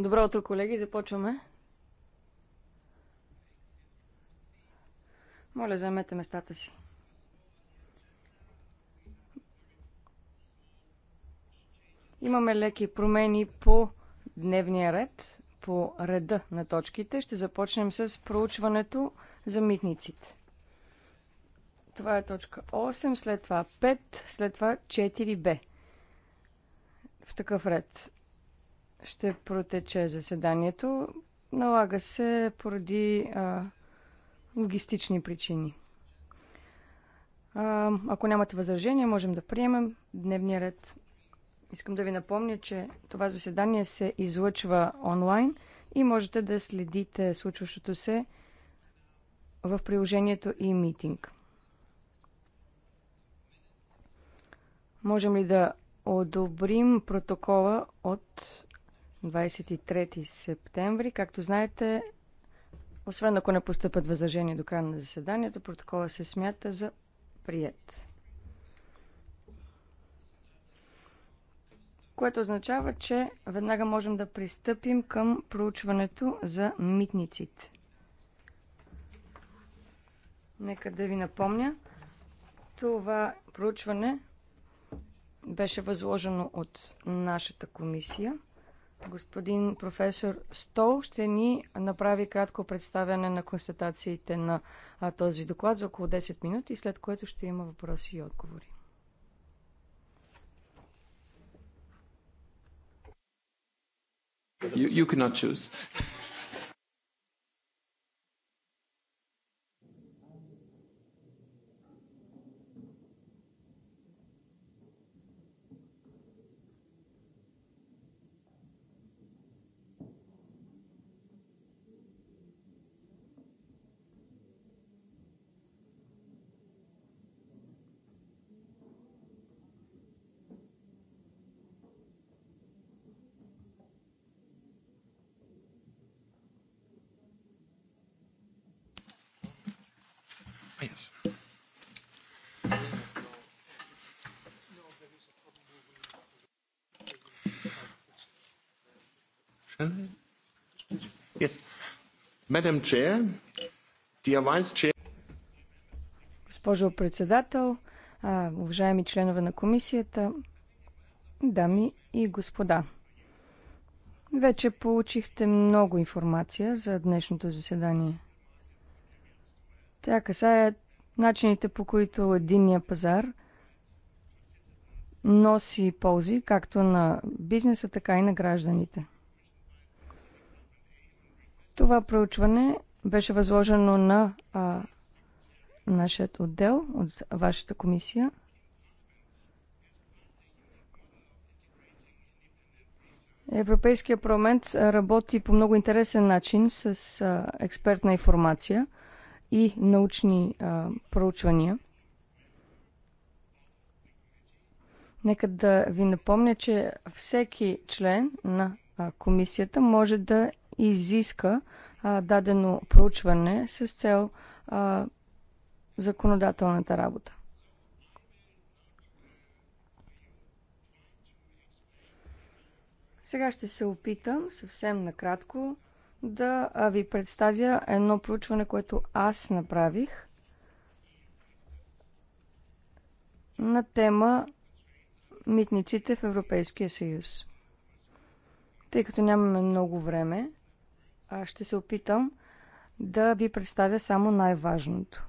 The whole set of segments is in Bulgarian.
Добро утро, колеги. Започваме. Моля, заемете местата си. Имаме леки промени по дневния ред, по реда на точките. Ще започнем с проучването за митниците. Това е точка 8, след това 5, след това 4b. В такъв ред ще протече заседанието. Налага се поради а, логистични причини. А, ако нямате възражение, можем да приемем дневния ред. Искам да ви напомня, че това заседание се излъчва онлайн и можете да следите случващото се в приложението и e митинг. Можем ли да одобрим протокола от 23 септември. Както знаете, освен ако не постъпят възражения до края на заседанието, протокола се смята за прият. Което означава, че веднага можем да пристъпим към проучването за митниците. Нека да ви напомня, това проучване беше възложено от нашата комисия. Господин професор Стол ще ни направи кратко представяне на констатациите на този доклад за около 10 минути, след което ще има въпроси и отговори. You, you cannot choose. Madam Chair, dear Vice Chair. Госпожо председател, уважаеми членове на комисията, дами и господа. Вече получихте много информация за днешното заседание. Тя касае начините по които единния пазар носи ползи както на бизнеса, така и на гражданите – това проучване беше възложено на а, нашият отдел от вашата комисия. Европейския парламент работи по много интересен начин с а, експертна информация и научни а, проучвания. Нека да ви напомня, че всеки член на комисията може да изиска а, дадено проучване с цел а, законодателната работа. Сега ще се опитам съвсем накратко да ви представя едно проучване, което аз направих на тема митниците в Европейския съюз. Тъй като нямаме много време, ще се опитам да ви представя само най-важното.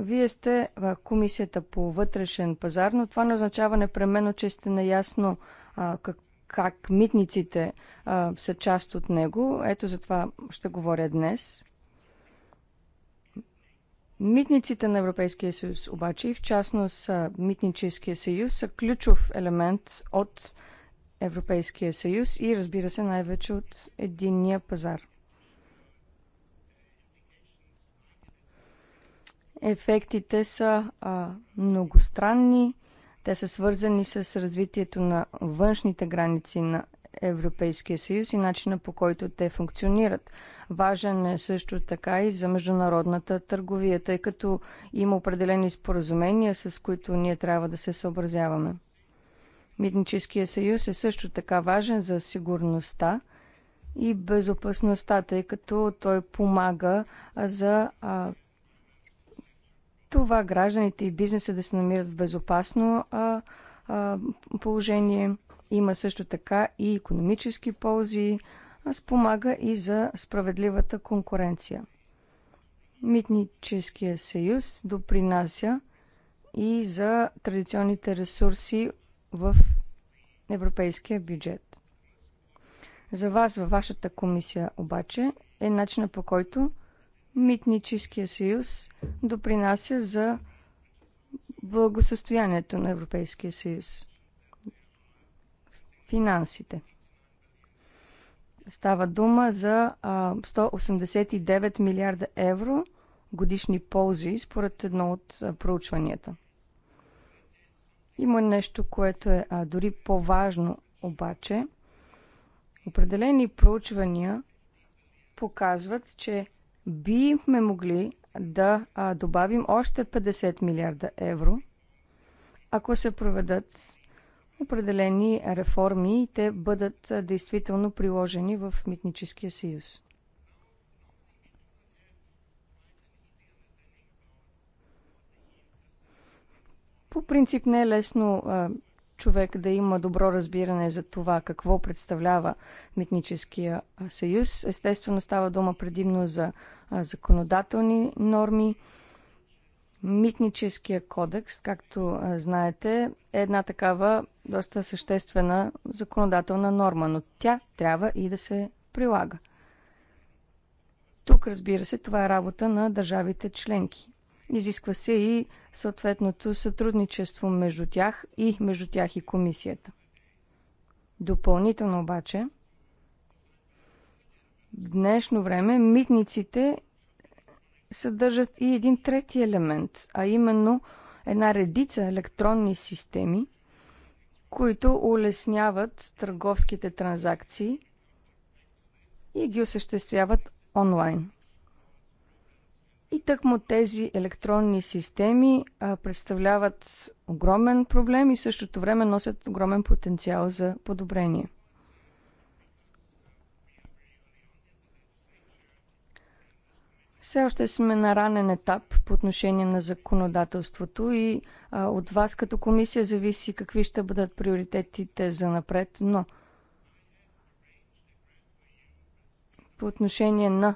Вие сте в комисията по вътрешен пазар, но това не означава непременно, че сте наясно а, как, как митниците а, са част от него. Ето за това ще говоря днес. Митниците на Европейския съюз обаче и в частност Митническия съюз са ключов елемент от Европейския съюз и разбира се най-вече от единния пазар. Ефектите са а, многостранни, те са свързани с развитието на външните граници на Европейския съюз и начина по който те функционират. Важен е също така и за международната търговия, тъй като има определени споразумения, с които ние трябва да се съобразяваме. Митническия съюз е също така важен за сигурността и безопасността, тъй като той помага за а, това гражданите и бизнеса да се намират в безопасно а, а, положение има също така и економически ползи, а спомага и за справедливата конкуренция. Митническия съюз допринася и за традиционните ресурси в европейския бюджет. За вас, във вашата комисия обаче, е начина по който Митническия съюз допринася за благосъстоянието на Европейския съюз финансите. Става дума за 189 милиарда евро годишни ползи, според едно от проучванията. Има нещо, което е дори по-важно, обаче. Определени проучвания показват, че бихме могли да добавим още 50 милиарда евро, ако се проведат определени реформи и те бъдат действително приложени в Митническия съюз. По принцип не е лесно а, човек да има добро разбиране за това какво представлява Митническия съюз. Естествено става дума предимно за а, законодателни норми, Митническия кодекс, както знаете, е една такава доста съществена законодателна норма, но тя трябва и да се прилага. Тук, разбира се, това е работа на държавите членки. Изисква се и съответното сътрудничество между тях и между тях и комисията. Допълнително обаче, в днешно време митниците съдържат и един трети елемент, а именно една редица електронни системи, които улесняват търговските транзакции и ги осъществяват онлайн. И тъкмо тези електронни системи а, представляват огромен проблем и същото време носят огромен потенциал за подобрение. Все още сме на ранен етап по отношение на законодателството и а, от вас като комисия зависи какви ще бъдат приоритетите за напред, но по отношение на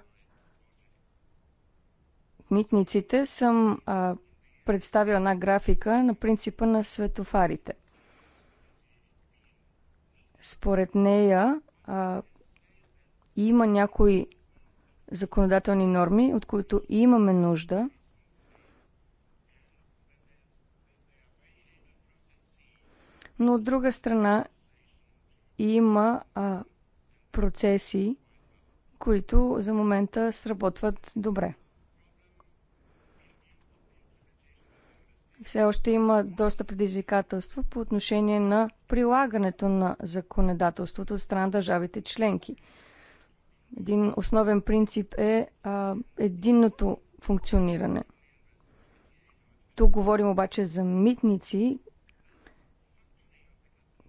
митниците съм а, представил една графика на принципа на светофарите. Според нея а, има някои законодателни норми, от които имаме нужда, но от друга страна има а, процеси, които за момента сработват добре. Все още има доста предизвикателства по отношение на прилагането на законодателството от страна държавите членки – един основен принцип е а, единното функциониране. Тук говорим обаче за митници,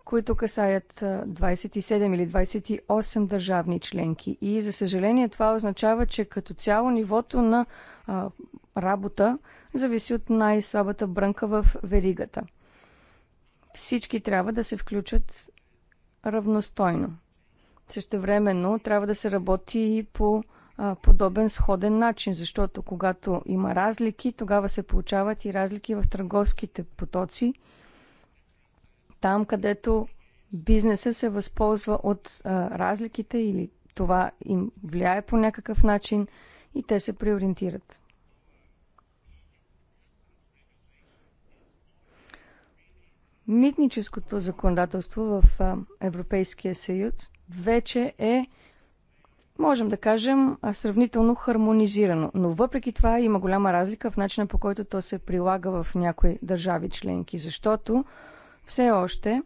които касаят 27 или 28 държавни членки. И за съжаление това означава, че като цяло нивото на а, работа зависи от най-слабата брънка в веригата. Всички трябва да се включат равностойно. Същевременно трябва да се работи и по а, подобен сходен начин, защото когато има разлики, тогава се получават и разлики в търговските потоци. Там, където бизнеса се възползва от а, разликите или това им влияе по някакъв начин и те се приориентират. митническото законодателство в Европейския съюз вече е, можем да кажем, сравнително хармонизирано. Но въпреки това има голяма разлика в начина по който то се прилага в някои държави членки, защото все още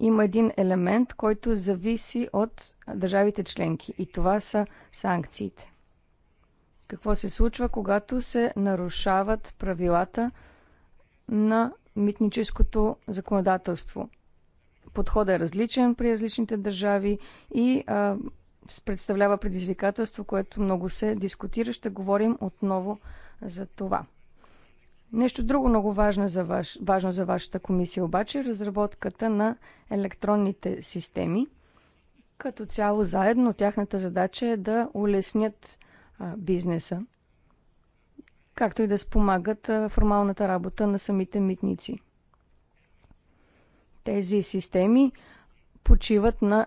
има един елемент, който зависи от държавите членки и това са санкциите. Какво се случва, когато се нарушават правилата на митническото законодателство. Подходът е различен при различните държави и а, представлява предизвикателство, което много се дискутира. Ще говорим отново за това. Нещо друго много важно за, ваш, важно за вашата комисия обаче е разработката на електронните системи. Като цяло заедно тяхната задача е да улеснят а, бизнеса както и да спомагат формалната работа на самите митници. Тези системи почиват на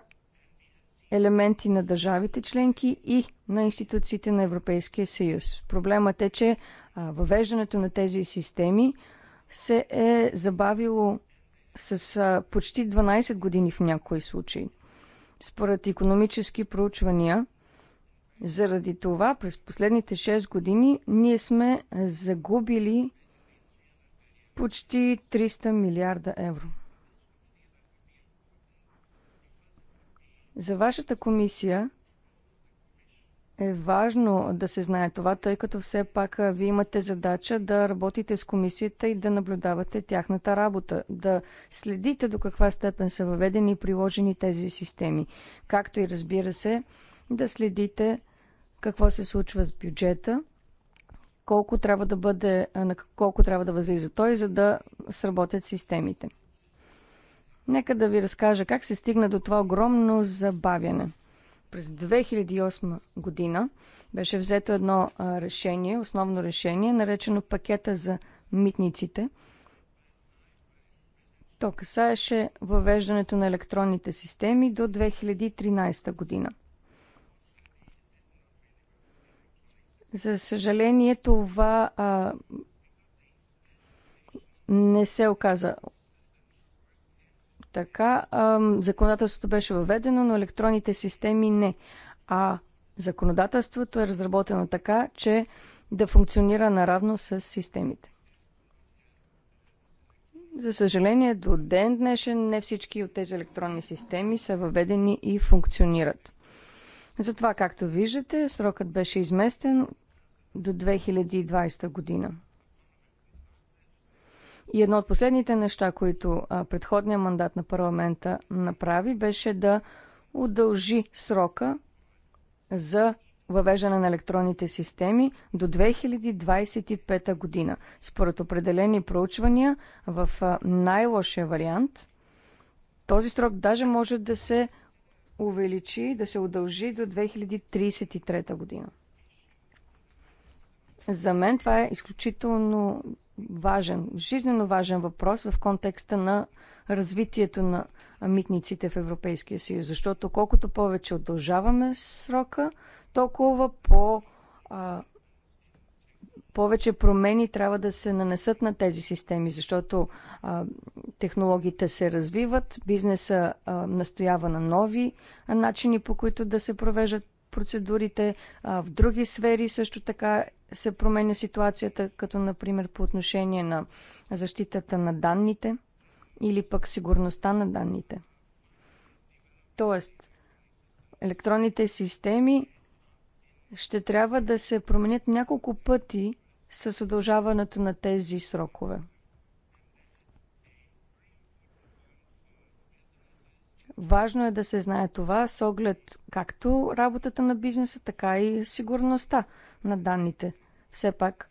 елементи на държавите членки и на институциите на Европейския съюз. Проблемът е, че въвеждането на тези системи се е забавило с почти 12 години в някои случаи. Според економически проучвания – заради това през последните 6 години ние сме загубили почти 300 милиарда евро. За вашата комисия е важно да се знае това, тъй като все пак вие имате задача да работите с комисията и да наблюдавате тяхната работа, да следите до каква степен са въведени и приложени тези системи, както и разбира се, да следите какво се случва с бюджета, колко трябва да бъде, на колко трябва да възлиза той, за да сработят системите. Нека да ви разкажа как се стигна до това огромно забавяне. През 2008 година беше взето едно решение, основно решение, наречено пакета за митниците. То касаеше въвеждането на електронните системи до 2013 година. За съжаление, това а, не се оказа така. А, законодателството беше въведено, но електронните системи не. А законодателството е разработено така, че да функционира наравно с системите. За съжаление, до ден днешен не всички от тези електронни системи са въведени и функционират. Затова, както виждате, срокът беше изместен до 2020 година. И едно от последните неща, които предходният мандат на парламента направи, беше да удължи срока за въвеждане на електронните системи до 2025 година. Според определени проучвания, в най-лошия вариант, този срок даже може да се увеличи, да се удължи до 2033 година. За мен това е изключително важен, жизненно важен въпрос в контекста на развитието на митниците в Европейския съюз, защото колкото повече удължаваме срока, толкова по повече промени трябва да се нанесат на тези системи, защото а, технологиите се развиват, бизнеса а, настоява на нови а, начини, по които да се провеждат процедурите. А, в други сфери също така се променя ситуацията, като например по отношение на защитата на данните или пък сигурността на данните. Тоест, електронните системи ще трябва да се променят няколко пъти, с удължаването на тези срокове. Важно е да се знае това с оглед както работата на бизнеса, така и сигурността на данните. Все пак,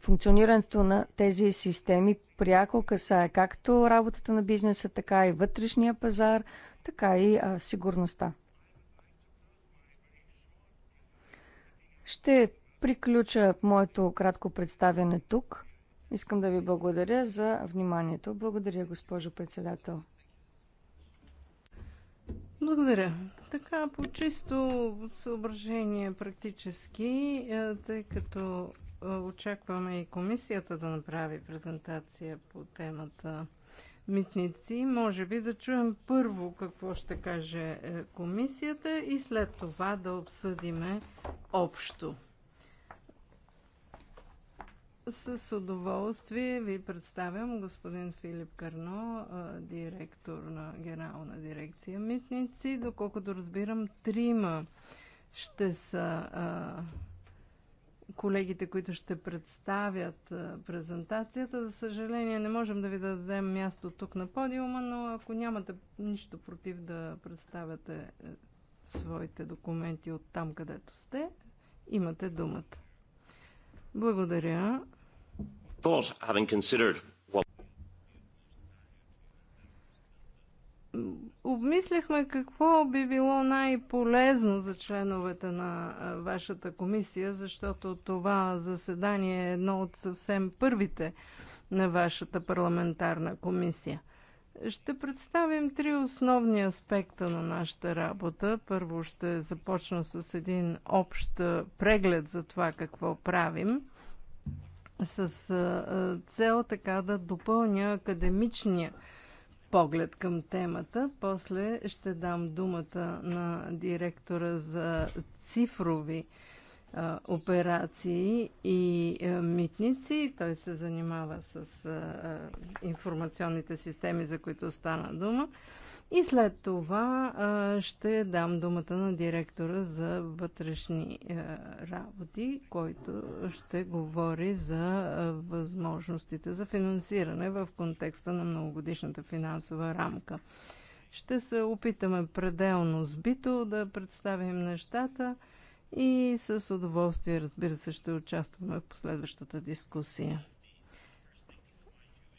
функционирането на тези системи пряко касае както работата на бизнеса, така и вътрешния пазар, така и а, сигурността. Ще приключа моето кратко представяне тук. Искам да ви благодаря за вниманието. Благодаря, госпожо председател. Благодаря. Така, по чисто съображение практически, е, тъй като е, очакваме и комисията да направи презентация по темата митници, може би да чуем първо какво ще каже е, комисията и след това да обсъдиме общо. С удоволствие ви представям господин Филип Карно, директор на Генерална дирекция Митници. Доколкото разбирам, трима ще са колегите, които ще представят презентацията. За съжаление, не можем да ви дадем място тук на подиума, но ако нямате нищо против да представяте е, своите документи от там, където сте, имате думата. Благодаря. Обмисляхме какво би било най-полезно за членовете на вашата комисия, защото това заседание е едно от съвсем първите на вашата парламентарна комисия. Ще представим три основни аспекта на нашата работа. Първо ще започна с един общ преглед за това какво правим, с цел така да допълня академичния поглед към темата. После ще дам думата на директора за цифрови операции и митници. Той се занимава с информационните системи, за които стана дума. И след това ще дам думата на директора за вътрешни работи, който ще говори за възможностите за финансиране в контекста на многогодишната финансова рамка. Ще се опитаме пределно сбито да представим нещата и с удоволствие, разбира се, ще участваме в последващата дискусия.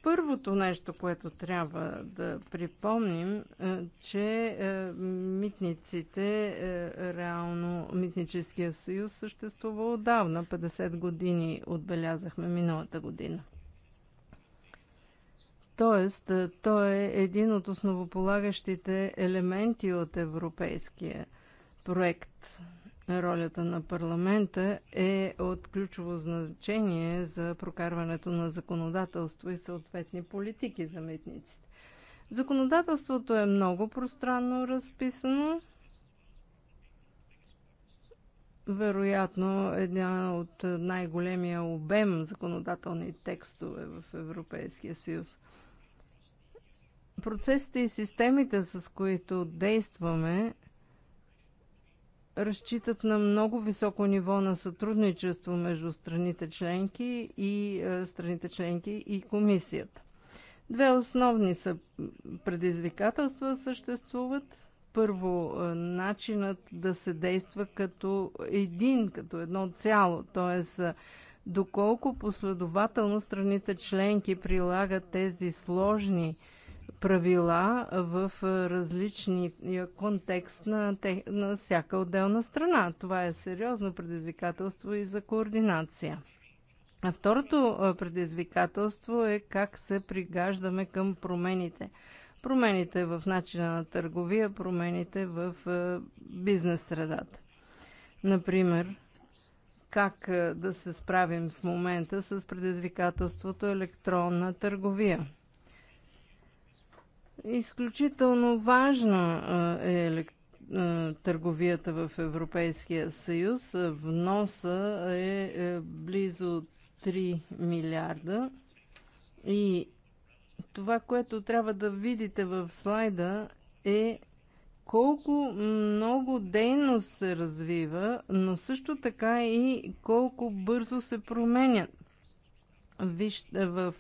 Първото нещо, което трябва да припомним, е, че е, митниците, е, реално Митническия съюз съществува отдавна, 50 години отбелязахме миналата година. Тоест, той е един от основополагащите елементи от европейския проект – ролята на парламента е от ключово значение за прокарването на законодателство и съответни политики за митниците. Законодателството е много пространно разписано. Вероятно, една от най-големия обем законодателни текстове в Европейския съюз. Процесите и системите, с които действаме, разчитат на много високо ниво на сътрудничество между страните членки и е, страните членки и комисията. Две основни са предизвикателства съществуват. Първо, е, начинът да се действа като един, като едно цяло, т.е. доколко последователно страните членки прилагат тези сложни правила в различни контекст на, тех, на всяка отделна страна. Това е сериозно предизвикателство и за координация. А второто предизвикателство е как се пригаждаме към промените. Промените в начина на търговия, промените в бизнес средата. Например, как да се справим в момента с предизвикателството електронна търговия. Изключително важна е търговията в Европейския съюз. Вноса е, е близо 3 милиарда. И това, което трябва да видите в слайда е колко много дейност се развива, но също така и колко бързо се променят. Вижте, в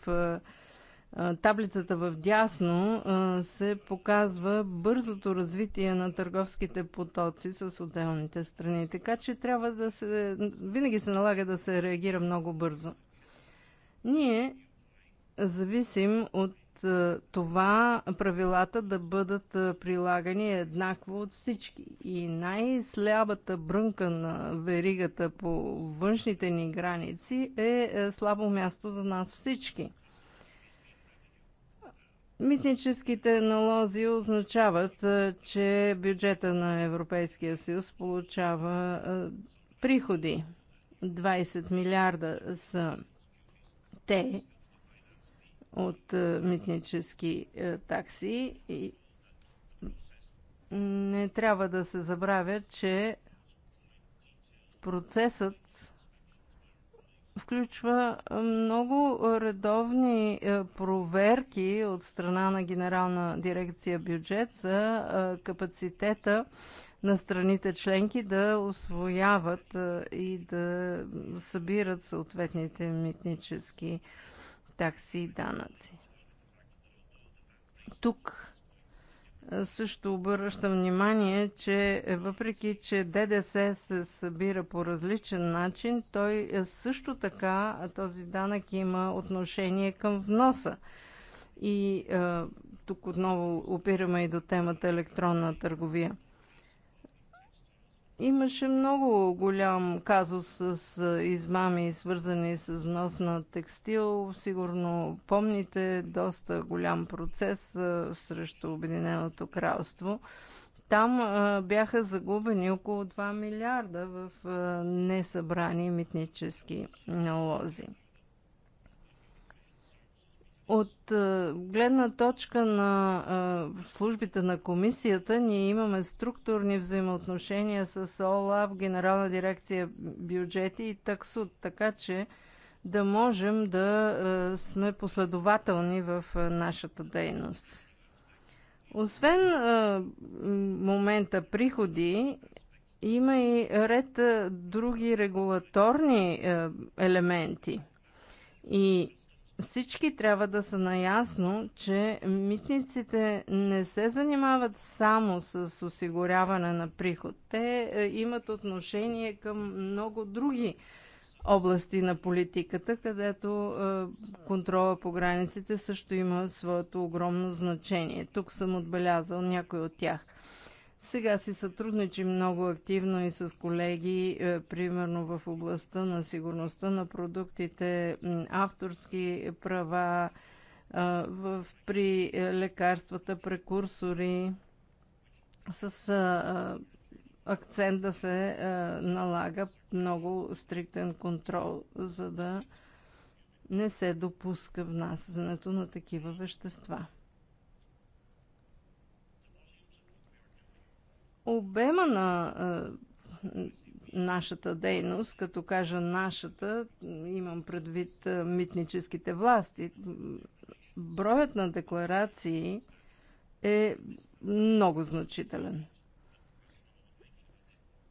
таблицата в дясно се показва бързото развитие на търговските потоци с отделните страни. Така че трябва да се. Винаги се налага да се реагира много бързо. Ние зависим от това правилата да бъдат прилагани еднакво от всички. И най-слабата брънка на веригата по външните ни граници е, е слабо място за нас всички – Митническите налози означават, че бюджета на Европейския съюз получава приходи. 20 милиарда са те от митнически такси и не трябва да се забравя, че процесът включва много редовни проверки от страна на Генерална дирекция бюджет за капацитета на страните членки да освояват и да събират съответните митнически такси и данъци. Тук е, също обръща внимание, че е, въпреки, че ДДС се събира по различен начин, той е, също така, този данък има отношение към вноса. И тук отново опираме и до темата електронна търговия. Имаше много голям казус с измами, свързани с внос на текстил. Сигурно помните доста голям процес срещу Обединеното кралство. Там бяха загубени около 2 милиарда в несъбрани митнически налози. От е, гледна точка на е, службите на комисията, ние имаме структурни взаимоотношения с ОЛАВ, Генерална дирекция бюджети и таксуд, така че да можем да е, сме последователни в нашата дейност. Освен момента приходи, има и ред други регулаторни елементи. И всички трябва да са наясно, че митниците не се занимават само с осигуряване на приход. Те е, имат отношение към много други области на политиката, където е, контрола по границите също има своето огромно значение. Тук съм отбелязал някой от тях – сега си сътрудничим много активно и с колеги, е, примерно в областта на сигурността на продуктите, авторски права, в, при е, лекарствата, прекурсори, с а, акцент да се а, налага много стриктен контрол, за да не се допуска внасянето на такива вещества. обема на нашата дейност, като кажа нашата, имам предвид митническите власти, броят на декларации е много значителен.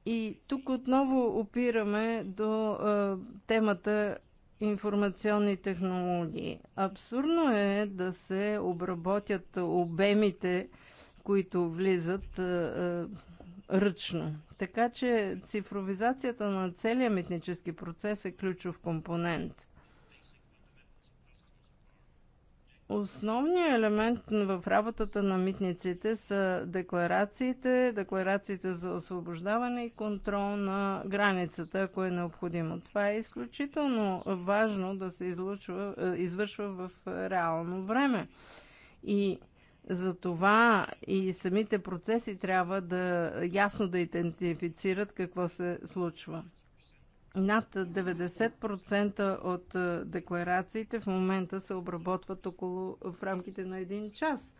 И тук отново опираме до а, темата информационни технологии. Абсурдно е да се обработят обемите които влизат ръчно. Така че цифровизацията на целия митнически процес е ключов компонент. Основният елемент в работата на митниците са декларациите, декларациите за освобождаване и контрол на границата, ако е необходимо. Това е изключително важно да се излучва, извършва в реално време. И затова и самите процеси трябва да ясно да идентифицират какво се случва. Над 90% от декларациите в момента се обработват около в рамките на един час.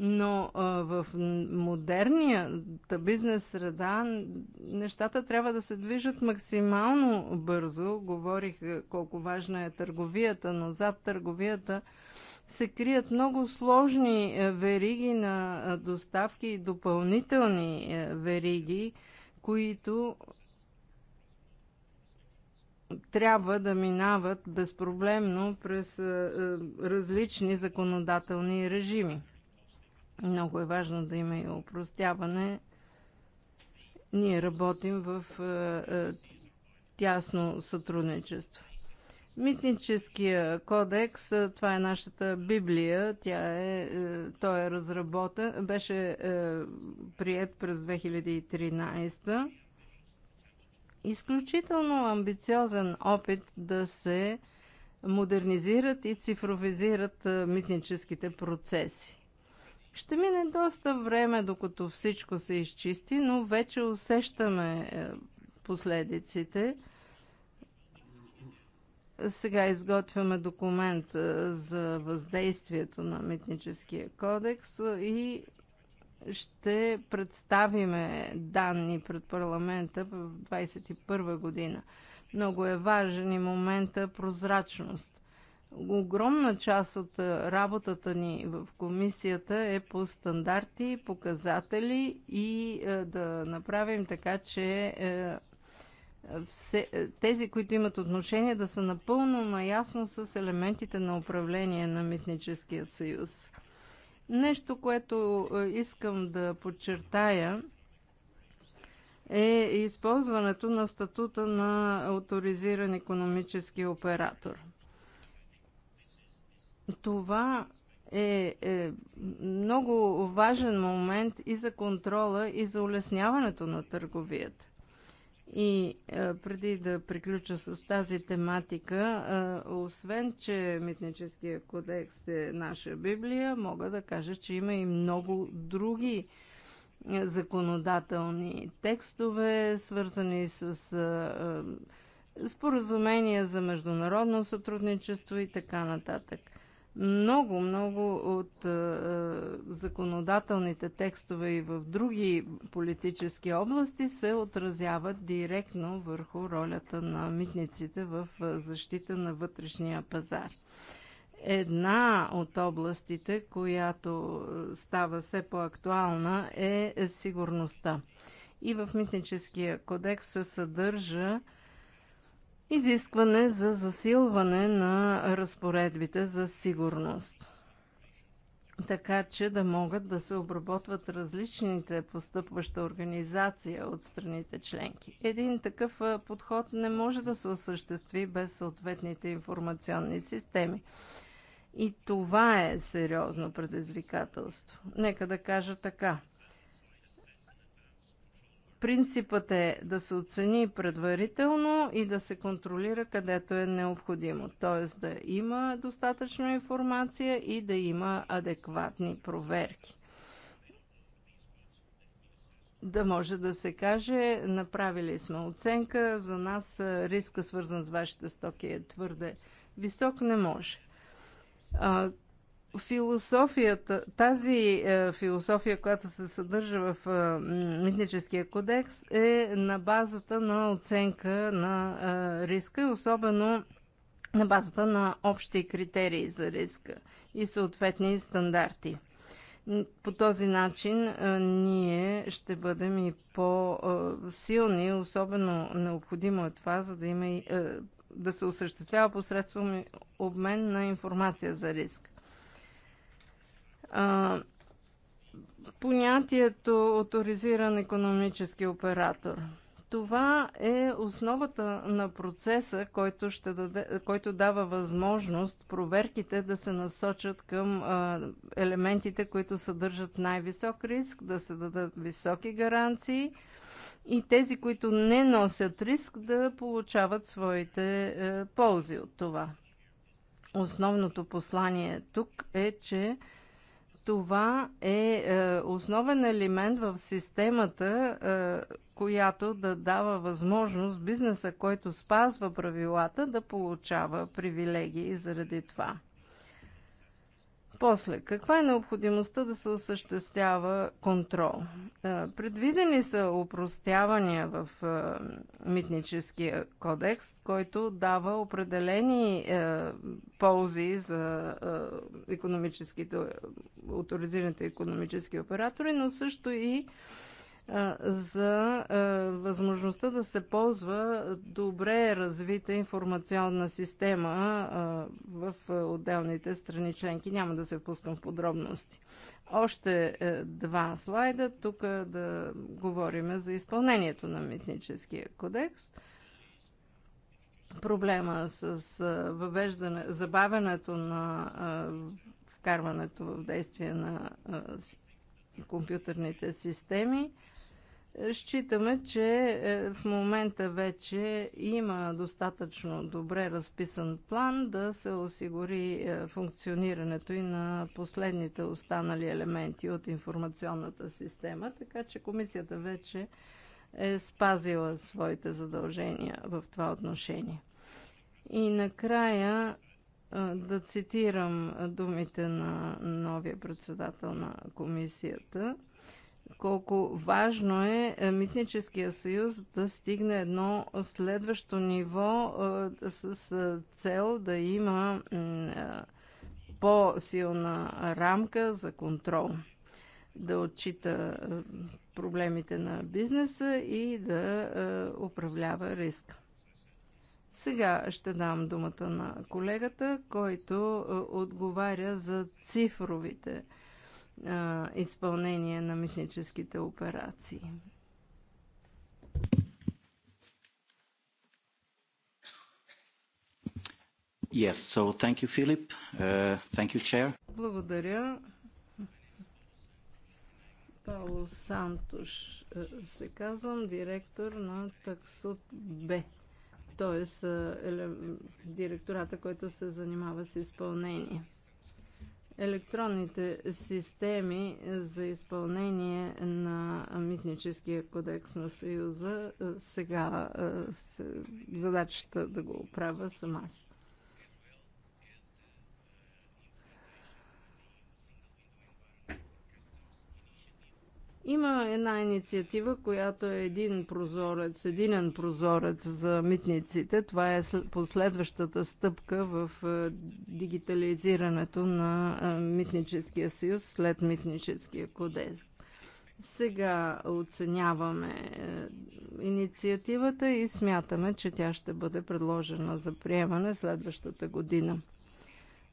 Но а, в модерния бизнес среда нещата трябва да се движат максимално бързо. Говорих колко важна е търговията, но зад търговията – се крият много сложни е, вериги на е, доставки и допълнителни е, вериги, които трябва да минават безпроблемно през различни законодателни режими. Много е важно да има и упростяване. Ние работим в тясно сътрудничество. Митническия кодекс, това е нашата библия, тя е, е, той е разработен, беше е, прият през 2013. Изключително амбициозен опит да се модернизират и цифровизират е, митническите процеси. Ще мине доста време, докато всичко се изчисти, но вече усещаме е, последиците – сега изготвяме документ за въздействието на митническия кодекс и ще представиме данни пред парламента в 2021 година. Много е важен и момента прозрачност. Огромна част от работата ни в комисията е по стандарти, показатели и да направим така, че е, все, е, тези, които имат отношение, да са напълно наясно с елементите на управление на Митническия съюз. Нещо, което е, искам да подчертая, е използването на статута на авторизиран економически оператор. Това е, е много важен момент и за контрола, и за улесняването на търговията. И а, е, преди да приключа с тази тематика, а, е, освен, че Митническия кодекс е наша Библия, мога да кажа, че има и много други е, законодателни текстове, свързани с а, а, споразумения за международно сътрудничество и така нататък много, много от е, законодателните текстове и в други политически области се отразяват директно върху ролята на митниците в защита на вътрешния пазар. Една от областите, която става все по-актуална е сигурността. И в митническия кодекс се съдържа изискване за засилване на разпоредбите за сигурност, така че да могат да се обработват различните постъпваща организация от страните членки. Един такъв подход не може да се осъществи без съответните информационни системи. И това е сериозно предизвикателство. Нека да кажа така – Принципът е да се оцени предварително и да се контролира където е необходимо, т.е. да има достатъчно информация и да има адекватни проверки. Да може да се каже, направили сме оценка, за нас риска свързан с вашите стоки е твърде висок, не може философията, тази е, философия, която се съдържа в е, Митническия кодекс, е на базата на оценка на е, риска, особено на базата на общи критерии за риска и съответни стандарти. По този начин е, ние ще бъдем и по-силни, особено необходимо е това, за да има и, е, да се осъществява посредством обмен на информация за риск. А, понятието авторизиран економически оператор. Това е основата на процеса, който, ще даде, който дава възможност проверките да се насочат към а, елементите, които съдържат най-висок риск, да се дадат високи гаранции и тези, които не носят риск, да получават своите а, е, ползи от това. Основното послание тук е, че това е, е основен елемент в системата, е, която да дава възможност бизнеса, който спазва правилата, да получава привилегии заради това. После, каква е необходимостта да се осъществява контрол? Е, предвидени са упростявания в е, митническия кодекс, който дава определени е, ползи за економическите, авторизираните економически оператори, но също и за възможността да се ползва добре развита информационна система в отделните страни членки. Няма да се впускам в подробности. Още е, два слайда. Тук е, да говорим за изпълнението на митническия кодекс проблема с е, въвеждане, забавянето на вкарването в действие на компютърните системи. Считаме, че е, в момента вече има достатъчно добре разписан план да се осигури е, функционирането и на последните останали елементи от информационната система, така че комисията вече е спазила своите задължения в това отношение. И накрая е, да цитирам думите на новия председател на комисията – колко важно е, е Митническия съюз да стигне едно следващо ниво е, с е, цел да има по-силна рамка за контрол, да отчита проблемите на бизнеса и да управлява риска. Сега ще дам думата на колегата, който отговаря за цифровите а, изпълнение на митническите операции. Yes, so thank you, Philip. Uh, thank you, Chair. Благодаря. Пауло Сантош е, се казвам, директор на таксот Б, т.е. Е, директората, който се занимава с изпълнение електронните системи за изпълнение на митническия кодекс на Съюза. Е, сега е, задачата да го оправя сама аз. Има една инициатива, която е един прозорец, единен прозорец за митниците. Това е последващата стъпка в е, дигитализирането на е, митническия съюз след митническия кодекс. Сега оценяваме е, инициативата и смятаме, че тя ще бъде предложена за приемане следващата година.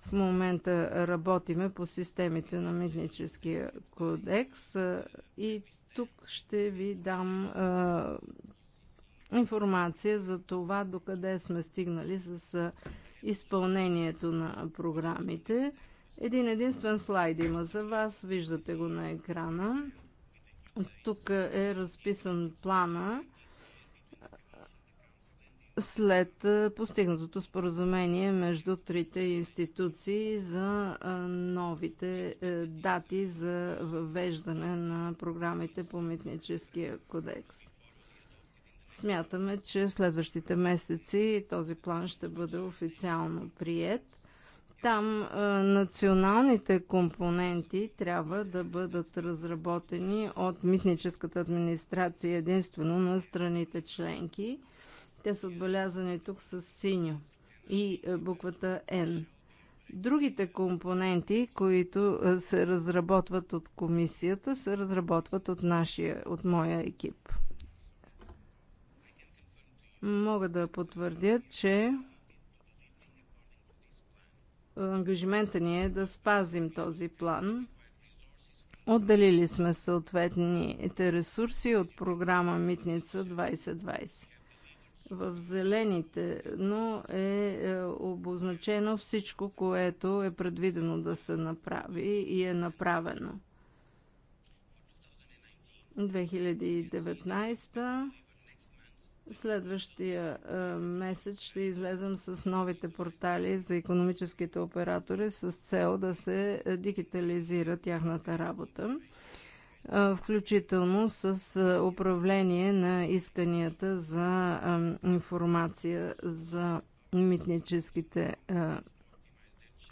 В момента работиме по системите на митническия кодекс и тук ще ви дам информация за това докъде сме стигнали с изпълнението на програмите. Един единствен слайд има за вас, виждате го на екрана. Тук е разписан плана след постигнатото споразумение между трите институции за новите е, дати за въвеждане на програмите по митническия кодекс. Смятаме, че следващите месеци този план ще бъде официално прият. Там националните компоненти трябва да бъдат разработени от митническата администрация единствено на страните членки – те са отбелязани тук с синьо и е, буквата N. Другите компоненти, които е, се разработват от комисията, се разработват от, нашия, от моя екип. Мога да потвърдя, че е, ангажимента ни е да спазим този план. Отделили сме съответните ресурси от програма Митница 2020 в зелените, но е, е обозначено всичко, което е предвидено да се направи и е направено. 2019 Следващия е, месец ще излезем с новите портали за економическите оператори с цел да се е, дигитализира тяхната работа включително с управление на исканията за информация за митническите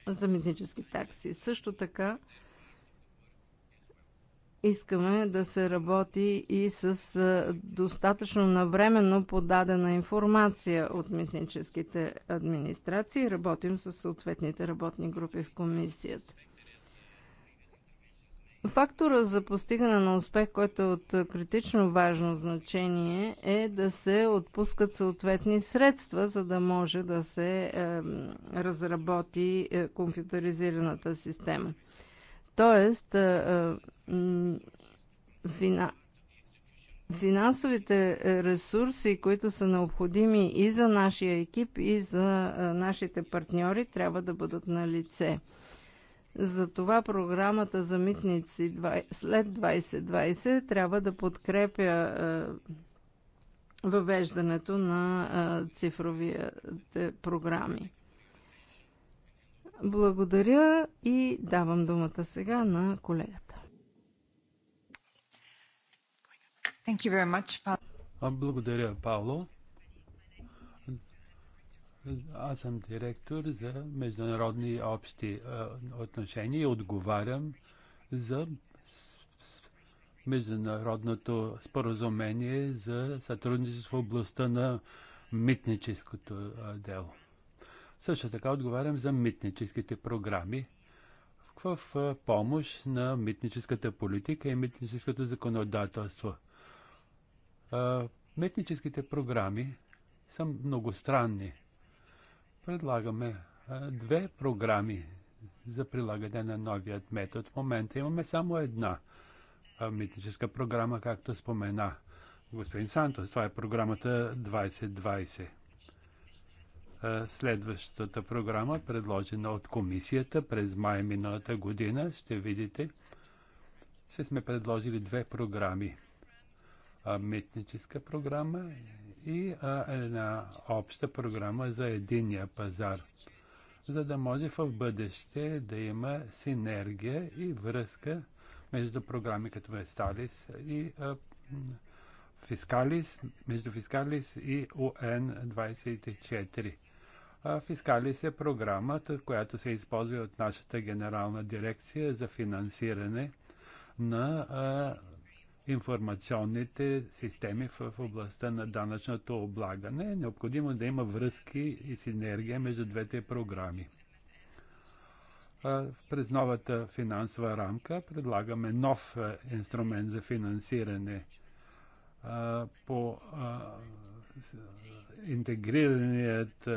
за митнически такси. Също така искаме да се работи и с достатъчно навременно подадена информация от митническите администрации. Работим с съответните работни групи в комисията. Фактора за постигане на успех, който е от критично важно значение, е да се отпускат съответни средства, за да може да се е, разработи е, компютъризираната система. Тоест, е, е, фина... финансовите ресурси, които са необходими и за нашия екип, и за е, нашите партньори, трябва да бъдат на лице. Затова програмата за митници след 2020 трябва да подкрепя е, въвеждането на е, цифровите програми. Благодаря и давам думата сега на колегата. Благодаря, Павло. Аз съм директор за международни общи отношения и отговарям за международното споразумение за сътрудничество в областта на митническото дело. Също така отговарям за митническите програми в помощ на митническата политика и митническото законодателство. Митническите програми са многостранни предлагаме две програми за прилагане на новият метод. В момента имаме само една митническа програма, както спомена господин Сантос. Това е програмата 2020. Следващата програма, предложена от комисията през май миналата година, ще видите, че сме предложили две програми. Митническа програма и а, една обща програма за единия пазар, за да може в бъдеще да има синергия и връзка между програми като Весталис и а, Фискалис, между Фискалис и УН-24. Фискалис е програмата, която се използва от нашата генерална дирекция за финансиране на а, информационните системи в областта на данъчното облагане. Е необходимо да има връзки и синергия между двете програми. През новата финансова рамка предлагаме нов инструмент за финансиране по интегрираният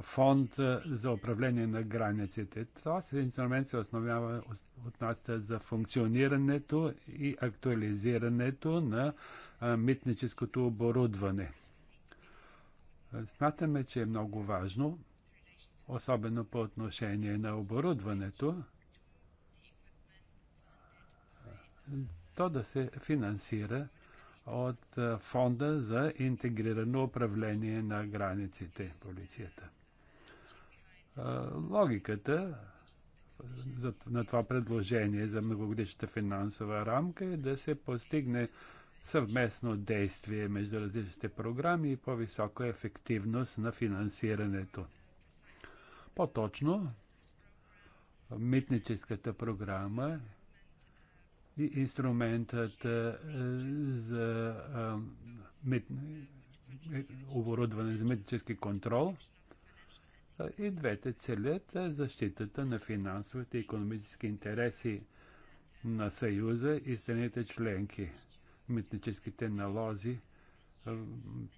фонд за управление на границите. Този инструмент се основява от нас за функционирането и актуализирането на митническото оборудване. Смятаме, че е много важно, особено по отношение на оборудването, то да се финансира от фонда за интегрирано управление на границите полицията логиката на това предложение за многогодишната финансова рамка е да се постигне съвместно действие между различните програми и по-висока ефективност на финансирането. По-точно, митническата програма и инструментът за оборудване за митнически контрол – и двете целят защитата на финансовите и економически интереси на Съюза и страните членки. Митническите налози,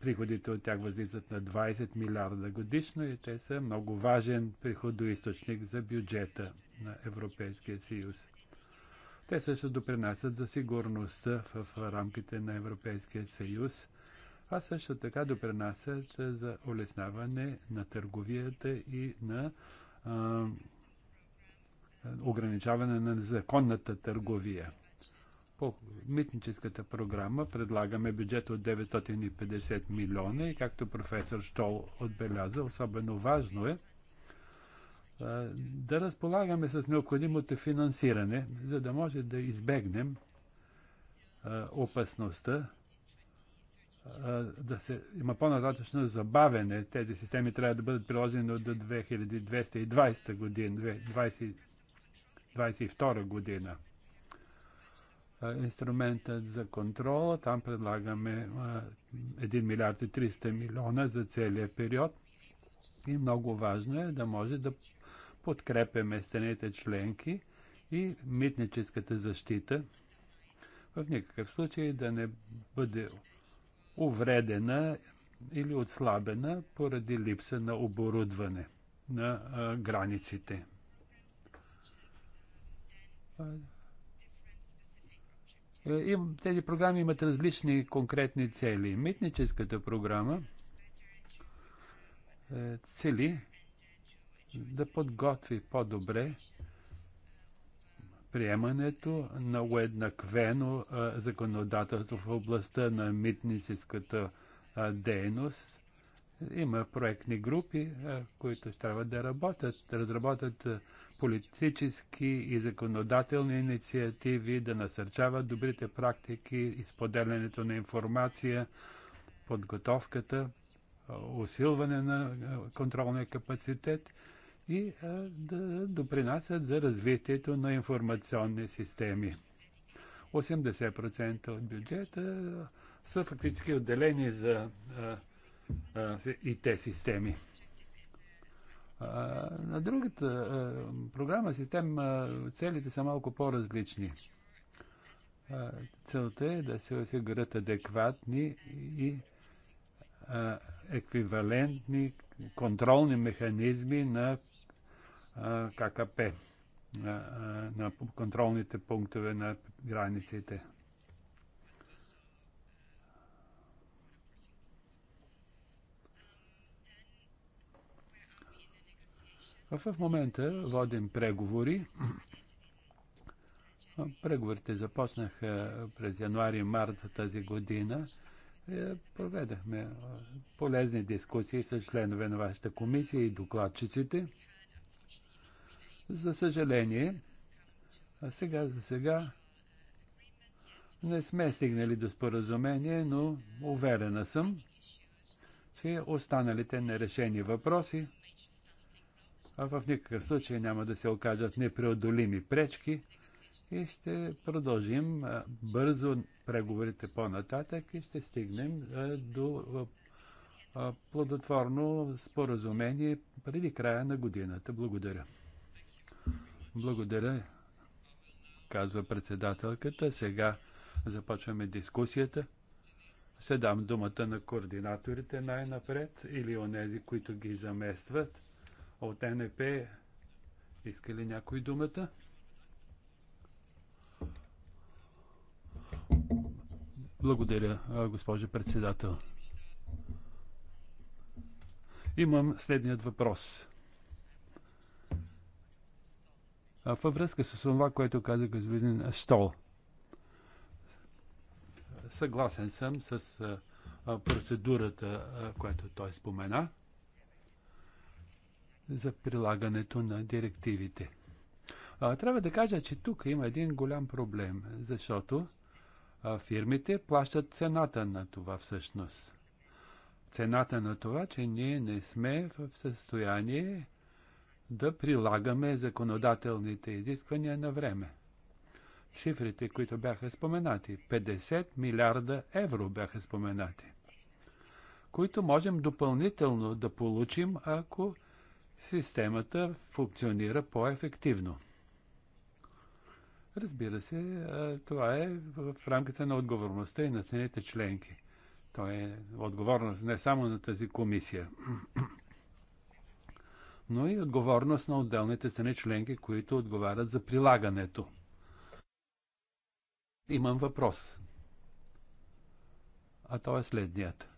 приходите от тях възлизат на 20 милиарда годишно и те са много важен приходоисточник за бюджета на Европейския съюз. Те също допринасят за сигурността в рамките на Европейския съюз а също така допринасят за улесняване на търговията и на а, ограничаване на законната търговия. По митническата програма предлагаме бюджет от 950 милиона и както професор Штол отбеляза, особено важно е да разполагаме с необходимото финансиране, за да може да избегнем опасността да се, има по-нататъчно забавене. Тези системи трябва да бъдат приложени до 2220 година, 2022 година. Инструментът за контрол, там предлагаме 1 милиард и 300 милиона за целия период. И много важно е да може да подкрепяме страните членки и митническата защита. В никакъв случай да не бъде увредена или отслабена поради липса на оборудване на границите. тези програми имат различни конкретни цели. Митническата програма е, цели да подготви по-добре приемането на уеднаквено законодателство в областта на митническата дейност. Има проектни групи, които трябва да работят, да разработят политически и законодателни инициативи, да насърчават добрите практики, изподелянето на информация, подготовката, усилване на контролния капацитет – и а, да допринасят за развитието на информационни системи. 80% от бюджета са фактически отделени за а, а, ИТ системи. А, на другата а, програма система целите са малко по-различни. целта е да се осигурят адекватни и еквивалентни контролни механизми на ККП, на, контролните пунктове на границите. В момента водим преговори. Преговорите започнаха през януари-март тази година. Е, проведахме е, полезни дискусии с членове на вашата комисия и докладчиците. За съжаление, а сега за сега не сме стигнали до споразумение, но уверена съм, че останалите нерешени въпроси а в никакъв случай няма да се окажат непреодолими пречки и ще продължим е, бързо преговорите по-нататък и ще стигнем до плодотворно споразумение преди края на годината. Благодаря. Благодаря, казва председателката. Сега започваме дискусията. Се дам думата на координаторите най-напред или онези, които ги заместват. От НП иска ли някой думата? Благодаря, госпожо председател. Имам следният въпрос. Във връзка с това, което каза господин Стол, съгласен съм с процедурата, която той спомена, за прилагането на директивите. Трябва да кажа, че тук има един голям проблем, защото фирмите плащат цената на това всъщност. Цената на това, че ние не сме в състояние да прилагаме законодателните изисквания на време. Цифрите, които бяха споменати, 50 милиарда евро бяха споменати, които можем допълнително да получим, ако системата функционира по-ефективно. Разбира се, това е в рамките на отговорността и на цените членки. То е отговорност не само на тази комисия, но и отговорност на отделните цени членки, които отговарят за прилагането. Имам въпрос. А то е следният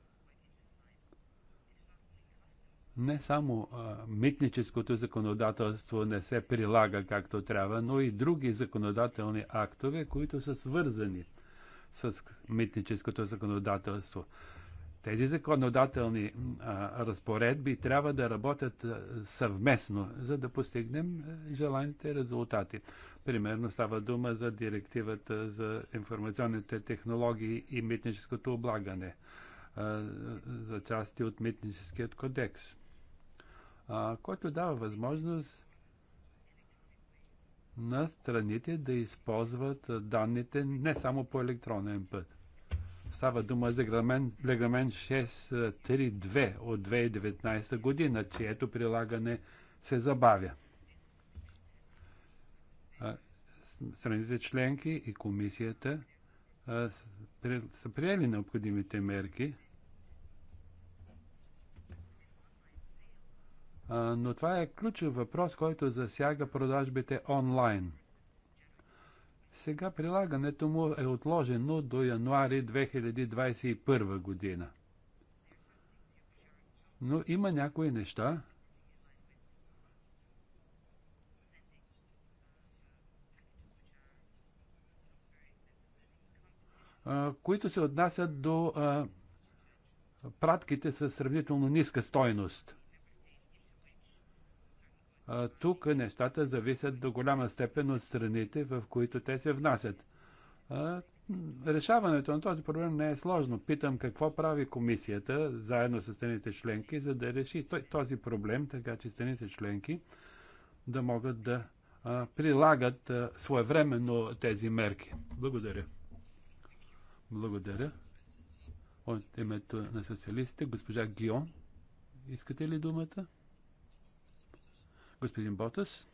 не само а, митническото законодателство не се прилага както трябва, но и други законодателни актове, които са свързани с митническото законодателство. Тези законодателни а, разпоредби трябва да работят а, съвместно, за да постигнем желаните резултати. Примерно става дума за директивата за информационните технологии и митническото облагане, а, за части от митническият кодекс а, който дава възможност на страните да използват данните не само по електронен път. Става дума за регламент, регламент 632 от 2019 година, чието прилагане се забавя. Страните членки и комисията са приели необходимите мерки – но това е ключов въпрос, който засяга продажбите онлайн. Сега прилагането му е отложено до януари 2021 година. Но има някои неща, които се отнасят до пратките с сравнително ниска стойност – тук нещата зависят до голяма степен от страните, в които те се внасят. Решаването на този проблем не е сложно. Питам какво прави комисията заедно с страните членки, за да реши този проблем, така че страните членки да могат да прилагат своевременно тези мерки. Благодаря. Благодаря. От името на социалистите, госпожа Гион, искате ли думата? Господин Ботас.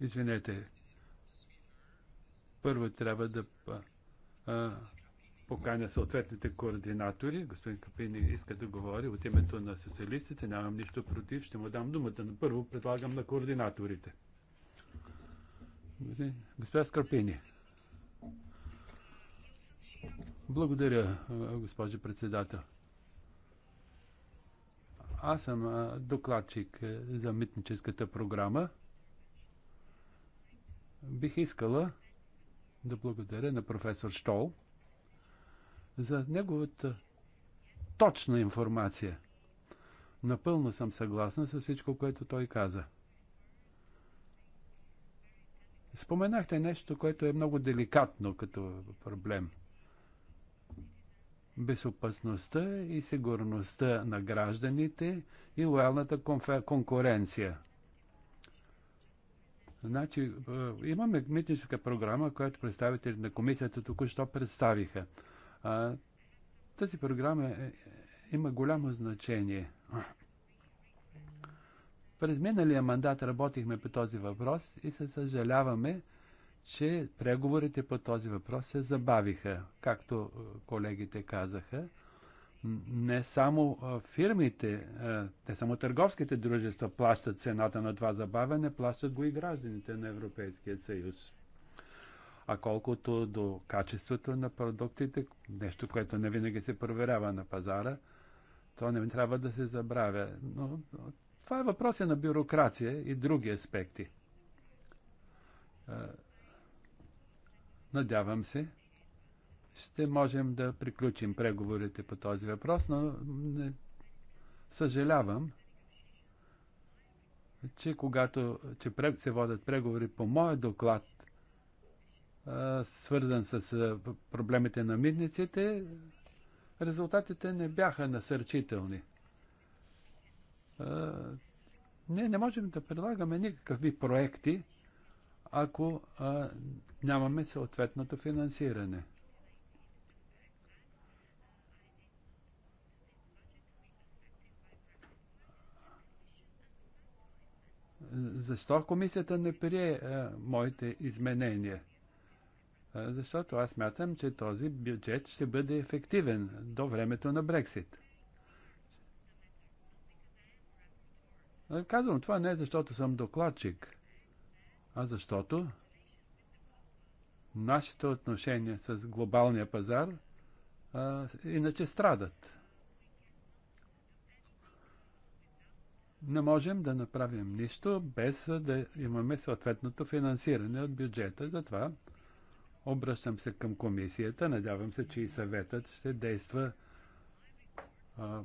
Извинете. Първо трябва да а, поканя съответните координатори. Господин Капини иска да говори от името на социалистите. Нямам нищо против. Ще му дам думата. Но първо предлагам на координаторите. Господин Скарпини. Благодаря, госпожо председател. Аз съм докладчик е, за митническата програма. Бих искала да благодаря на професор Штол за неговата точна информация. Напълно съм съгласна с всичко, което той каза. Споменахте нещо, което е много деликатно като проблем – безопасността и сигурността на гражданите и лоялната конкуренция. Значи, е, имаме митническа програма, която представители на комисията току-що представиха. Тази програма е, има голямо значение. През миналия мандат работихме по този въпрос и се съжаляваме, че преговорите по този въпрос се забавиха, както е, колегите казаха. Не само е, фирмите, не само търговските дружества плащат цената на това забавяне, плащат го и гражданите на Европейския съюз. А колкото до качеството на продуктите, нещо, което не винаги се проверява на пазара, то не трябва да се забравя. Но това е въпрос на бюрокрация и други аспекти. Е, Надявам се, ще можем да приключим преговорите по този въпрос, но не съжалявам, че когато че се водят преговори по моя доклад, свързан с проблемите на митниците, резултатите не бяха насърчителни. Ние не можем да предлагаме никакви проекти, ако а, нямаме съответното финансиране. Защо комисията не прие а, е, моите изменения? А, е, защото аз мятам, че този бюджет ще бъде ефективен до времето на Брексит. Е, казвам това не защото съм докладчик а защото нашите отношения с глобалния пазар а, иначе страдат. Не можем да направим нищо без да имаме съответното финансиране от бюджета. Затова обръщам се към комисията. Надявам се, че и съветът ще действа а,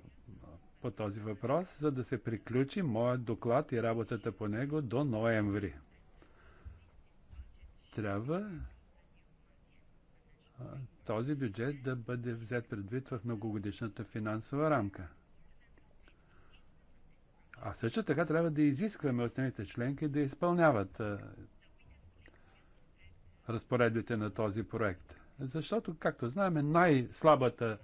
по този въпрос, за да се приключи моят доклад и работата по него до ноември трябва този бюджет да бъде взет предвид в многогодишната финансова рамка. А също така трябва да изискваме от страните членки да изпълняват разпоредбите на този проект. Защото, както знаем, най-слабата,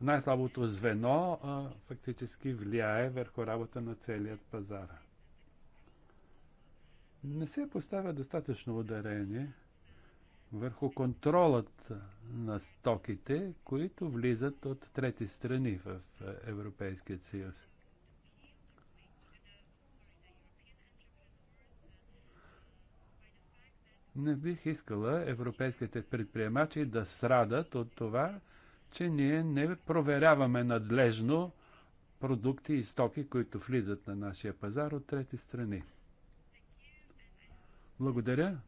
най-слабото звено а, фактически влияе върху работа на целият пазар не се поставя достатъчно ударение върху контролът на стоките, които влизат от трети страни в Европейския съюз. Не бих искала европейските предприемачи да страдат от това, че ние не проверяваме надлежно продукти и стоки, които влизат на нашия пазар от трети страни. Благодаря.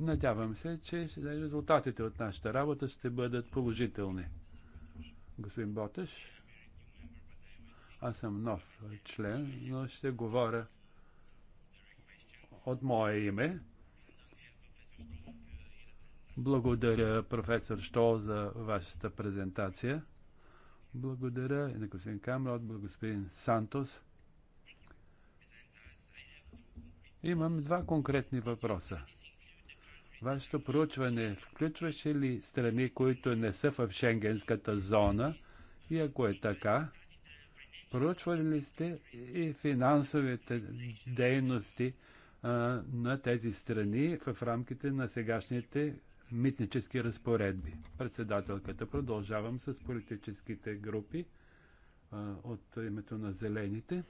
Надявам се, че резултатите от нашата работа ще бъдат положителни. Господин Ботеш, аз съм нов член, но ще говоря от мое име. Благодаря, професор Штол, за вашата презентация. Благодаря и на господин Камрот, господин Сантос. Имам два конкретни въпроса. Вашето проучване включваше ли страни, които не са в Шенгенската зона? И ако е така, проучвали ли сте и финансовите дейности а, на тези страни в рамките на сегашните митнически разпоредби? Председателката, продължавам с политическите групи а, от името на зелените.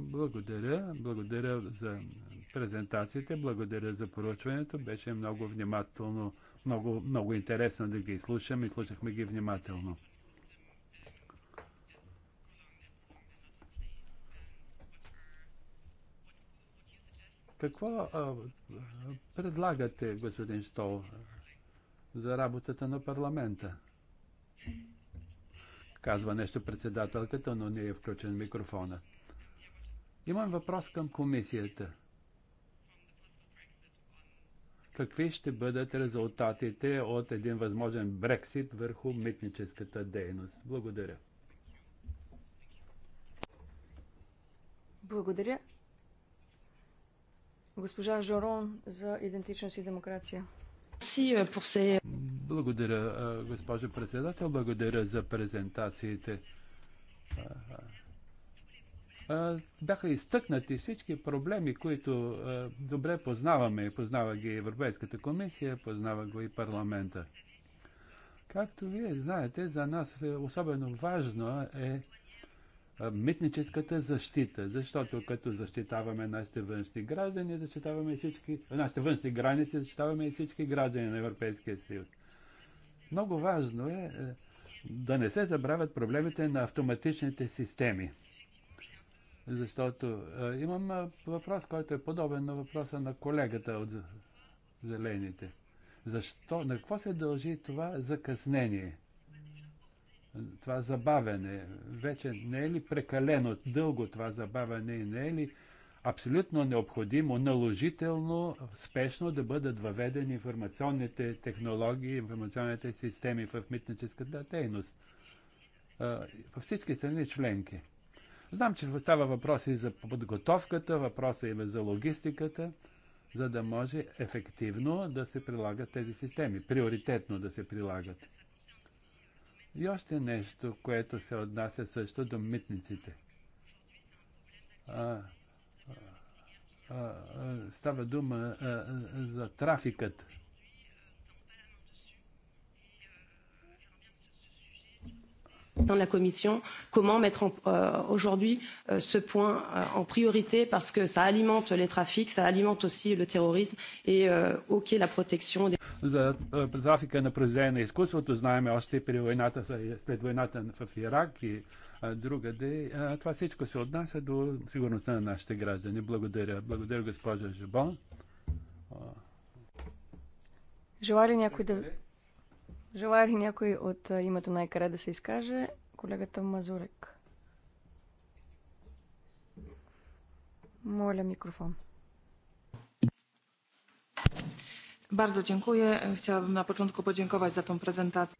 Благодаря. Благодаря за презентациите, благодаря за поручването. Беше много внимателно, много, много интересно да ги слушам и слушахме ги внимателно. Какво а, предлагате, господин Стол, за работата на парламента? Казва нещо председателката, но не е включен микрофона. Имам въпрос към комисията. Какви ще бъдат резултатите от един възможен Брексит върху митническата дейност? Благодаря. Благодаря. Госпожа Жорон за идентичност и демокрация. Euh, Благодаря, госпожо председател. Благодаря за презентациите бяха изтъкнати всички проблеми, които добре познаваме. Познава ги Европейската комисия, познава го и парламента. Както вие знаете, за нас е особено важно е митническата защита, защото като защитаваме нашите външни граждани, защитаваме всички, нашите външни граници, защитаваме и всички граждани на Европейския съюз. Много важно е да не се забравят проблемите на автоматичните системи. Защото а, имам а, въпрос, който е подобен на въпроса на колегата от Зелените. Защо, на какво се дължи това закъснение? Това забавяне? Вече не е ли прекалено дълго това забавяне и не е ли абсолютно необходимо, наложително, спешно да бъдат въведени информационните технологии, информационните системи в митническата дейност? във всички страни членки. Знам, че става въпрос и за подготовката, въпроса и за логистиката, за да може ефективно да се прилагат тези системи, приоритетно да се прилагат. И още нещо, което се отнася също до митниците. А, а, а, става дума а, за трафикът. sein de la Commission comment mettre euh, aujourd'hui euh, ce point euh, en priorité parce que ça alimente les trafics, ça alimente aussi le terrorisme et ok la protection des... За трафика э, на произведение на изкуството знаем още при войната, след войната в Ирак и другаде. Това всичко се отнася до сигурността на нашите граждани. Благодаря. Благодаря, госпожа Жибон. Желали някой да... Желая ли някой от името на Екаре да се изкаже? Колегата Мазурек. Моля микрофон. Bardzo dziękuję. Chciałabym na początku podziękować za tą prezentację.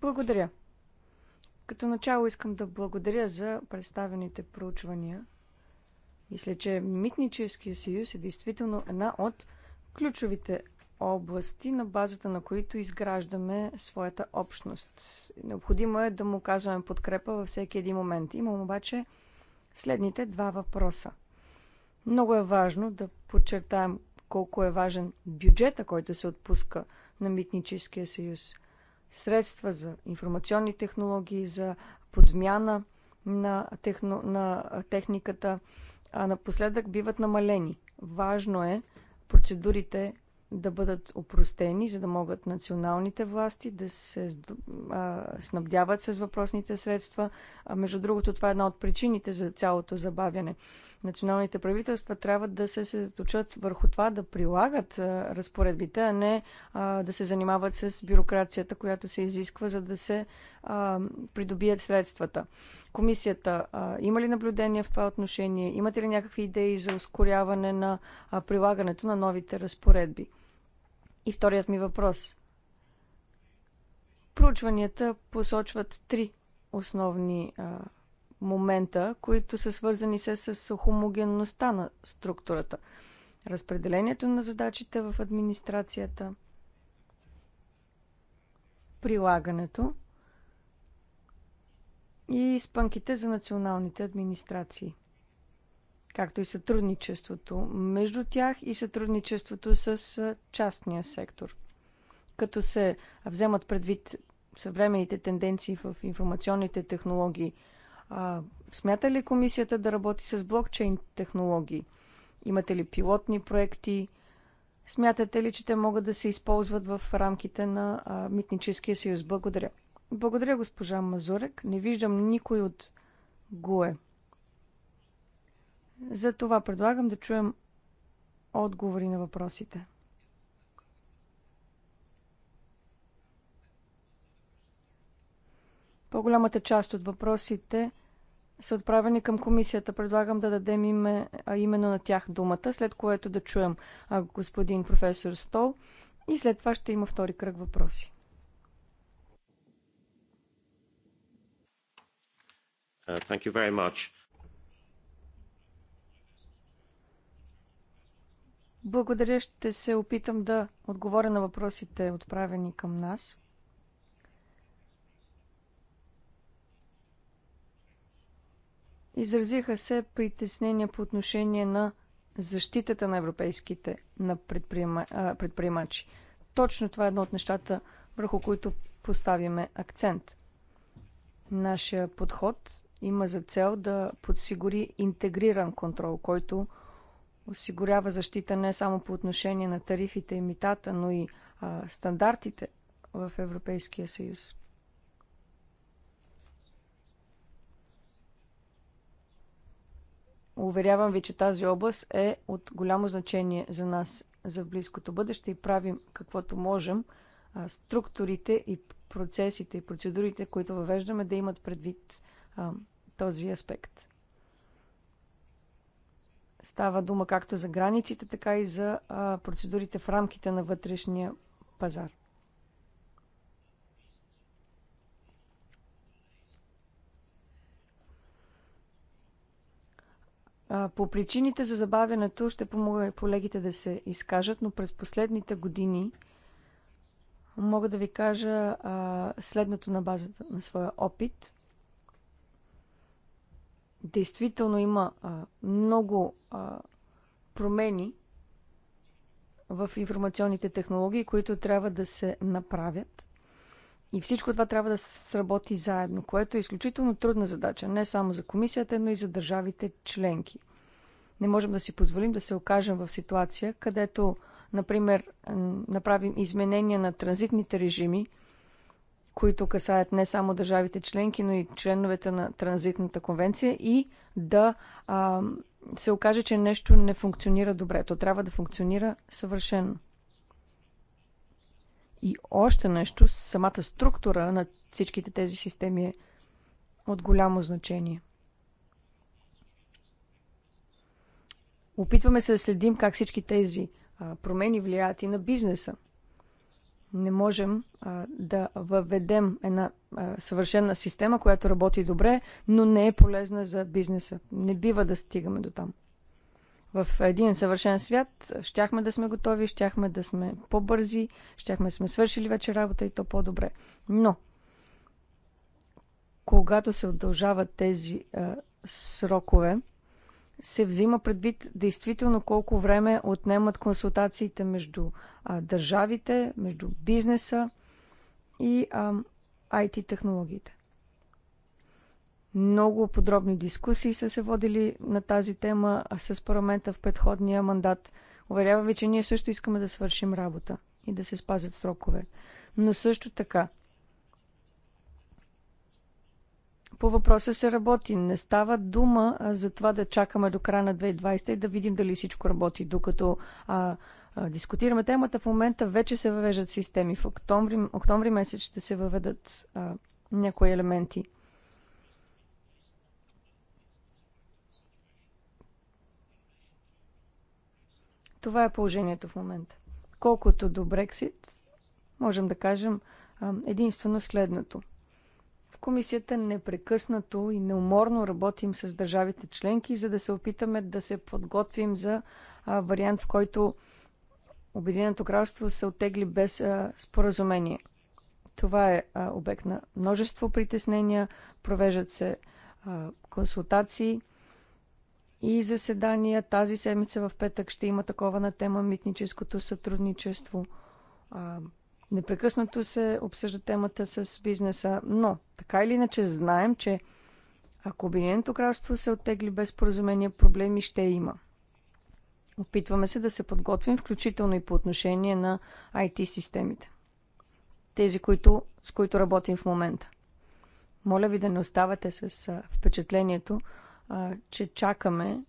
Благодаря. Като начало искам да благодаря за представените проучвания. Мисля, че Митническия съюз е действително една от ключовите области, на базата на които изграждаме своята общност. Необходимо е да му казваме подкрепа във всеки един момент. Имам обаче следните два въпроса. Много е важно да подчертаем колко е важен бюджета, който се отпуска на Митническия съюз. Средства за информационни технологии, за подмяна на, техно, на техниката, а напоследък биват намалени. Важно е процедурите да бъдат опростени, за да могат националните власти да се а, снабдяват с въпросните средства. А, между другото, това е една от причините за цялото забавяне. Националните правителства трябва да се съточат върху това да прилагат а, разпоредбите, а не а, да се занимават с бюрокрацията, която се изисква, за да се а, придобият средствата. Комисията а, има ли наблюдение в това отношение? Имате ли някакви идеи за ускоряване на а, прилагането на новите разпоредби? И вторият ми въпрос. Проучванията посочват три основни а, момента, които са свързани се с хомогенността на структурата. Разпределението на задачите в администрацията, прилагането и спънките за националните администрации – както и сътрудничеството между тях и сътрудничеството с частния сектор. Като се вземат предвид съвременните тенденции в информационните технологии, смята ли комисията да работи с блокчейн технологии? Имате ли пилотни проекти? Смятате ли, че те могат да се използват в рамките на Митническия съюз? Благодаря. Благодаря, госпожа Мазурек. Не виждам никой от ГУЕ. За това предлагам да чуем отговори на въпросите. По-голямата част от въпросите са отправени към комисията. Предлагам да дадем име, а именно на тях думата, след което да чуем а, господин професор Стол и след това ще има втори кръг въпроси. Uh, thank you very much. Благодаря. Ще се опитам да отговоря на въпросите, отправени към нас. Изразиха се притеснения по отношение на защитата на европейските на предприема, предприемачи. Точно това е едно от нещата, върху които поставяме акцент. Нашия подход има за цел да подсигури интегриран контрол, който осигурява защита не само по отношение на тарифите и митата, но и а, стандартите в Европейския съюз. Уверявам ви, че тази област е от голямо значение за нас за близкото бъдеще и правим каквото можем а, структурите и процесите и процедурите, които въвеждаме, да имат предвид а, този аспект. Става дума както за границите, така и за а, процедурите в рамките на вътрешния пазар. По причините за забавянето ще помогна колегите да се изкажат, но през последните години мога да ви кажа а, следното на базата на своя опит действително има а, много а, промени в информационните технологии, които трябва да се направят. И всичко това трябва да сработи заедно, което е изключително трудна задача, не само за комисията, но и за държавите членки. Не можем да си позволим да се окажем в ситуация, където, например, направим изменения на транзитните режими, които касаят не само държавите членки, но и членовете на транзитната конвенция и да а, се окаже, че нещо не функционира добре. То трябва да функционира съвършено. И още нещо, самата структура на всичките тези системи е от голямо значение. Опитваме се да следим как всички тези промени влияят и на бизнеса не можем а, да въведем една а, съвършена система, която работи добре, но не е полезна за бизнеса. Не бива да стигаме до там. В един съвършен свят щяхме да сме готови, щяхме да сме по-бързи, щяхме да сме свършили вече работа и то по-добре. Но, когато се удължават тези а, срокове, се взима предвид действително колко време отнемат консултациите между а, държавите, между бизнеса и а, IT технологиите. Много подробни дискусии са се водили на тази тема с парламента в предходния мандат. Уверявам ви, че ние също искаме да свършим работа и да се спазят срокове. Но също така, по въпроса се работи. Не става дума за това да чакаме до края на 2020 и да видим дали всичко работи. Докато а, а, дискутираме темата, в момента вече се въвеждат системи. В октомври, октомври месец ще се въведат а, някои елементи. Това е положението в момента. Колкото до Брексит, можем да кажем единствено следното – Комисията непрекъснато и неуморно работим с държавите членки, за да се опитаме да се подготвим за а, вариант, в който Обединеното кралство се отегли без а, споразумение. Това е а, обект на множество притеснения, провеждат се а, консултации и заседания. Тази седмица в петък ще има такова на тема митническото сътрудничество. А, Непрекъснато се обсъжда темата с бизнеса, но така или иначе знаем, че ако Обединеното кралство се оттегли без поразумения, проблеми ще има. Опитваме се да се подготвим, включително и по отношение на IT системите. Тези, които, с които работим в момента. Моля ви да не оставате с впечатлението, че чакаме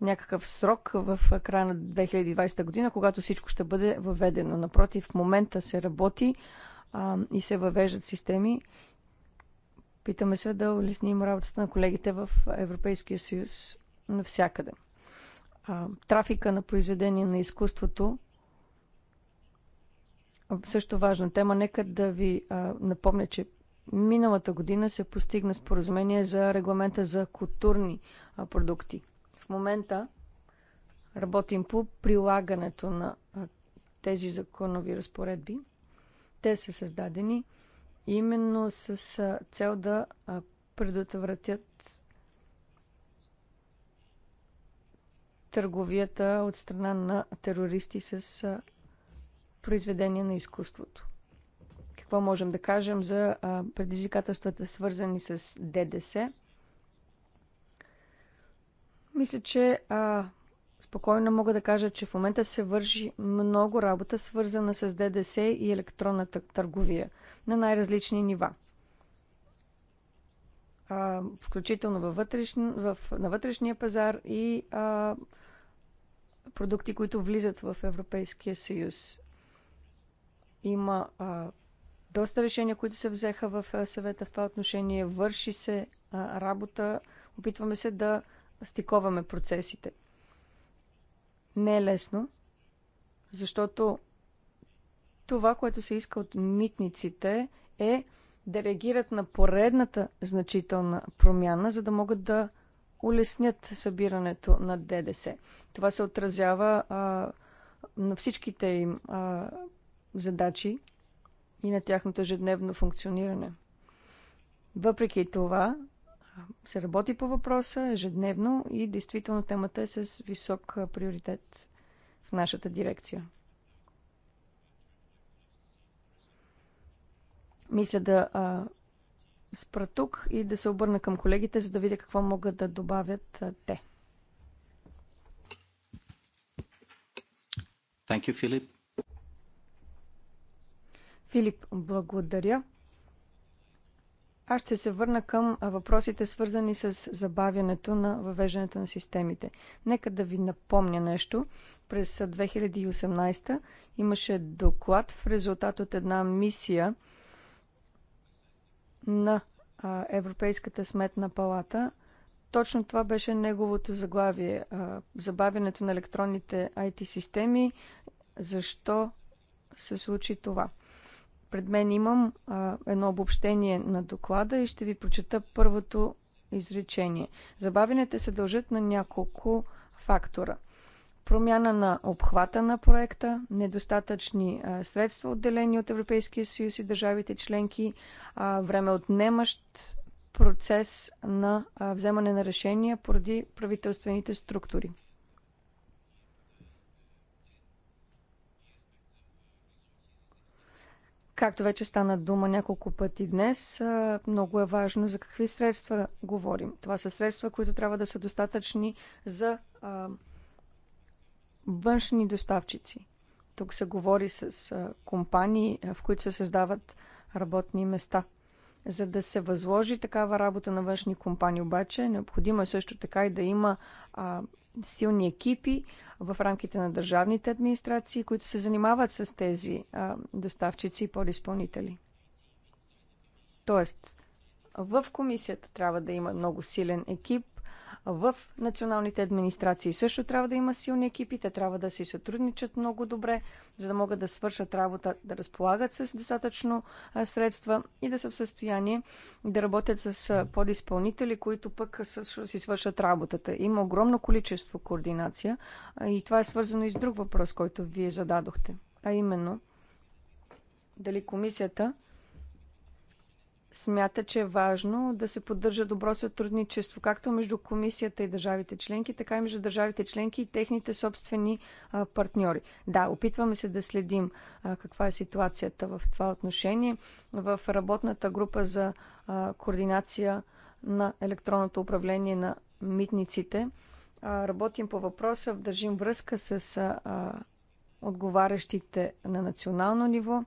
някакъв срок в края на 2020 година, когато всичко ще бъде въведено. Напротив, в момента се работи а, и се въвеждат системи. Питаме се да улесним работата на колегите в Европейския съюз навсякъде. А, трафика на произведения на изкуството също важна тема. Нека да ви а, напомня, че миналата година се постигна споразумение за регламента за културни а, продукти. В момента работим по прилагането на тези законови разпоредби. Те са създадени именно с цел да предотвратят търговията от страна на терористи с произведения на изкуството. Какво можем да кажем за предизвикателствата, свързани с ДДС? Мисля, че а, спокойно мога да кажа, че в момента се върши много работа, свързана с ДДС и електронната търговия на най-различни нива. А, включително във вътрешн, в, на вътрешния пазар и а, продукти, които влизат в Европейския съюз. Има а, доста решения, които се взеха в съвета в това отношение. Върши се а, работа. Опитваме се да стиковаме процесите. Не е лесно, защото това, което се иска от митниците е да реагират на поредната значителна промяна, за да могат да улеснят събирането на ДДС. Това се отразява а, на всичките им а, задачи и на тяхното ежедневно функциониране. Въпреки това, се работи по въпроса ежедневно и действително темата е с висок приоритет в нашата дирекция. Мисля да а, спра тук и да се обърна към колегите, за да видя какво могат да добавят а, те. Thank you, Филип. Филип, благодаря. Аз ще се върна към въпросите, свързани с забавянето на въвеждането на системите. Нека да ви напомня нещо. През 2018 имаше доклад в резултат от една мисия на Европейската сметна палата. Точно това беше неговото заглавие. Забавянето на електронните IT системи. Защо се случи това? Пред мен имам а, едно обобщение на доклада и ще ви прочета първото изречение. Забавените се дължат на няколко фактора. Промяна на обхвата на проекта, недостатъчни а, средства, отделени от Европейския съюз и държавите членки, а, време отнемащ процес на а, вземане на решения поради правителствените структури. Както вече стана дума няколко пъти днес, много е важно за какви средства говорим. Това са средства, които трябва да са достатъчни за а, външни доставчици. Тук се говори с а, компании, в които се създават работни места. За да се възложи такава работа на външни компании, обаче, необходимо е също така и да има а, силни екипи в рамките на държавните администрации, които се занимават с тези а, доставчици и подиспълнители. Тоест, в комисията трябва да има много силен екип, в националните администрации също трябва да има силни екипи, те трябва да си сътрудничат много добре, за да могат да свършат работа, да разполагат с достатъчно средства и да са в състояние да работят с подизпълнители, които пък си свършат работата. Има огромно количество координация и това е свързано и с друг въпрос, който вие зададохте, а именно дали комисията смята, че е важно да се поддържа добро сътрудничество, както между комисията и държавите членки, така и между държавите членки и техните собствени а, партньори. Да, опитваме се да следим а, каква е ситуацията в това отношение. В работната група за а, координация на електронното управление на митниците а, работим по въпроса, държим връзка с а, отговарящите на национално ниво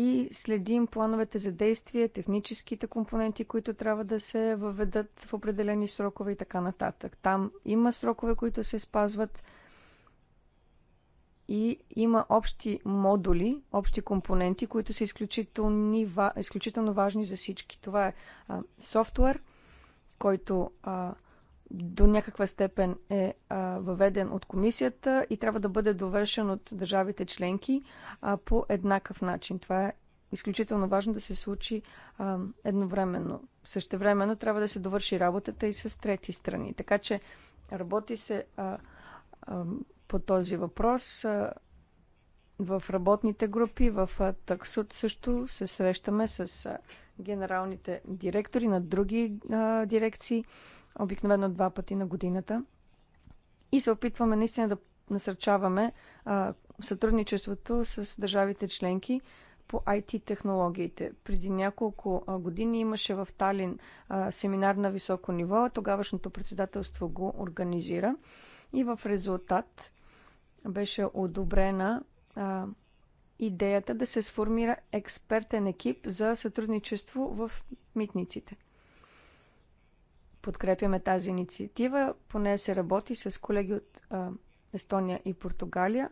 и следим плановете за действие, техническите компоненти, които трябва да се въведат в определени срокове и така нататък. Там има срокове, които се спазват и има общи модули, общи компоненти, които са изключително, изключително важни за всички. Това е софтуер, който а, до някаква степен е а, въведен от комисията и трябва да бъде довършен от държавите членки а, по еднакъв начин. Това е изключително важно да се случи а, едновременно. Същевременно трябва да се довърши работата и с трети страни. Така че работи се а, а, по този въпрос. А, в работните групи, в таксот също се срещаме с а, генералните директори на други а, дирекции обикновено два пъти на годината. И се опитваме наистина да насърчаваме а, сътрудничеството с държавите членки по IT технологиите. Преди няколко години имаше в Талин а, семинар на високо ниво. Тогавашното председателство го организира и в резултат беше одобрена а, идеята да се сформира експертен екип за сътрудничество в митниците подкрепяме тази инициатива. Поне се работи с колеги от а, Естония и Португалия.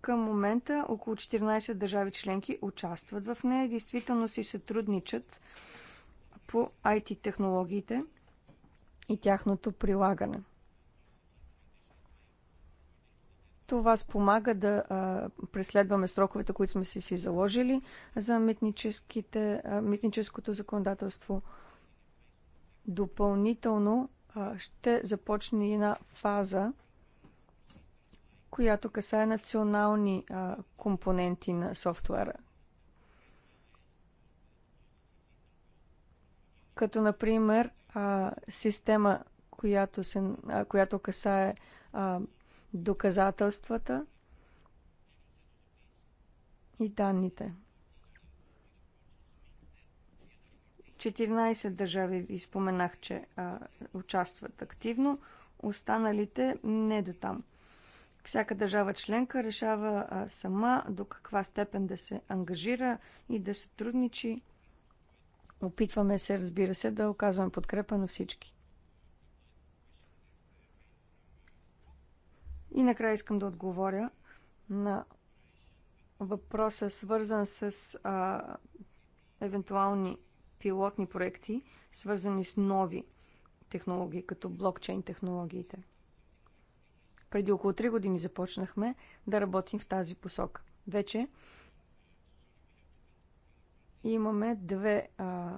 Към момента около 14 държави членки участват в нея. Действително си сътрудничат по IT технологиите и тяхното прилагане. Това спомага да а, преследваме сроковете, които сме си, си заложили за митническите, а, митническото законодателство. Допълнително а, ще започне една фаза, която касае национални а, компоненти на софтуера. Като, например, а, система, която, се, а, която касае а, доказателствата и данните. 14 държави ви споменах, че а, участват активно, останалите не до там. Всяка държава членка решава а, сама до каква степен да се ангажира и да се трудничи. Опитваме се, разбира се, да оказваме подкрепа на всички. И накрая искам да отговоря на въпроса, свързан с а, евентуални пилотни проекти, свързани с нови технологии, като блокчейн технологиите. Преди около 3 години започнахме да работим в тази посока. Вече имаме две а,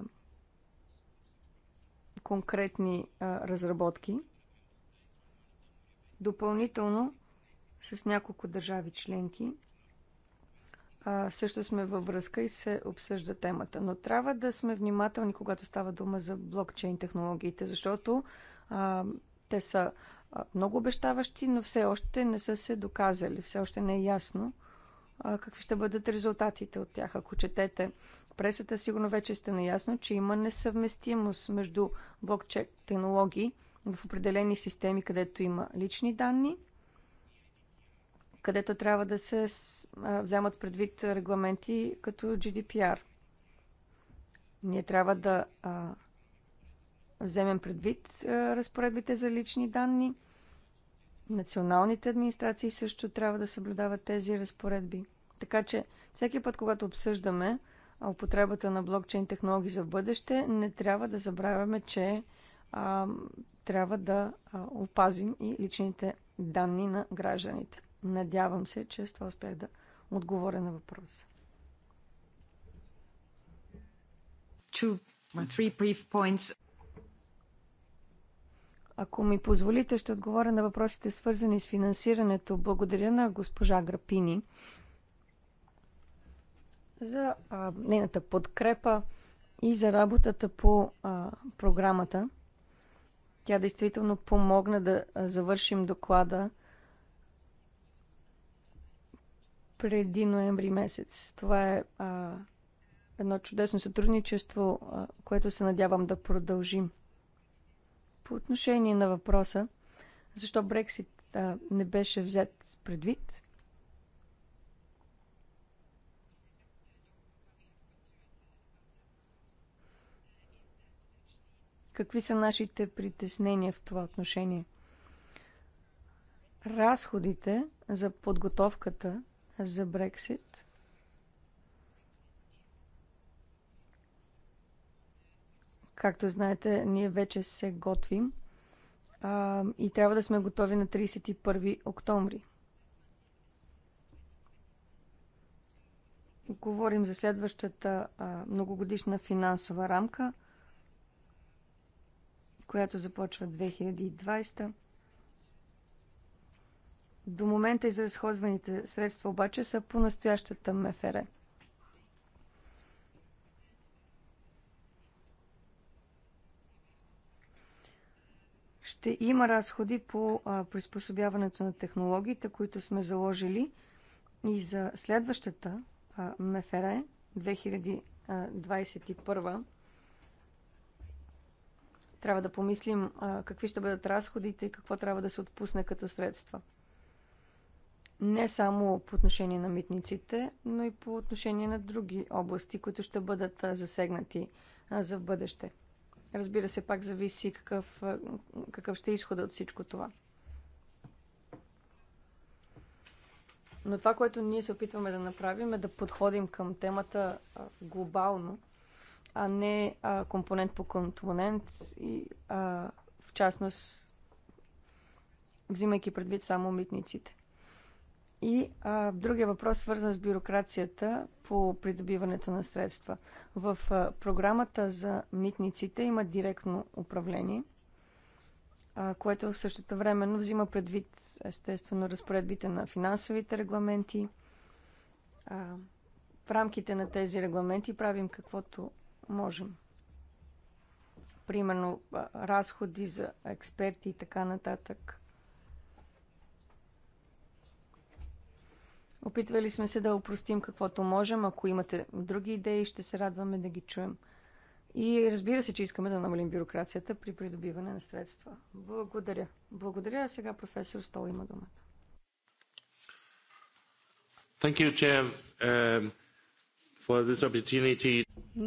конкретни а, разработки допълнително с няколко държави членки. А, също сме във връзка и се обсъжда темата. Но трябва да сме внимателни, когато става дума за блокчейн технологиите, защото а, те са а, много обещаващи, но все още не са се доказали. Все още не е ясно а, какви ще бъдат резултатите от тях. Ако четете пресата, сигурно вече сте наясно, че има несъвместимост между блокчейн технологии в определени системи, където има лични данни, където трябва да се вземат предвид регламенти като GDPR. Ние трябва да а, вземем предвид а, разпоредбите за лични данни. Националните администрации също трябва да съблюдават тези разпоредби. Така че всеки път, когато обсъждаме употребата на блокчейн технологии за бъдеще, не трябва да забравяме, че а, трябва да опазим и личните данни на гражданите. Надявам се, че с това успях да отговоря на въпроса. Ако ми позволите, ще отговоря на въпросите свързани с финансирането. Благодаря на госпожа Грапини за а, нейната подкрепа и за работата по а, програмата. Тя действително помогна да завършим доклада преди ноември месец. Това е а, едно чудесно сътрудничество, а, което се надявам да продължим. По отношение на въпроса, защо Брексит а, не беше взет предвид, Какви са нашите притеснения в това отношение? Разходите за подготовката за Брексит Както знаете, ние вече се готвим а, и трябва да сме готови на 31 октомври. Говорим за следващата а, многогодишна финансова рамка – която започва 2020. До момента изразходваните средства обаче са по настоящата МФР. Ще има разходи по а, приспособяването на технологиите, които сме заложили и за следващата а, МФР 2021 трябва да помислим а, какви ще бъдат разходите и какво трябва да се отпусне като средства. Не само по отношение на митниците, но и по отношение на други области, които ще бъдат а, засегнати а, за в бъдеще. Разбира се, пак зависи какъв, а, какъв ще е изхода от всичко това. Но това, което ние се опитваме да направим е да подходим към темата глобално – а не а, компонент по компонент и а, в частност взимайки предвид само митниците. И а, другия въпрос, свързан с бюрокрацията по придобиването на средства. В а, програмата за митниците има директно управление, а, което в същото времено взима предвид, естествено, разпоредбите на финансовите регламенти. А, в рамките на тези регламенти правим каквото можем. Примерно разходи за експерти и така нататък. Опитвали сме се да упростим каквото можем. Ако имате други идеи, ще се радваме да ги чуем. И разбира се, че искаме да намалим бюрокрацията при придобиване на средства. Благодаря. Благодаря. Сега професор Стол има думата. Thank you, Chair. Uh...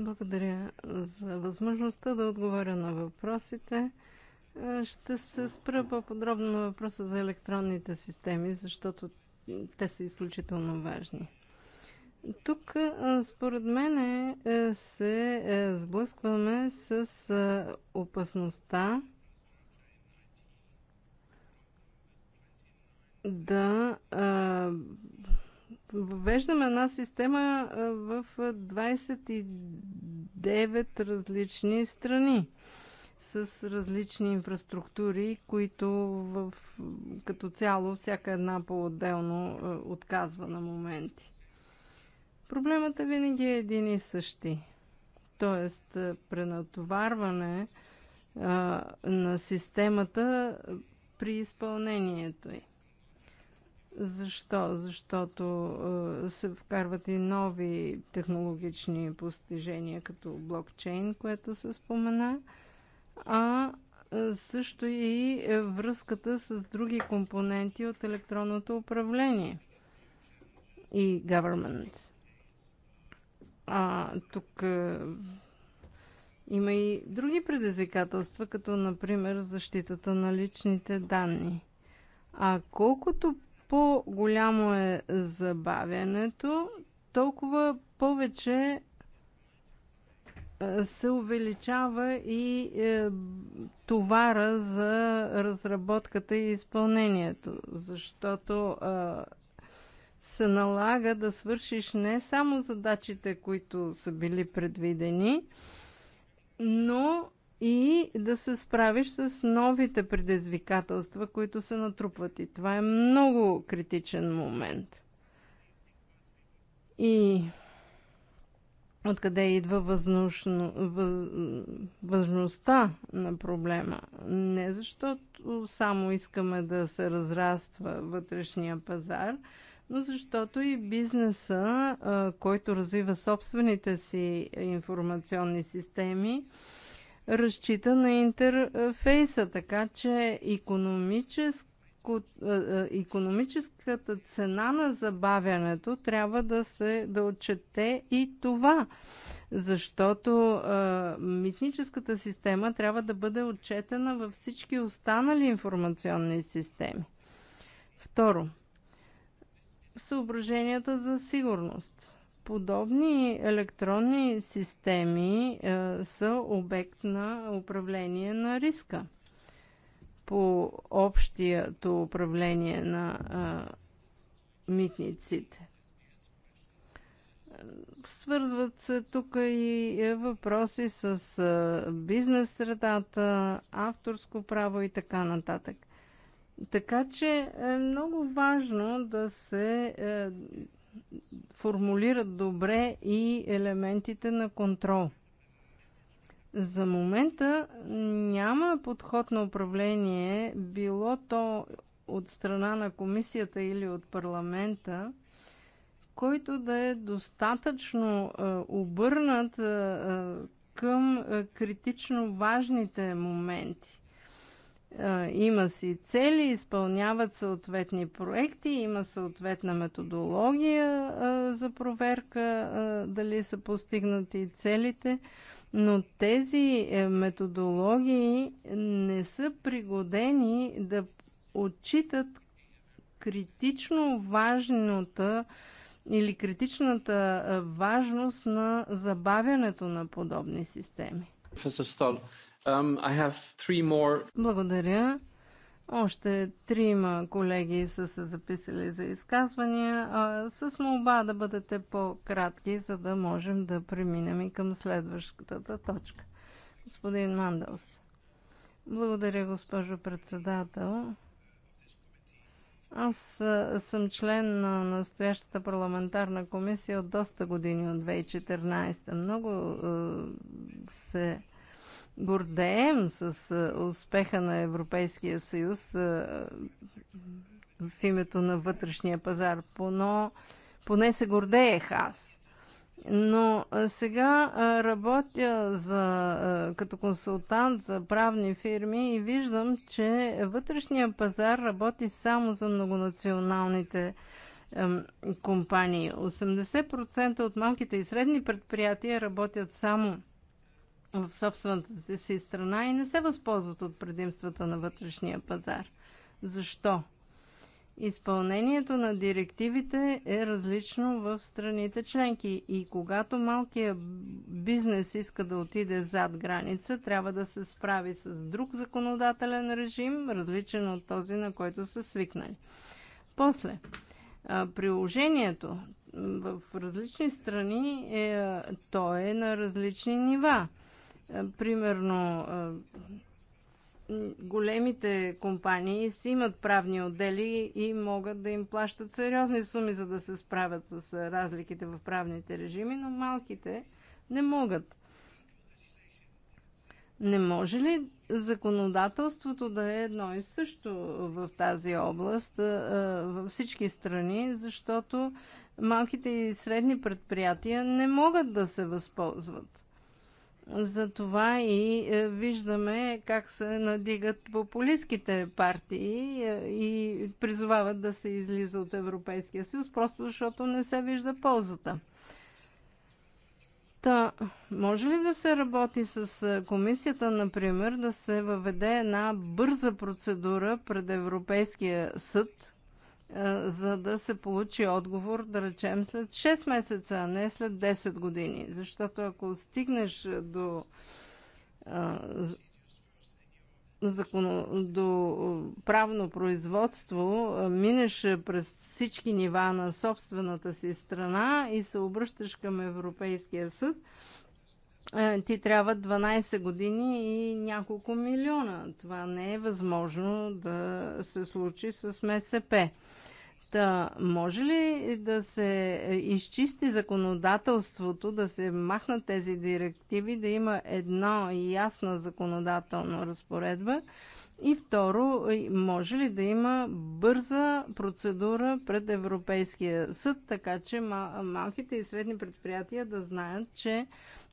Благодаря за възможността да отговоря на въпросите. Е, ще се спра по-подробно на въпроса за електронните системи, защото те са изключително важни. Тук, е, според мен, е, се сблъскваме с опасността да Въвеждаме една система в 29 различни страни с различни инфраструктури, които в, като цяло всяка една по-отделно отказва на моменти. Проблемът е винаги е един и същи. Тоест, пренатоварване а, на системата при изпълнението й. Защо? Защото е, се вкарват и нови технологични постижения, като блокчейн, което се спомена, а е, също и е, връзката с други компоненти от електронното управление и government. А тук има и други предизвикателства, като например защитата на личните данни. А колкото по-голямо е забавянето, толкова повече е, се увеличава и е, товара за разработката и изпълнението, защото е, се налага да свършиш не само задачите, които са били предвидени, но и да се справиш с новите предизвикателства, които се натрупват. И това е много критичен момент. И откъде идва възможно, въз, възможността на проблема? Не защото само искаме да се разраства вътрешния пазар, но защото и бизнеса, който развива собствените си информационни системи, разчита на интерфейса, така че економическата е, е, цена на забавянето трябва да се да отчете и това защото а, е, митническата система трябва да бъде отчетена във всички останали информационни системи. Второ, съображенията за сигурност. Подобни електронни системи е, са обект на управление на риска. По общието управление на е, митниците. Свързват се тук и е, въпроси с е, бизнес средата, авторско право и така нататък. Така че е много важно да се. Е, формулират добре и елементите на контрол. За момента няма подход на управление, било то от страна на комисията или от парламента, който да е достатъчно е, обърнат е, е към е, критично важните моменти. Има си цели, изпълняват съответни проекти, има съответна методология за проверка дали са постигнати целите, но тези е, методологии не са пригодени да отчитат критично важната или критичната важност на забавянето на подобни системи. Професор Стол, Um, I have three more. Благодаря. Още трима колеги са се записали за изказвания, а, с молба да бъдете по-кратки, за да можем да преминем и към следващата точка. Господин Мандалс. Благодаря, госпожо председател. Аз съм член на настоящата парламентарна комисия от доста години, от 2014. Много се Гордеем с успеха на Европейския съюз в името на вътрешния пазар. Поно, поне се гордеех аз. Но сега работя за, като консултант за правни фирми и виждам, че вътрешния пазар работи само за многонационалните компании. 80% от малките и средни предприятия работят само в собствената си страна и не се възползват от предимствата на вътрешния пазар. Защо? Изпълнението на директивите е различно в страните членки и когато малкият бизнес иска да отиде зад граница, трябва да се справи с друг законодателен режим, различен от този, на който са свикнали. После, приложението в различни страни е, то е на различни нива. Е, примерно, е, големите компании си имат правни отдели и могат да им плащат сериозни суми, за да се справят с е, разликите в правните режими, но малките не могат. Не може ли законодателството да е едно и също в тази област, във всички страни, защото малките и средни предприятия не могат да се възползват? Затова и е, виждаме как се надигат популистските партии е, и призовават да се излиза от Европейския съюз, просто защото не се вижда ползата. Та, може ли да се работи с е, комисията, например, да се въведе една бърза процедура пред Европейския съд, за да се получи отговор, да речем, след 6 месеца, а не след 10 години. Защото ако стигнеш до законо, до правно производство, минеш през всички нива на собствената си страна и се обръщаш към Европейския съд, ти трябва 12 години и няколко милиона. Това не е възможно да се случи с МСП. Та, може ли да се изчисти законодателството, да се махнат тези директиви, да има една ясна законодателна разпоредба? И второ, може ли да има бърза процедура пред Европейския съд, така че малките и средни предприятия да знаят, че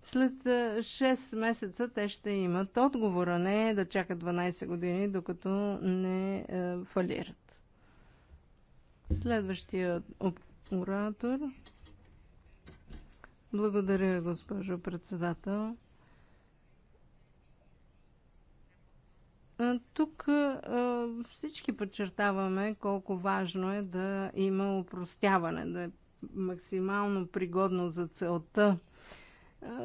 след 6 е, месеца те ще имат отговора, не да чакат 12 години, докато не е, фалират? Следващия оратор. Благодаря, госпожо председател. Тук всички подчертаваме колко важно е да има упростяване, да е максимално пригодно за целта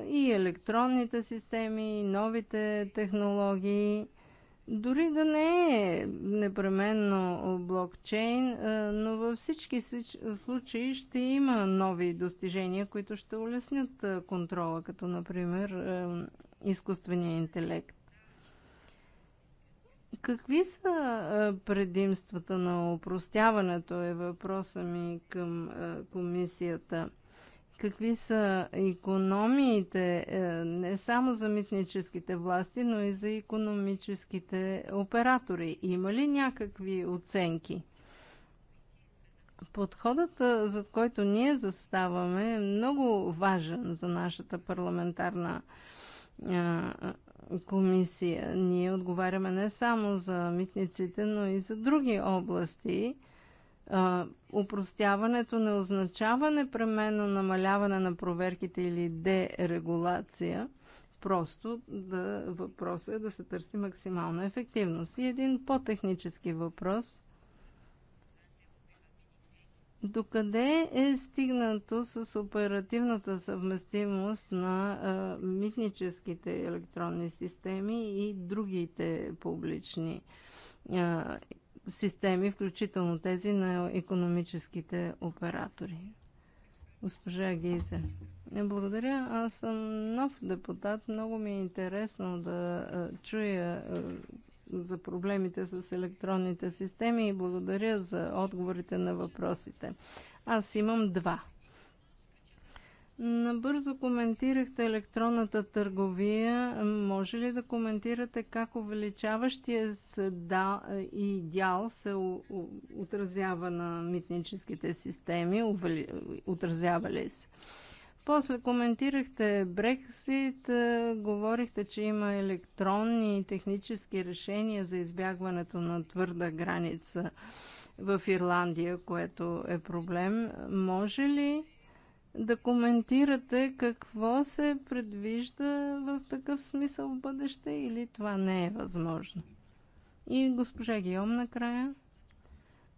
и електронните системи, и новите технологии. Дори да не е непременно блокчейн, но във всички случаи ще има нови достижения, които ще улеснят контрола, като например изкуствения интелект. Какви са предимствата на упростяването е въпроса ми към комисията – какви са економиите е, не само за митническите власти, но и за економическите оператори? Има ли някакви оценки? Подходът, е, за който ние заставаме, е много важен за нашата парламентарна е, комисия. Ние отговаряме не само за митниците, но и за други области – упростяването не означава непременно намаляване на проверките или дерегулация. Просто да, въпросът е да се търси максимална ефективност. И един по-технически въпрос. Докъде е стигнато с оперативната съвместимост на а, митническите електронни системи и другите публични а, системи, включително тези на економическите оператори. Госпожа Гейзе. Благодаря. Аз съм нов депутат. Много ми е интересно да е, чуя е, за проблемите с електронните системи и благодаря за отговорите на въпросите. Аз имам два. Набързо коментирахте електронната търговия. Може ли да коментирате как увеличаващия се да и дял се отразява на митническите системи? Отразява ли се? После коментирахте Брексит, говорихте, че има електронни и технически решения за избягването на твърда граница в Ирландия, което е проблем. Може ли да коментирате какво се предвижда в такъв смисъл в бъдеще или това не е възможно. И госпожа Гиом накрая.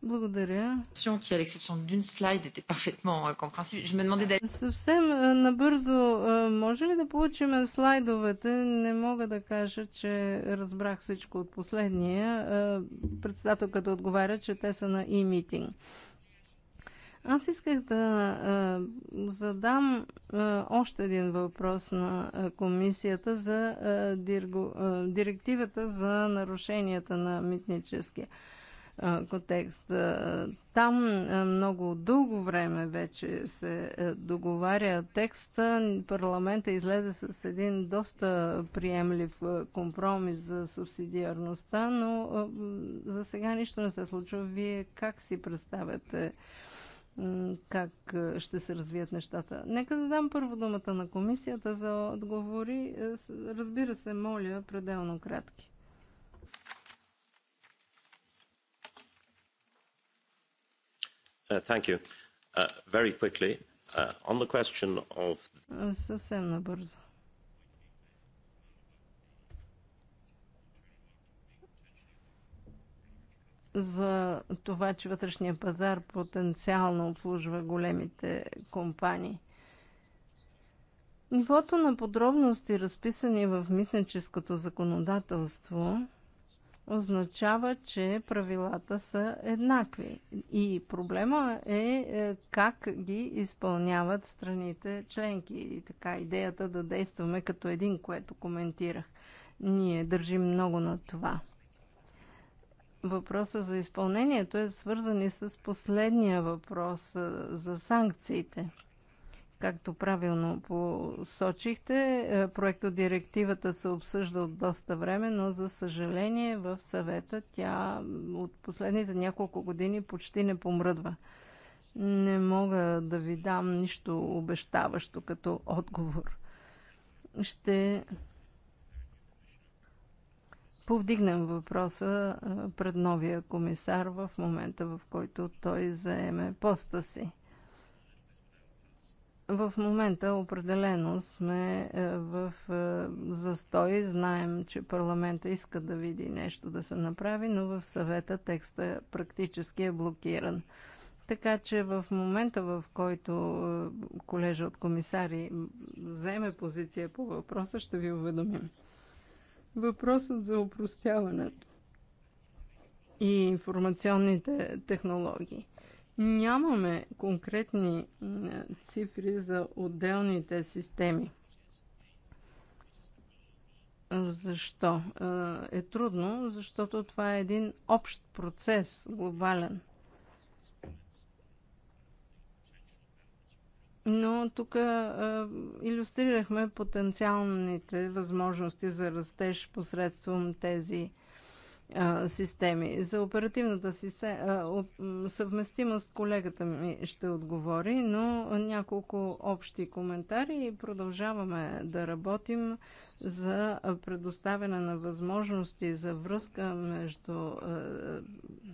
Благодаря. Euh, Съвсем набързо, може ли да получим слайдовете? Не мога да кажа, че разбрах всичко от последния. Председателката отговаря, че те са на e-meeting. Аз исках да задам още един въпрос на комисията за директивата за нарушенията на митническия контекст. Там много дълго време вече се договаря текста. Парламента излезе с един доста приемлив компромис за субсидиарността, но за сега нищо не се случва. Вие как си представяте? как е, ще се развият нещата. Нека да дам първо думата на комисията за отговори. Е, разбира се, моля, пределно кратки. Uh, thank you. Uh, very quickly, uh, on the question of... Е, съвсем набързо. за това, че вътрешния пазар потенциално обслужва големите компании. Нивото на подробности, разписани в митническото законодателство, означава, че правилата са еднакви. И проблема е, е как ги изпълняват страните членки. И така идеята да действаме като един, което коментирах. Ние държим много на това въпроса за изпълнението е свързан и с последния въпрос за санкциите. Както правилно посочихте, проекто директивата се обсъжда от доста време, но за съжаление в съвета тя от последните няколко години почти не помръдва. Не мога да ви дам нищо обещаващо като отговор. Ще повдигнем въпроса пред новия комисар в момента, в който той заеме поста си. В момента определено сме в застой. Знаем, че парламента иска да види нещо да се направи, но в съвета текста практически е блокиран. Така че в момента, в който колежа от комисари вземе позиция по въпроса, ще ви уведомим. Въпросът за опростяването и информационните технологии. Нямаме конкретни цифри за отделните системи. Защо? Е, е трудно, защото това е един общ процес, глобален – но тук а, иллюстрирахме потенциалните възможности за растеж посредством тези системи. За оперативната система, съвместимост колегата ми ще отговори, но няколко общи коментари и продължаваме да работим за предоставяне на възможности за връзка между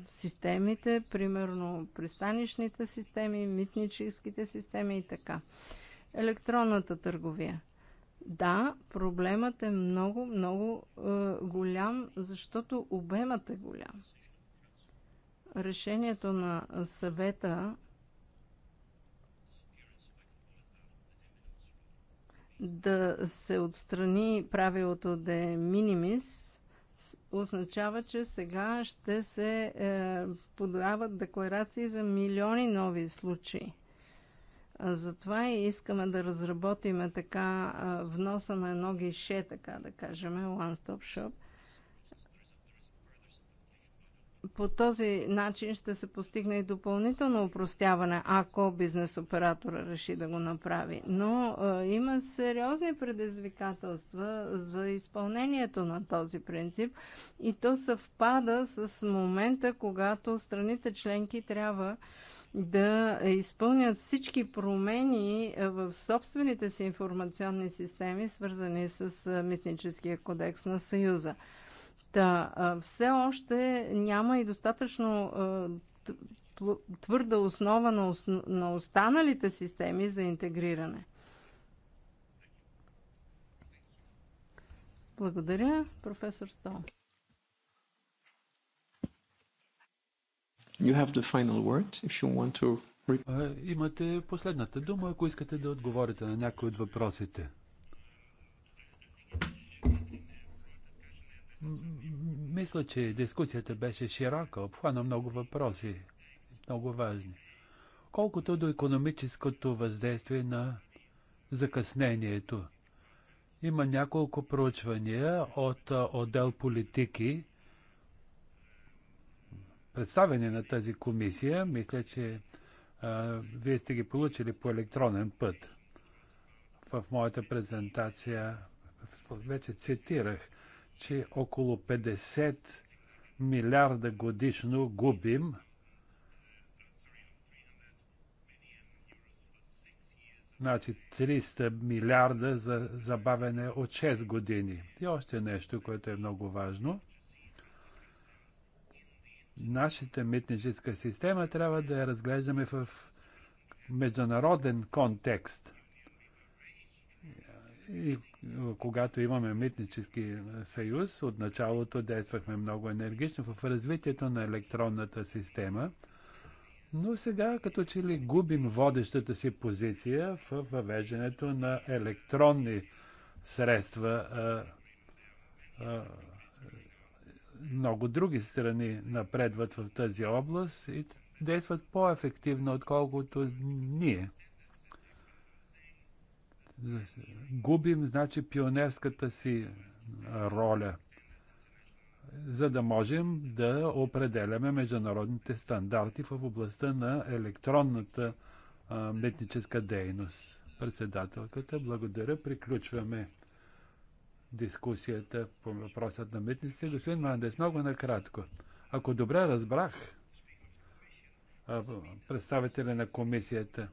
системите, примерно пристанищните системи, митническите системи и така. Електронната търговия. Да, проблемът е много, много е, голям, защото обемът е голям. Решението на съвета да се отстрани правилото де минимис означава, че сега ще се е, подават декларации за милиони нови случаи. Затова и искаме да разработиме така вноса на едно гише, така да кажем, One Stop Shop. По този начин ще се постигне и допълнително упростяване, ако бизнес оператора реши да го направи. Но а, има сериозни предизвикателства за изпълнението на този принцип и то съвпада с момента, когато страните членки трябва а, да изпълнят всички промени в собствените си информационни системи, свързани с Митническия кодекс на Съюза. Та, все още няма и достатъчно твърда основа на, на останалите системи за интегриране. Благодаря, професор Стол. You have the final word if you want to... Имате последната дума, ако искате да отговорите на някои от въпросите. Мисля, че дискусията беше широка, обхвана много въпроси, много важни. Колкото до економическото въздействие на закъснението, има няколко проучвания от отдел политики, представени на тази комисия. Мисля, че а, вие сте ги получили по електронен път. В моята презентация вече цитирах, че около 50 милиарда годишно губим значи 300 милиарда за забавене от 6 години. И още нещо, което е много важно – нашата митническа система трябва да я разглеждаме в международен контекст. И когато имаме митнически съюз, от началото действахме много енергично в развитието на електронната система, но сега като че ли губим водещата си позиция в въвеждането на електронни средства а, а, много други страни напредват в тази област и действат по-ефективно, отколкото ние. Губим, значи, пионерската си роля, за да можем да определяме международните стандарти в областта на електронната а, митническа дейност. Председателката, благодаря, приключваме дискусията по въпросът на митниците. Господин Мандес, много накратко. Ако добре разбрах представителя на комисията,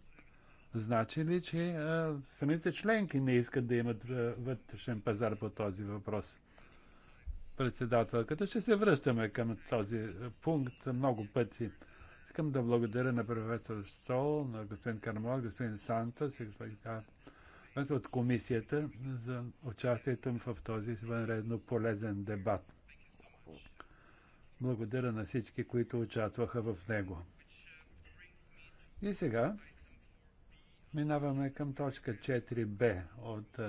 значи ли, че самите членки не искат да имат вътрешен пазар по този въпрос? Председателката, ще се връщаме към този пункт много пъти. Искам да благодаря на професор Стол, на господин Кармо, господин Сантос и господин от комисията за участието в този извънредно полезен дебат. Благодаря на всички, които участваха в него. И сега минаваме към точка 4b от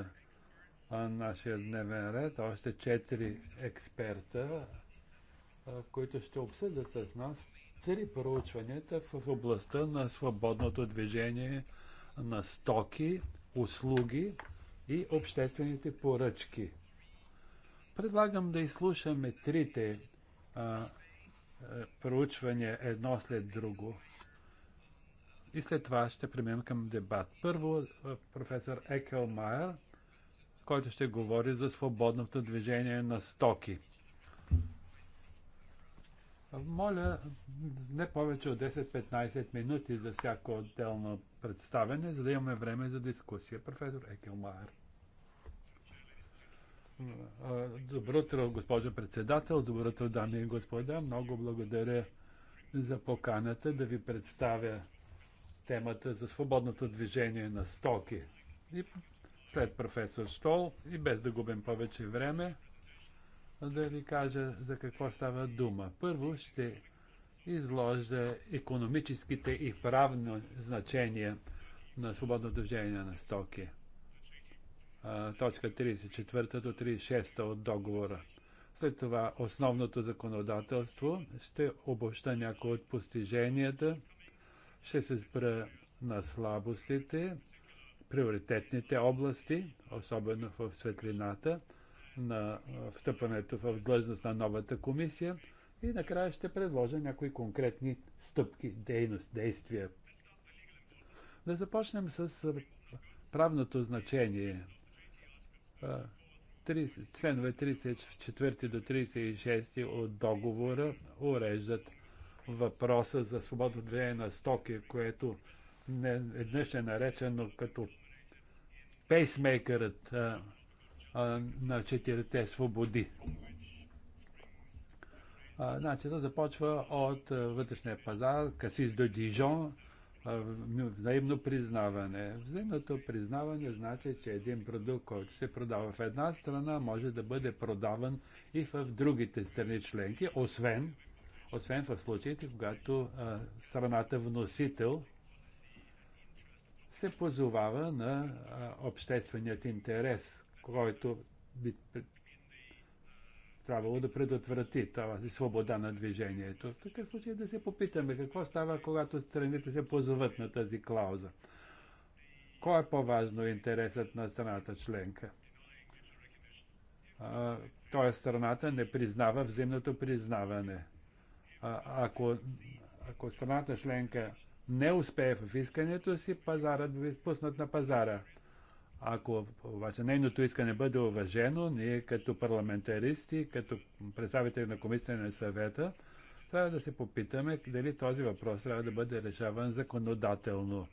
а, нашия дневен ред. Още 4 експерта, а, които ще обсъдят с нас три проучванията в областта на свободното движение на стоки услуги и обществените поръчки. Предлагам да изслушаме трите а, проучвания едно след друго. И след това ще преминем към дебат. Първо професор Майер, който ще говори за свободното движение на стоки. Моля, не повече от 10-15 минути за всяко отделно представене, за да имаме време за дискусия. Професор Екелмайер. Добро утро, госпожо председател, добро утро, дами и господа. Много благодаря за поканата да ви представя темата за свободното движение на стоки. И след професор Штол и без да губим повече време, да ви кажа за какво става дума. Първо ще изложа економическите и правни значения на свободно движение на стоки. Точка 34 до 36 от договора. След това основното законодателство ще обобща някои от постиженията, ще се спра на слабостите, приоритетните области, особено в светлината – на встъпването в длъжност на новата комисия и накрая ще предложа някои конкретни стъпки, дейност, действия. Да започнем с правното значение. членове 34 до 36 от договора уреждат въпроса за свободно движение на стоки, което не, днес е наречено като пейсмейкърът, на четирите свободи. Начинът започва от вътрешния пазар, Касис до Дижон, взаимно признаване. Взаимното признаване значи, че един продукт, който се продава в една страна, може да бъде продаван и в другите страни членки, освен, освен в случаите, когато а, страната вносител се позовава на а, общественият интерес който би трябвало да предотврати тази свобода на движението. В такъв случай да се попитаме какво става, когато страните се позоват на тази клауза. Кой е по-важно интересът на страната членка? Тоест страната не признава взаимното признаване. А, ако, ако страната членка не успее в искането си, пазарът би спуснат на пазара. Ако обаче нейното искане бъде уважено, ние като парламентаристи, като представители на комисията на съвета, трябва да се попитаме дали този въпрос трябва да бъде решаван законодателно.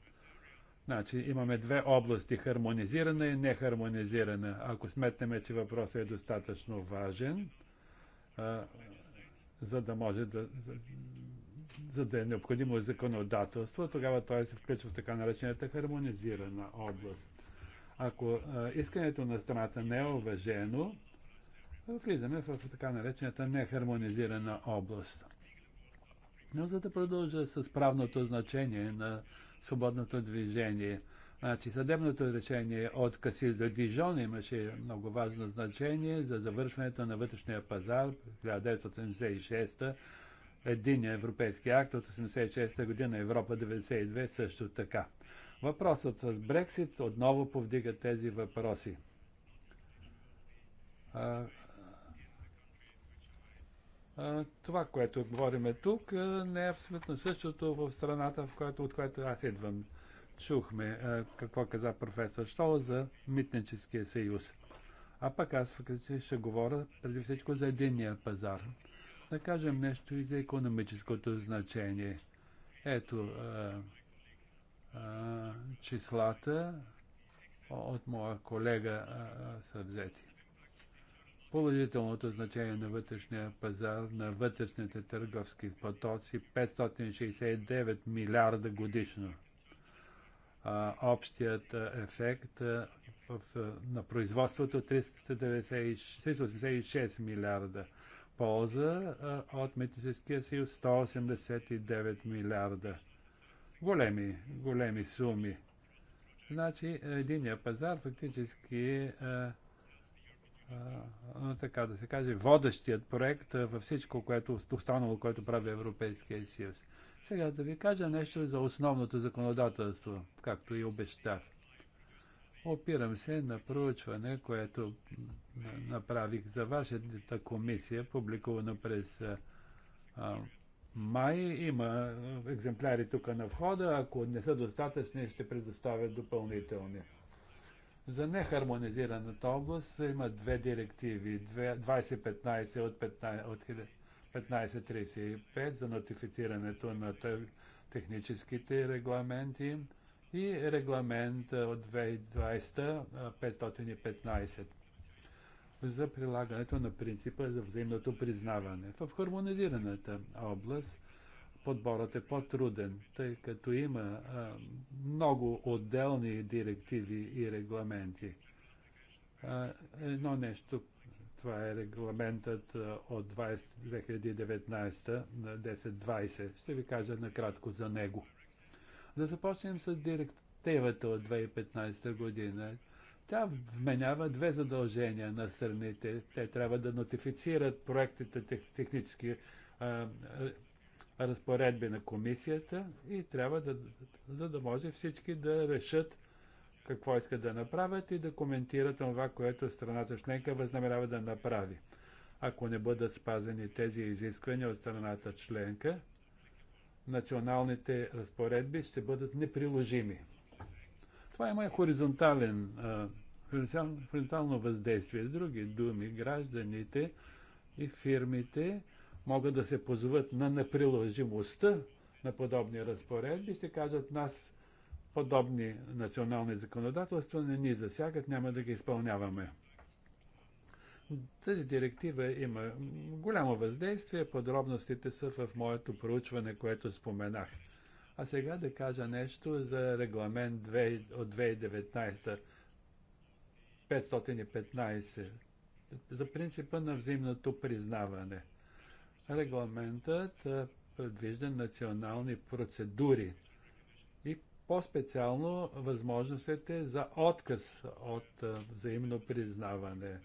Значи имаме две области хармонизирана и нехармонизирана. Ако сметнем, че въпросът е достатъчно важен, а, за да може да. За, за да е необходимо законодателство, тогава той се включва в така наречената хармонизирана област. Ако искането на страната не е уважено, влизаме в така наречената нехармонизирана област. Но за да продължа с правното значение на свободното движение, значи съдебното решение от Касил до Дижон имаше много важно значение за завършването на вътрешния пазар в 1976 един европейски акт от 1986 година, Европа 92 също така. Въпросът с Брексит отново повдига тези въпроси. А, а, това, което говорим тук, не е абсолютно същото в страната, в която, от която аз идвам. Чухме а, какво каза професор Штол за митническия съюз. А пък аз фактически ще говоря преди всичко за единния пазар. Да кажем нещо и за економическото значение. Ето, числата от моя колега а, са взети. Положителното значение на вътрешния пазар на вътрешните търговски потоци 569 милиарда годишно. А, общият ефект а, в, на производството 386 милиарда. Полза а, от Митническия съюз 189 милиарда големи, големи суми. Значи, единия пазар фактически е, а, е, а, е, така да се каже, водещият проект е, във всичко, което останало, което прави Европейския съюз. Сега да ви кажа нещо за основното законодателство, както и обещах. Опирам се на проучване, което направих за вашата комисия, публикувано през а, май. Има екземпляри тук на входа. Ако не са достатъчни, ще предоставят допълнителни. За нехармонизираната област има две директиви. 2015 от 1535 за нотифицирането на техническите регламенти и регламент от 2020 515 за прилагането на принципа за взаимното признаване. В хармонизираната област подборът е по-труден, тъй като има а, много отделни директиви и регламенти. А, едно нещо, това е регламентът а, от 20, 2019 на 1020. Ще ви кажа накратко за него. Да започнем с директивата от 2015 година. Тя вменява две задължения на страните. Те трябва да нотифицират проектите технически а, разпоредби на комисията и трябва да, за да може всички да решат какво искат да направят и да коментират това, което страната членка възнамерява да направи. Ако не бъдат спазени тези изисквания от страната членка, националните разпоредби ще бъдат неприложими. Това има е хоризонтален, хоризонтално въздействие. С други думи, гражданите и фирмите могат да се позоват на неприложимостта на подобни разпоредби, ще кажат нас подобни национални законодателства не ни засягат, няма да ги изпълняваме. Тази директива има голямо въздействие, подробностите са в моето проучване, което споменах. А сега да кажа нещо за регламент 2, от 2019 515 за принципа на взаимното признаване. Регламентът предвижда национални процедури и по-специално възможностите за отказ от взаимно признаване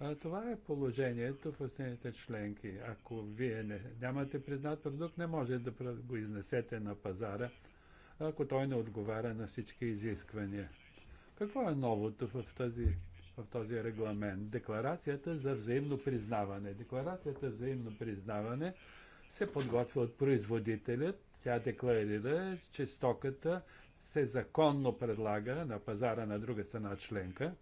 а, това е положението в страните членки. Ако вие не, нямате признат продукт, не може да го изнесете на пазара, ако той не отговаря на всички изисквания. Какво е новото в този, в този регламент. Декларацията за взаимно признаване. Декларацията за взаимно признаване се подготвя от производителят. Тя декларира, че стоката се законно предлага на пазара на друга страна членка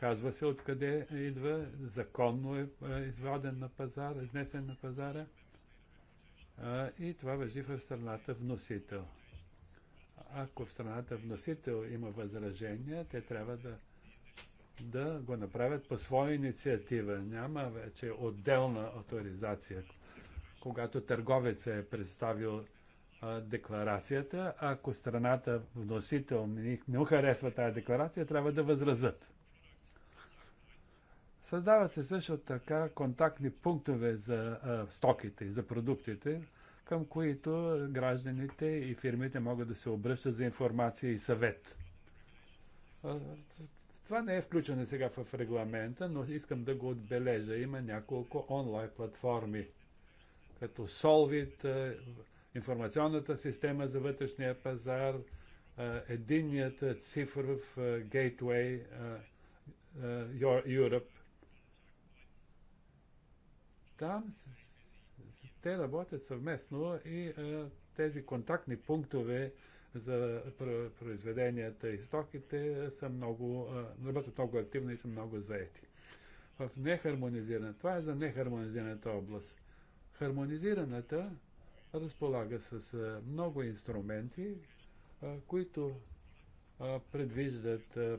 Казва се откъде идва, законно е, е изваден на пазара, изнесен на пазара. и това въжи в страната вносител. Ако в страната вносител има възражения, те трябва да, да го направят по своя инициатива. Няма вече отделна авторизация. Когато търговецът е представил декларацията, ако страната вносител не, не харесва тази декларация, трябва да възразят. Създават се също така контактни пунктове за а, стоките, за продуктите, към които гражданите и фирмите могат да се обръщат за информация и съвет. Това не е включено сега в регламента, но искам да го отбележа. Има няколко онлайн платформи, като Solvit, информационната система за вътрешния пазар, единният цифров гейтвей Europe там те работят съвместно и а, е, тези контактни пунктове за произведенията и стоките са много, а, е, работят много активно и са много заети. В нехармонизирана, това е за нехармонизираната област. Хармонизираната разполага с а, е, много инструменти, а, които а, предвиждат а,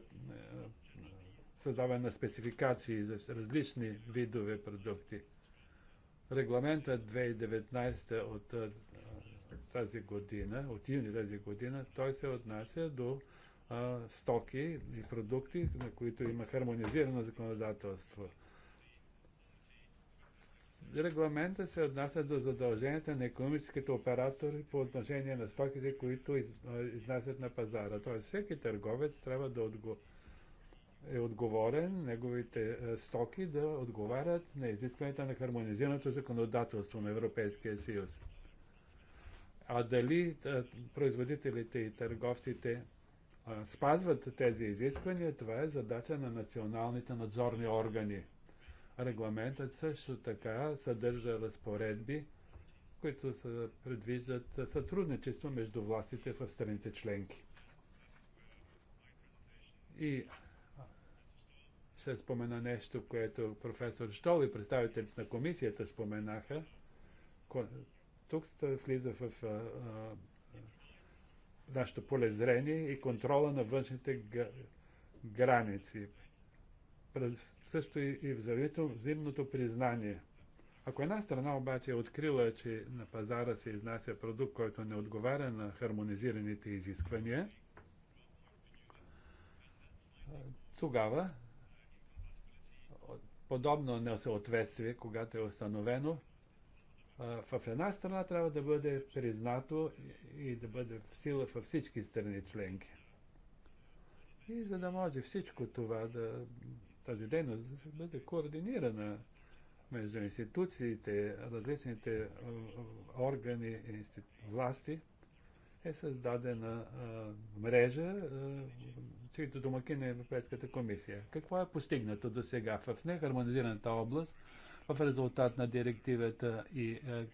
създаване на спецификации за различни видове продукти регламента 2019 от тази година, от юни тази година, той се отнася до а, стоки и продукти, на които има хармонизирано законодателство. Регламента се отнася до задълженията на економическите оператори по отношение на стоките, които изнасят на пазара. Тоест всеки търговец трябва да отговори е отговорен, неговите е, стоки да отговарят на изискванията на хармонизираното законодателство на Европейския съюз. А дали е, производителите и търговците е, спазват тези изисквания, това е задача на националните надзорни органи. Регламентът също така съдържа разпоредби, които предвиждат сътрудничество между властите в страните членки. И се спомена нещо, което професор Штол и представителите на комисията споменаха. Тук влиза в а, а, нашето поле зрение и контрола на външните граници. Също и, и взаимното признание. Ако една страна обаче е открила, че на пазара се изнася продукт, който не отговаря на хармонизираните изисквания, тогава подобно несъответствие, когато е установено, в една страна трябва да бъде признато и да бъде в сила във всички страни членки. И за да може всичко това да тази дейност да бъде координирана между институциите, различните органи и власти, е създадена а, мрежа, Чието домакин на Европейската комисия. Какво е постигнато до сега в нехармонизираната област? В резултат на директивата и е,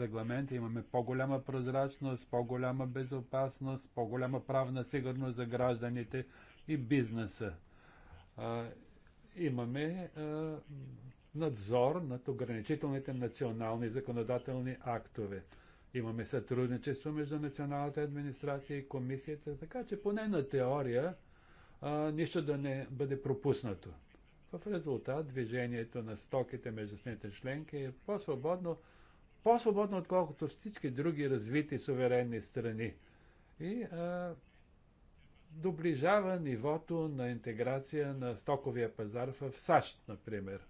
регламента имаме по-голяма прозрачност, по-голяма безопасност, по-голяма правна сигурност за гражданите и бизнеса. имаме е, надзор над ограничителните национални законодателни актове. Имаме сътрудничество между националната администрация и комисията, така че поне на теория нищо да не бъде пропуснато. В резултат движението на стоките между страните членки е по-свободно, по-свободно отколкото всички други развити суверенни страни и а, доближава нивото на интеграция на стоковия пазар в САЩ, например.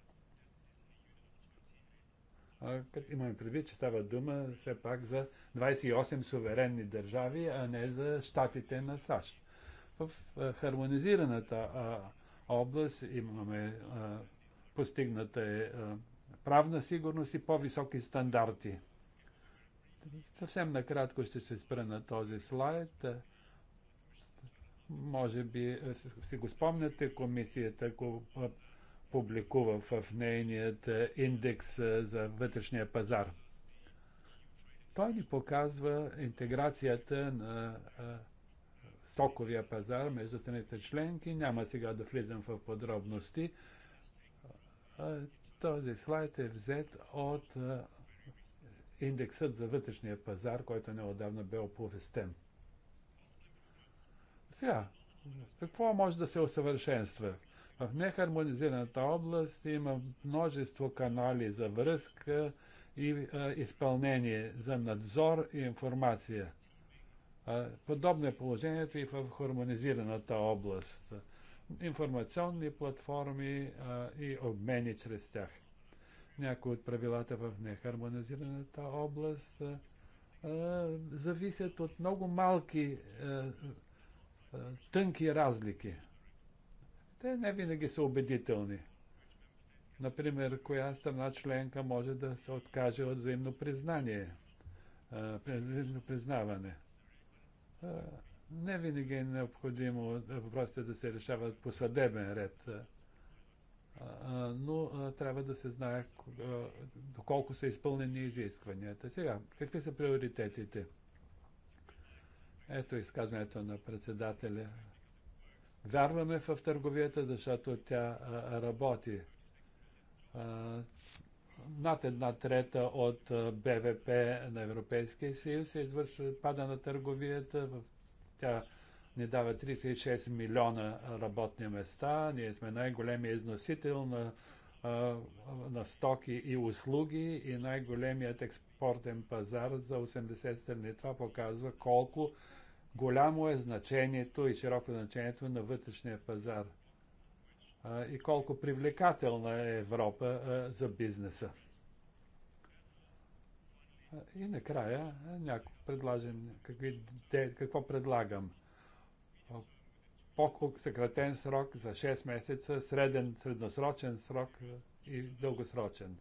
като имаме предвид, че става дума все пак за 28 суверенни държави, а не за щатите на САЩ в е, хармонизираната област имаме е, постигната е, е правна сигурност и по-високи стандарти. Съвсем накратко ще се спра на този слайд. Може би си го спомняте, комисията го публикува в нейният индекс за вътрешния пазар. Той ни показва интеграцията на стоковия пазар между страните членки. Няма сега да влизам в подробности. Този слайд е взет от индексът за вътрешния пазар, който неодавна бе оповестен. Сега, какво може да се усъвършенства? В нехармонизираната област има множество канали за връзка и а, изпълнение, за надзор и информация. Подобно е положението и в хармонизираната област. Информационни платформи а, и обмени чрез тях. Някои от правилата в нехармонизираната област а, а, зависят от много малки, е, е, тънки разлики. Те не винаги са убедителни. Например, коя страна членка може да се откаже от взаимно признание, е, взаимно признаване е, не винаги е необходимо въпросите да се решават по съдебен ред, е, но трябва да се знае доколко са изпълнени изискванията. Сега, какви са приоритетите? Ето изказването на председателя. Вярваме в търговията, защото тя работи над една трета от БВП на Европейския съюз се извършва пада на търговията. Тя ни дава 36 милиона работни места. Ние сме най големият износител на, на стоки и услуги и най-големият експортен пазар за 80 страни. Това показва колко голямо е значението и широко значението на вътрешния пазар – и колко привлекателна е Европа за бизнеса. И накрая някои предлагам, какви, де, какво предлагам. По-съкратен срок за 6 месеца, среден, средносрочен срок и дългосрочен.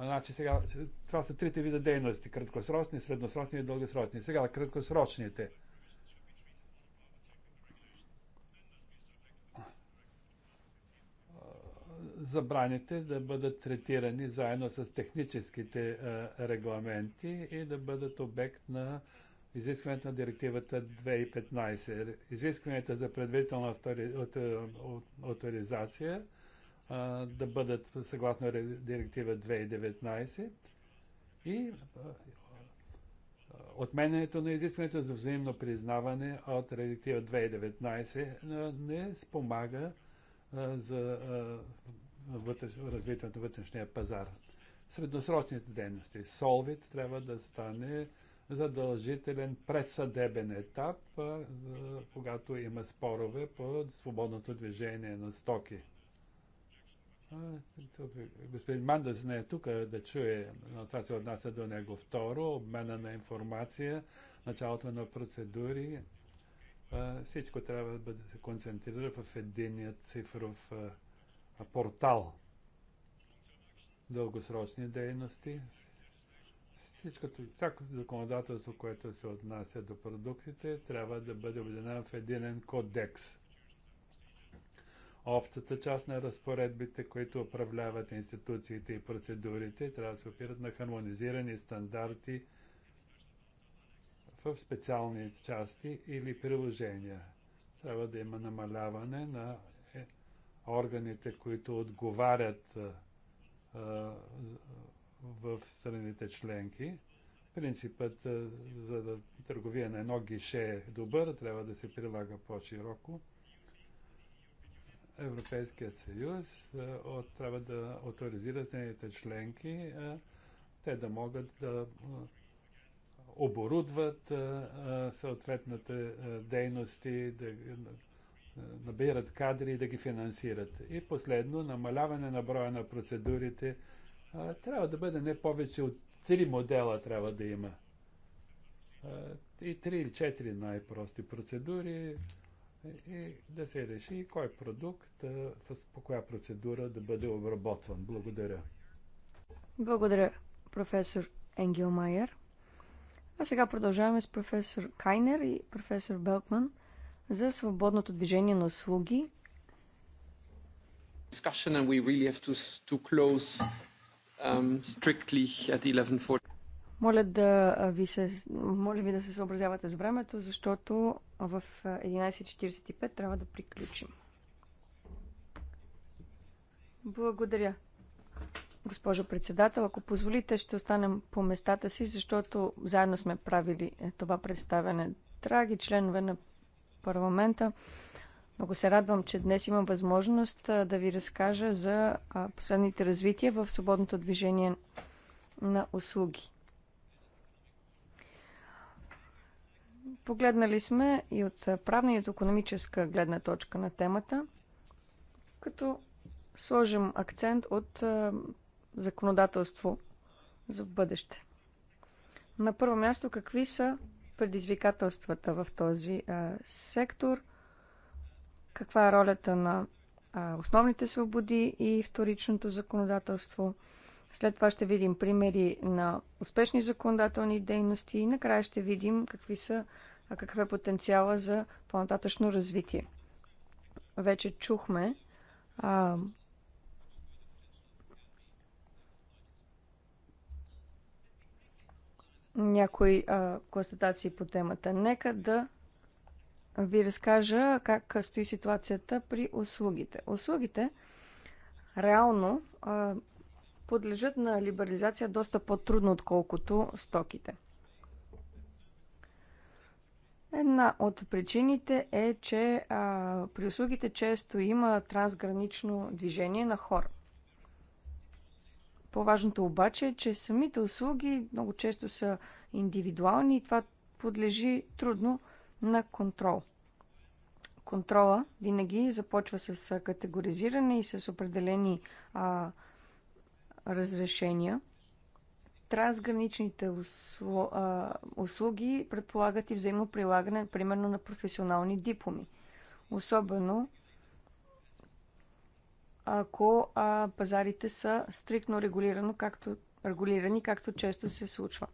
Значи сега, това са трите вида дейности. Краткосрочни, средносрочни и дългосрочни. Сега краткосрочните – забраните да бъдат третирани заедно с техническите а, е, регламенти и да бъдат обект на изискването на директивата 2015. Изискванията за предварителна е, авторизация а, е, да бъдат съгласно директива 2019 и отменянето на изискването за взаимно признаване от директива 2019 не спомага за развитието на вътрешния пазар. Средносрочните дейности. Солвит трябва да стане задължителен предсъдебен етап, когато има спорове по свободното движение на стоки. Господин Мандас не е тук да чуе, но това се отнася до него. Второ, обмена на информация, началото на процедури. Всичко трябва да се концентрира в единия цифров портал дългосрочни дейности. Всичкото, всяко законодателство, което се отнася до продуктите, трябва да бъде обединено в единен кодекс. Общата част на разпоредбите, които управляват институциите и процедурите, трябва да се опират на хармонизирани стандарти в специални части или приложения. Трябва да има намаляване на е, органите, които отговарят в страните членки. Принципът за да търговия на едно гише е добър, трябва да се прилага по-широко. Европейският съюз от, трябва да авторизира страните членки, те да могат да оборудват съответните дейности, да е, набират кадри и да ги финансират. И последно, намаляване на броя на процедурите. Е, трябва да бъде не повече от три модела трябва да има. Е, и три или четири най-прости процедури и да се реши кой продукт по коя процедура да бъде обработван. Благодаря. Благодаря, професор Енгел Майер. А сега продължаваме с професор Кайнер и професор Белкман – за свободното движение на услуги. Um, моля да ви се, моля ви да се съобразявате с времето, защото в 11.45 трябва да приключим. Благодаря. Госпожо председател, ако позволите, ще останем по местата си, защото заедно сме правили е, това представяне. Драги членове на парламента. Много се радвам, че днес имам възможност да ви разкажа за последните развития в свободното движение на услуги. Погледнали сме и от правна и от економическа гледна точка на темата, като сложим акцент от законодателство за бъдеще. На първо място, какви са предизвикателствата в този а, сектор, каква е ролята на а, основните свободи и вторичното законодателство. След това ще видим примери на успешни законодателни дейности и накрая ще видим какви са, а какъв е потенциала за по-нататъчно развитие. Вече чухме а, някои а, констатации по темата. Нека да ви разкажа как стои ситуацията при услугите. Услугите реално а, подлежат на либерализация доста по-трудно, отколкото стоките. Една от причините е, че а, при услугите често има трансгранично движение на хора. По-важното обаче е, че самите услуги много често са индивидуални и това подлежи трудно на контрол. Контрола винаги започва с категоризиране и с определени а, разрешения. Трансграничните услу, а, услуги предполагат и взаимоприлагане, примерно, на професионални дипломи. Особено ако а, пазарите са стриктно регулирано, както, регулирани, както често се случва.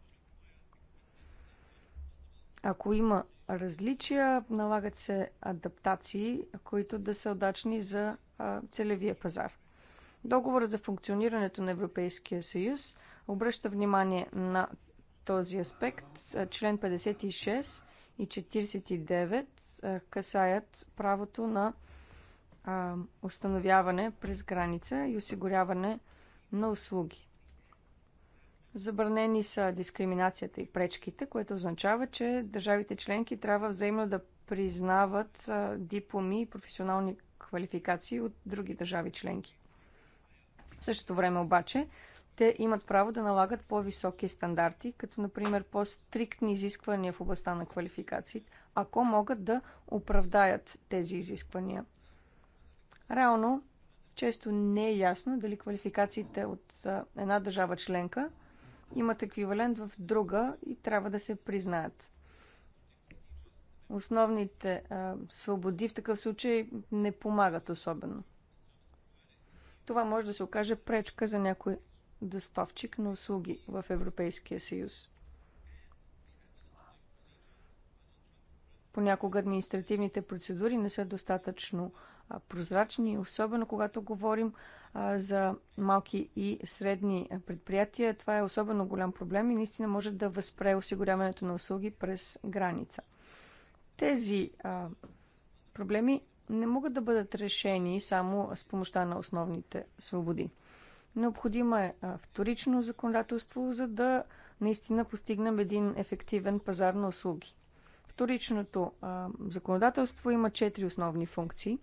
Ако има различия, налагат се адаптации, които да са удачни за а, целевия пазар. Договор за функционирането на Европейския съюз обръща внимание на този аспект. Член 56 и 49 касаят правото на а, установяване през граница и осигуряване на услуги. Забранени са дискриминацията и пречките, което означава, че държавите членки трябва взаимно да признават дипломи и професионални квалификации от други държави членки. В същото време обаче те имат право да налагат по-високи стандарти, като например по-стриктни изисквания в областта на квалификациите, ако могат да оправдаят тези изисквания Реално, често не е ясно дали квалификациите от една държава членка имат еквивалент в друга и трябва да се признаят. Основните а, свободи в такъв случай не помагат особено. Това може да се окаже пречка за някой доставчик на услуги в Европейския съюз. Понякога административните процедури не са достатъчно прозрачни, особено когато говорим за малки и средни предприятия. Това е особено голям проблем и наистина може да възпре осигуряването на услуги през граница. Тези проблеми не могат да бъдат решени само с помощта на основните свободи. Необходимо е вторично законодателство, за да наистина постигнем един ефективен пазар на услуги. Вторичното законодателство има четири основни функции.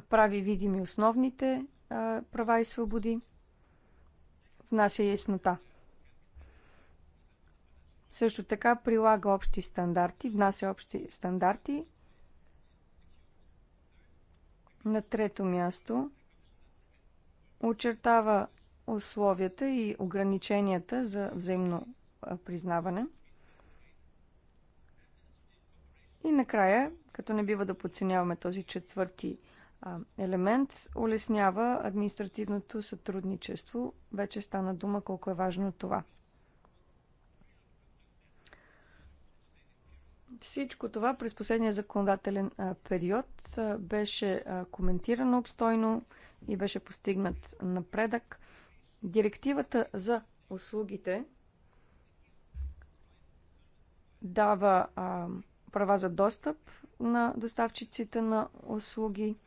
прави видими основните права и свободи, внася яснота. Също така прилага общи стандарти, внася общи стандарти. На трето място очертава условията и ограниченията за взаимно признаване. И накрая, като не бива да подценяваме този четвърти елемент улеснява административното сътрудничество. Вече стана дума колко е важно това. Всичко това през последния законодателен период беше коментирано обстойно и беше постигнат напредък. Директивата за услугите дава права за достъп на доставчиците на услуги –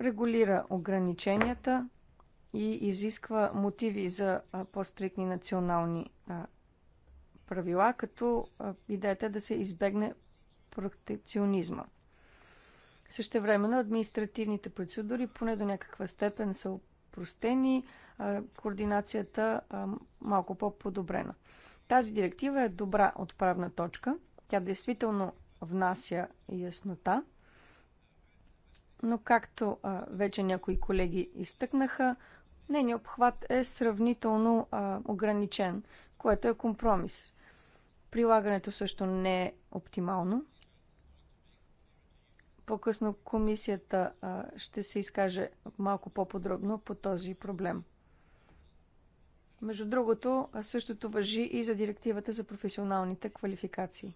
регулира ограниченията и изисква мотиви за по-стрикни национални правила, като идеята е да се избегне протекционизма. Също Същевременно административните процедури поне до някаква степен са простени, координацията малко по-подобрена. Тази директива е добра отправна точка. Тя действително внася яснота – но както а, вече някои колеги изтъкнаха, нейният обхват е сравнително а, ограничен, което е компромис. Прилагането също не е оптимално. По-късно комисията а, ще се изкаже малко по-подробно по този проблем. Между другото, същото въжи и за директивата за професионалните квалификации.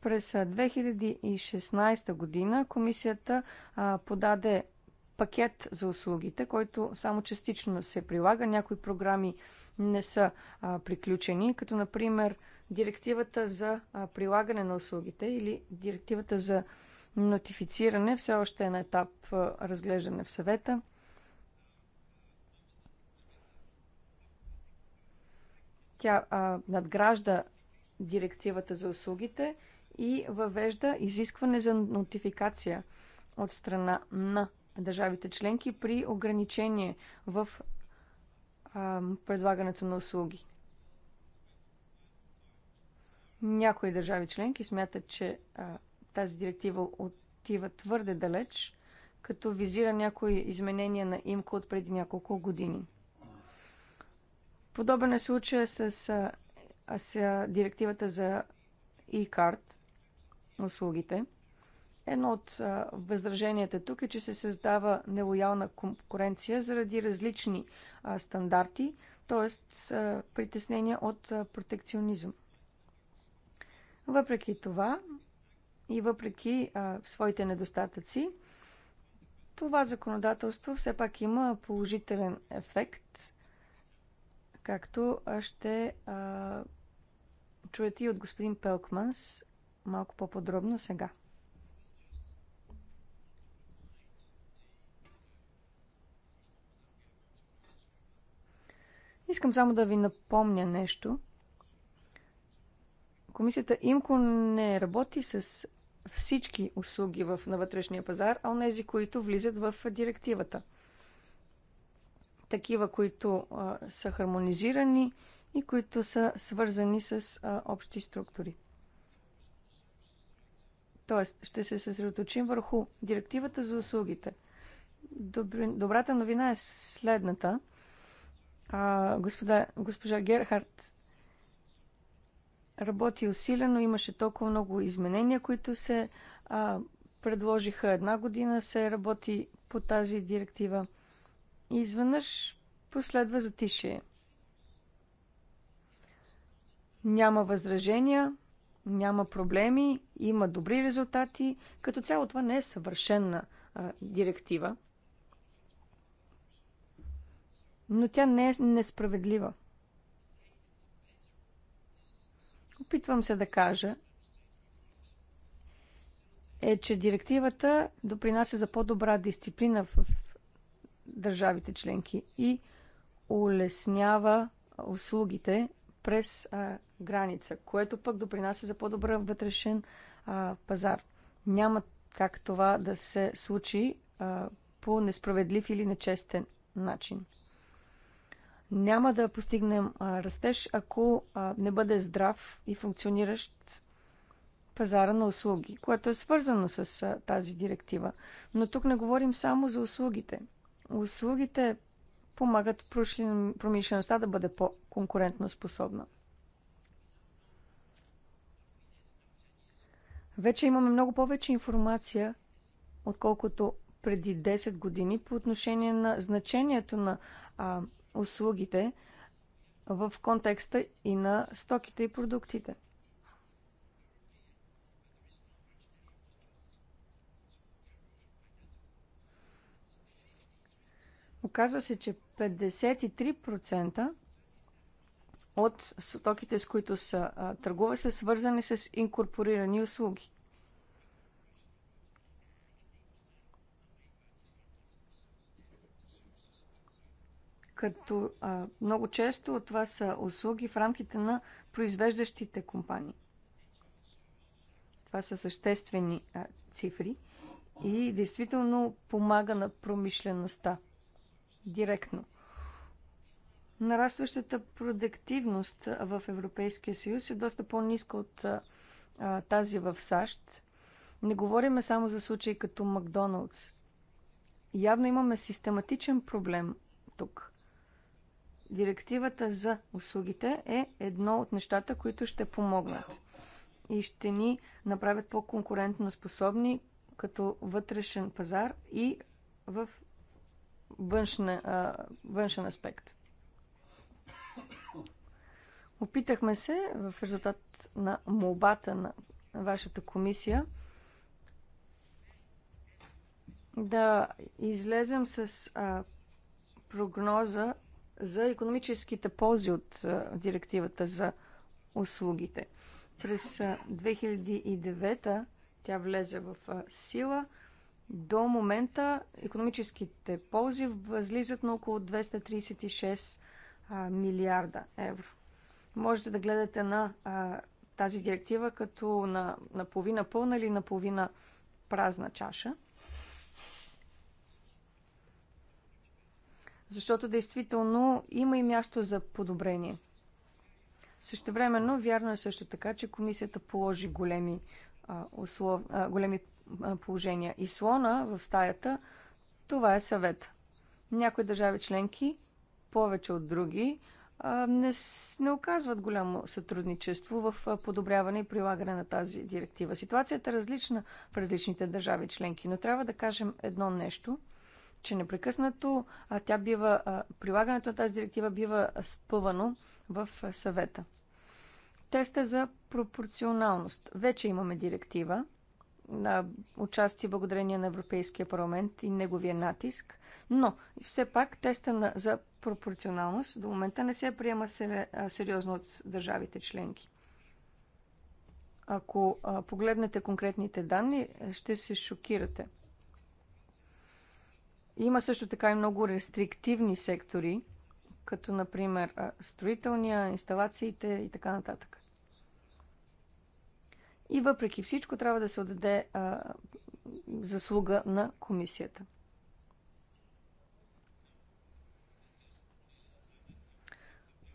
През 2016 година комисията а, подаде пакет за услугите, който само частично се прилага. Някои програми не са а, приключени, като например директивата за а, прилагане на услугите или директивата за нотифициране все още е на етап а, разглеждане в съвета. Тя а, надгражда директивата за услугите и въвежда изискване за нотификация от страна на държавите членки при ограничение в а, предлагането на услуги. Някои държави членки смятат, че а, тази директива отива твърде далеч, като визира някои изменения на имко от преди няколко години. Подобен е случая с, а, а, директивата за e-card, услугите. Едно от възраженията тук е, че се създава нелоялна конкуренция заради различни стандарти, т.е. притеснения от протекционизъм. Въпреки това и въпреки своите недостатъци, това законодателство все пак има положителен ефект, както ще чуете и от господин Пелкманс малко по-подробно сега. Искам само да ви напомня нещо. Комисията ИМКО не работи с всички услуги в, на вътрешния пазар, а онези, които влизат в директивата. Такива, които а, са хармонизирани и които са свързани с а, общи структури. Тоест, ще се съсредоточим върху директивата за услугите. Добрата новина е следната. А, господа, госпожа Герхард работи усилено, имаше толкова много изменения, които се а, предложиха. Една година се работи по тази директива. И изведнъж последва затишие. Няма възражения, няма проблеми, има добри резултати. Като цяло това не е съвършена а, директива, но тя не е несправедлива. Опитвам се да кажа, е, че директивата допринася за по-добра дисциплина в, в държавите членки и улеснява услугите през а, граница, което пък допринася за по-добър вътрешен а, пазар. Няма как това да се случи а, по несправедлив или нечестен начин. Няма да постигнем а, растеж, ако а, не бъде здрав и функциониращ пазара на услуги, което е свързано с а, тази директива. Но тук не говорим само за услугите. Услугите помагат промишлеността да бъде по-конкурентно способна. Вече имаме много повече информация, отколкото преди 10 години по отношение на значението на а, услугите в контекста и на стоките и продуктите. Оказва се, че 53% от стоките, с които са а, търгува, са свързани с инкорпорирани услуги. Като а, много често това са услуги в рамките на произвеждащите компании. Това са съществени а, цифри и действително помага на промишлеността директно нарастващата продуктивност в Европейския съюз е доста по-ниска от а, тази в САЩ. Не говориме само за случаи като Макдоналдс. Явно имаме систематичен проблем тук. Директивата за услугите е едно от нещата, които ще помогнат и ще ни направят по-конкурентно способни като вътрешен пазар и в външна, а, външен аспект. Опитахме се в резултат на молбата на вашата комисия да излезем с а, прогноза за економическите ползи от а, директивата за услугите. През 2009 тя влезе в а, сила. До момента економическите ползи възлизат на около 236 а, милиарда евро. Можете да гледате на а, тази директива като на, на половина пълна или на половина празна чаша. Защото действително има и място за подобрение. времено, вярно е също така, че комисията положи големи, а, услов... а, големи положения. И слона в стаята, това е съвет. Някои държави членки, повече от други, не, не оказват голямо сътрудничество в подобряване и прилагане на тази директива. Ситуацията е различна в различните държави членки, но трябва да кажем едно нещо, че непрекъснато а тя бива, а, прилагането на тази директива бива спъвано в съвета. Теста за пропорционалност. Вече имаме директива на участие благодарение на Европейския парламент и неговия натиск, но все пак теста на, за пропорционалност до момента не се приема сериозно от държавите членки. Ако погледнете конкретните данни, ще се шокирате. Има също така и много рестриктивни сектори, като например строителния, инсталациите и така нататък. И въпреки всичко трябва да се отдаде а, заслуга на комисията.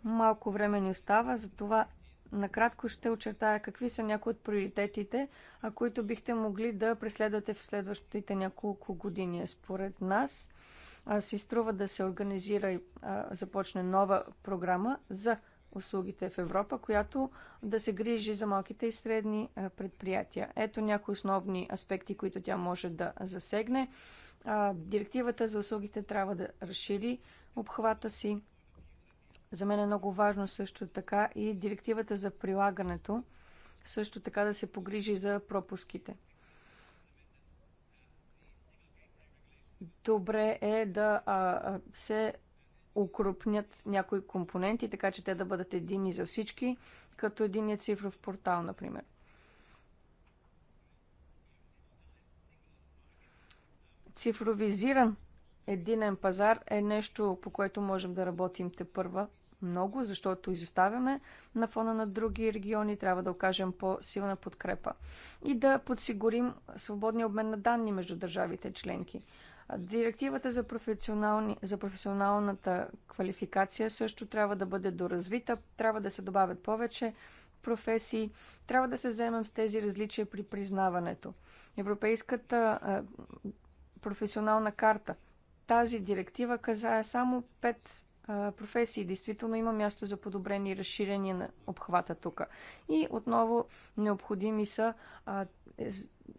Малко време ни остава, затова накратко ще очертая какви са някои от приоритетите, а които бихте могли да преследвате в следващите няколко години. Според нас си струва да се организира и започне нова програма за услугите в Европа, която да се грижи за малките и средни предприятия. Ето някои основни аспекти, които тя може да засегне. директивата за услугите трябва да разшири обхвата си за мен е много важно също така и директивата за прилагането, също така да се погрижи за пропуските. Добре е да а, се укрупнят някои компоненти, така че те да бъдат едини за всички, като единият цифров портал, например. Цифровизиран единен пазар е нещо, по което можем да работим те първа много, защото изоставяме на фона на други региони, трябва да окажем по-силна подкрепа и да подсигурим свободния обмен на данни между държавите членки. Директивата за, за професионалната квалификация също трябва да бъде доразвита, трябва да се добавят повече професии, трябва да се вземем с тези различия при признаването. Европейската професионална карта. Тази директива казае само пет професии. Действително има място за подобрение и разширение на обхвата тук. И отново необходими са а,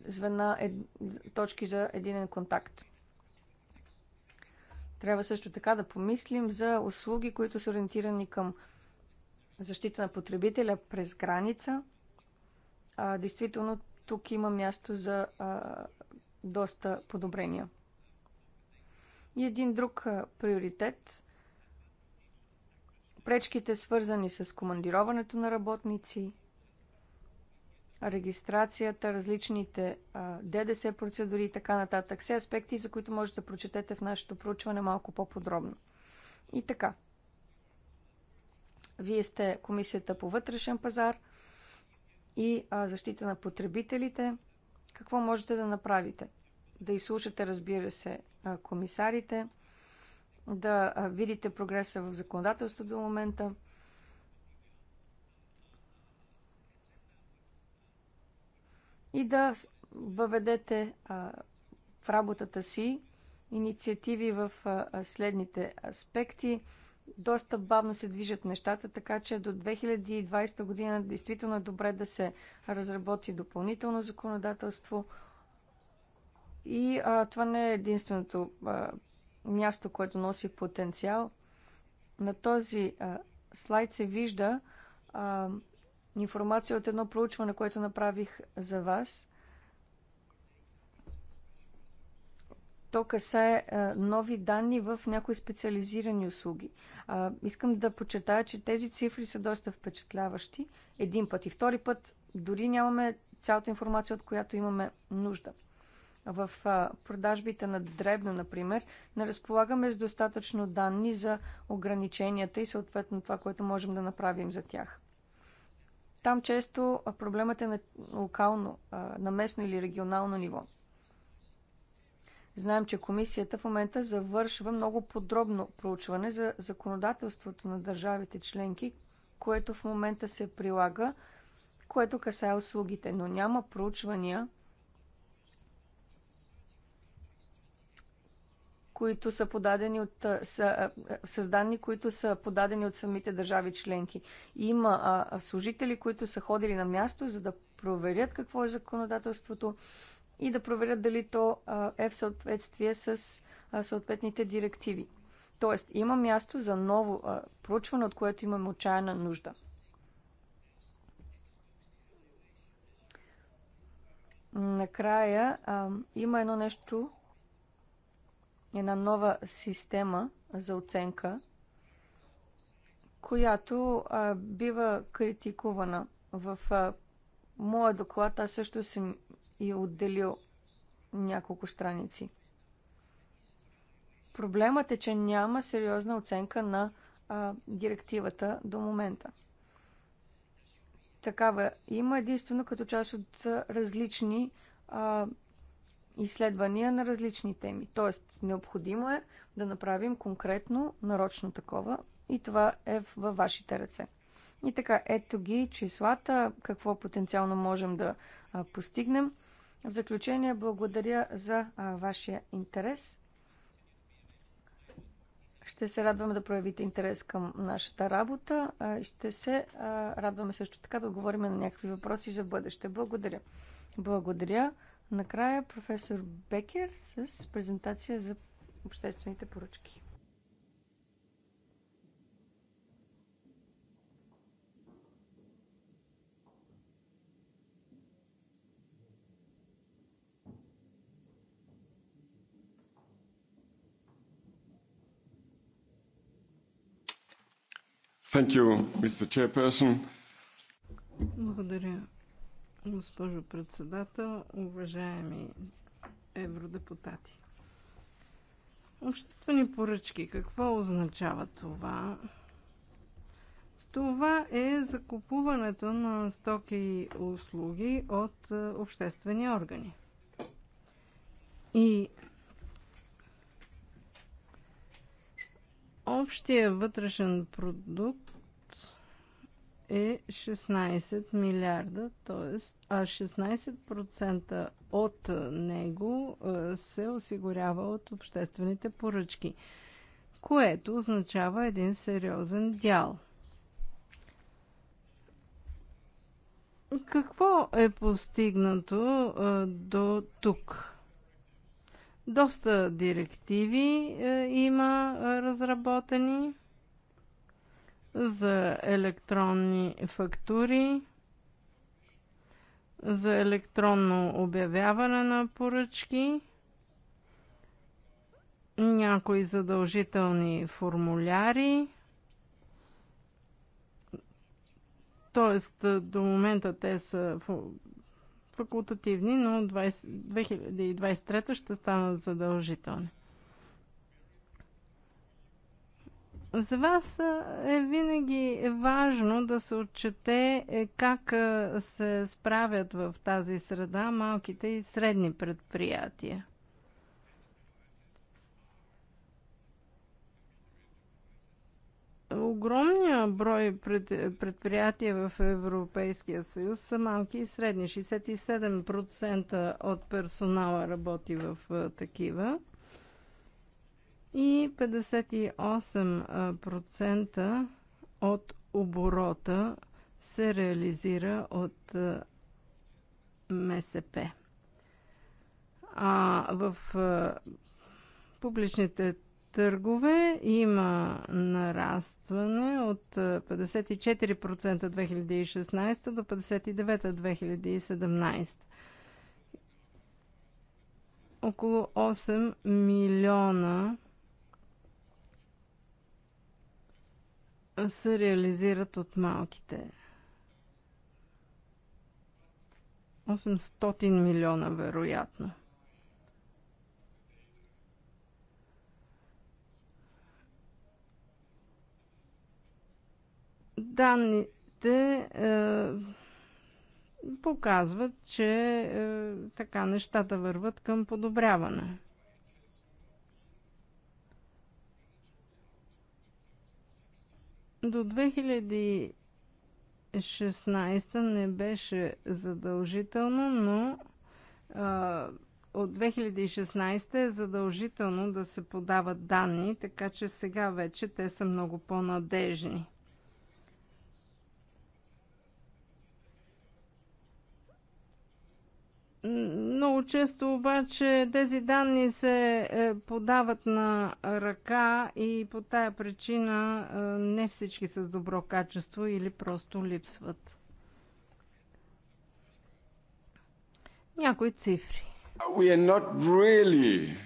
звена, е, точки за единен контакт. Трябва също така да помислим за услуги, които са ориентирани към защита на потребителя през граница. А, действително, тук има място за а, доста подобрения. И един друг а, приоритет пречките свързани с командироването на работници, регистрацията, различните ДДС процедури и така нататък. Все аспекти, за които можете да прочетете в нашето проучване малко по-подробно. И така. Вие сте Комисията по вътрешен пазар и защита на потребителите. Какво можете да направите? Да изслушате, разбира се, комисарите, да видите прогреса в законодателството до момента. И да въведете а, в работата си инициативи в а, следните аспекти. Доста бавно се движат нещата, така че до 2020 година действително е добре да се разработи допълнително законодателство. И а, това не е единственото а, място, което носи потенциал. На този а, слайд се вижда а, информация от едно проучване, което направих за вас. То касае а, нови данни в някои специализирани услуги. А, искам да почетая, че тези цифри са доста впечатляващи. Един път и втори път дори нямаме цялата информация, от която имаме нужда в продажбите на дребно, например, не разполагаме с достатъчно данни за ограниченията и съответно това, което можем да направим за тях. Там често проблемът е на локално, на местно или регионално ниво. Знаем, че комисията в момента завършва много подробно проучване за законодателството на държавите членки, което в момента се прилага, което касае услугите, но няма проучвания които са подадени от, са, с данни, които са подадени от самите държави членки. Има а, служители, които са ходили на място, за да проверят какво е законодателството и да проверят дали то а, е в съответствие с а, съответните директиви. Тоест, има място за ново а, проучване, от което имаме отчаяна нужда. Накрая а, има едно нещо, една нова система за оценка, която а, бива критикувана. В а, моя доклад аз също съм и отделил няколко страници. Проблемът е, че няма сериозна оценка на а, директивата до момента. Такава има единствено като част от различни а, изследвания на различни теми. Тоест, необходимо е да направим конкретно, нарочно такова и това е във вашите ръце. И така, ето ги числата, какво потенциално можем да а, постигнем. В заключение, благодаря за а, вашия интерес. Ще се радваме да проявите интерес към нашата работа. А, ще се а, радваме също така да отговорим на някакви въпроси за бъдеще. Благодаря. Благодаря. Накрая професор Бекер с презентация за обществените поръчки. Thank you, Mr. Chairperson. Благодаря, Госпожо председател, уважаеми евродепутати. Обществени поръчки. Какво означава това? Това е закупуването на стоки и услуги от е, обществени органи. И общия вътрешен продукт е 16 милиарда, т.е. а 16% от него е, се осигурява от обществените поръчки, което означава един сериозен дял. Какво е постигнато е, до тук? Доста директиви е, има разработени за електронни фактури, за електронно обявяване на поръчки, някои задължителни формуляри. Тоест, до момента те са факултативни, но 2023 ще станат задължителни. За вас е винаги важно да се отчете е, как се справят в тази среда малките и средни предприятия. огромния брой предприятия в Европейския съюз са малки и средни. 67% от персонала работи в такива и 58% от оборота се реализира от МСП. А в публичните търгове има нарастване от 54% 2016 до 59% 2017. Около 8 милиона се реализират от малките. 800 милиона, вероятно. Данните е, показват, че е, така нещата върват към подобряване. До 2016 не беше задължително, но а, от 2016 е задължително да се подават данни, така че сега вече те са много по-надежни. Много често обаче тези данни се е, подават на ръка и по тая причина е, не всички са с добро качество или просто липсват. Някои цифри. We are not really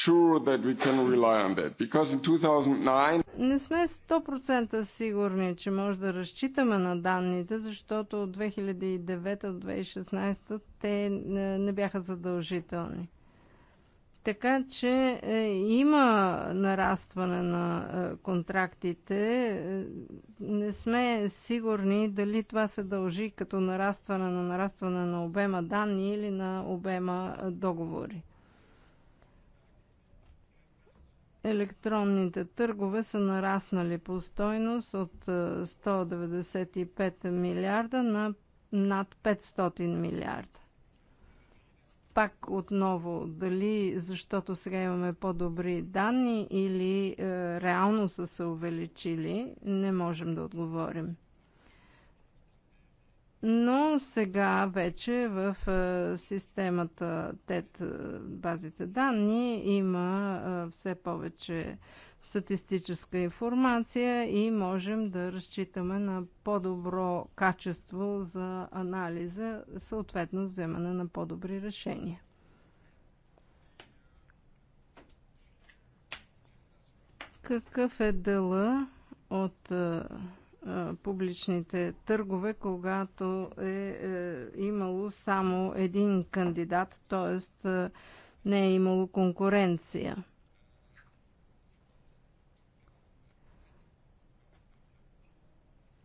sure that we can rely on that. Because in 2009... Не сме 100% сигурни, че може да разчитаме на данните, защото от 2009 до 2016 те не бяха задължителни. Така че е, има нарастване на е, контрактите. Е, не сме сигурни дали това се дължи като нарастване на нарастване на обема данни или на обема договори. електронните търгове са нараснали по стойност от 195 е, милиарда на над 500 милиарда. Пак отново, дали защото сега имаме по-добри данни или е, реално са се увеличили, не можем да отговорим но сега вече в системата ТЕД базите данни има все повече статистическа информация и можем да разчитаме на по-добро качество за анализа, съответно вземане на по-добри решения. Какъв е дела от публичните търгове, когато е, е имало само един кандидат, т.е. не е имало конкуренция.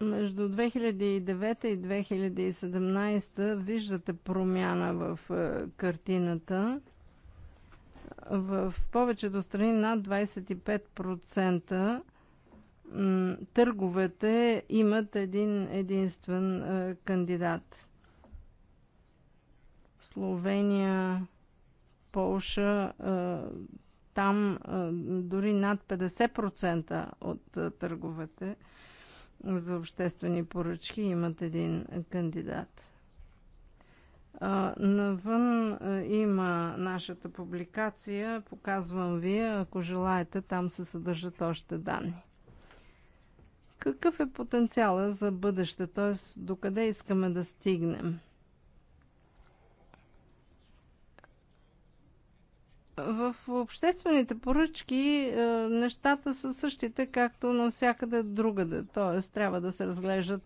Между 2009 и 2017 виждате промяна в картината. В повечето страни над 25% търговете имат един единствен е, кандидат. Словения, Полша, е, там е, дори над 50% от търговете за обществени поръчки имат един кандидат. Навън има нашата публикация, показвам ви, ако желаете, там се съдържат още данни. Какъв е потенциала за бъдеще, т.е. докъде искаме да стигнем? В обществените поръчки е, нещата са същите, както навсякъде другаде. Т.е. трябва да се разглеждат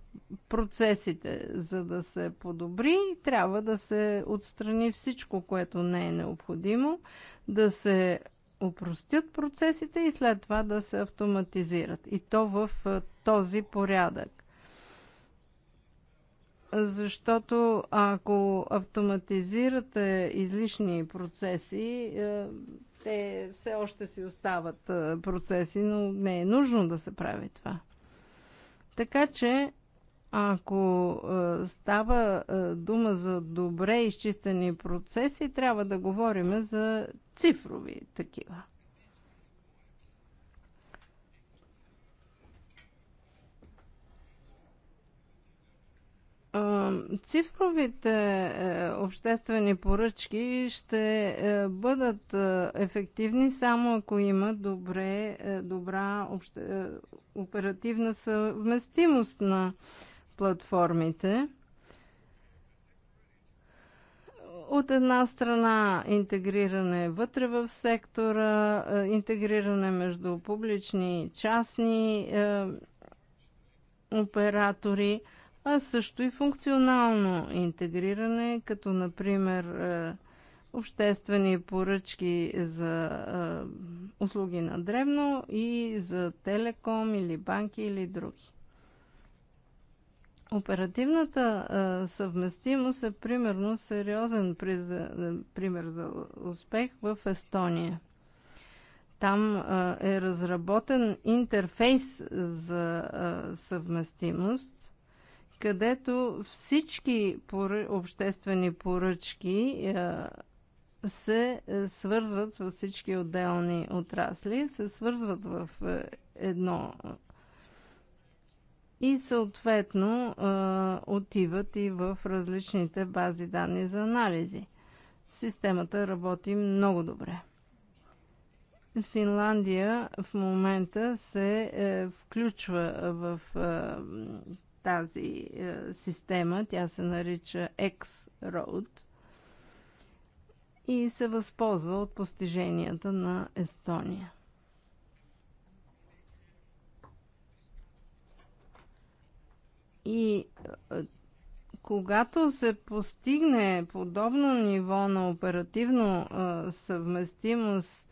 процесите, за да се подобри. Трябва да се отстрани всичко, което не е необходимо, да се упростят процесите и след това да се автоматизират. И то в този порядък. Защото ако автоматизирате излишни процеси, те все още си остават процеси, но не е нужно да се прави това. Така че, ако става дума за добре изчистени процеси, трябва да говорим за цифрови такива. Цифровите е, обществени поръчки ще е, бъдат е, ефективни само ако има добре, добра обще, оперативна съвместимост на платформите. От една страна интегриране вътре в сектора, е, интегриране между публични и частни е, оператори, а също и функционално интегриране, като например е, обществени поръчки за е, услуги на древно и за телеком или банки или други. Оперативната а, съвместимост е примерно сериозен при, а, е, пример за успех в Естония. Там а, е разработен интерфейс за а, съвместимост, където всички пор... обществени поръчки а, се е, свързват във всички отделни отрасли, се свързват в е, едно и съответно отиват и в различните бази данни за анализи. Системата работи много добре. Финландия в момента се е, включва в тази е, система. Тя се нарича X-Road и се възползва от постиженията на Естония. И е, когато се постигне подобно ниво на оперативно е, съвместимост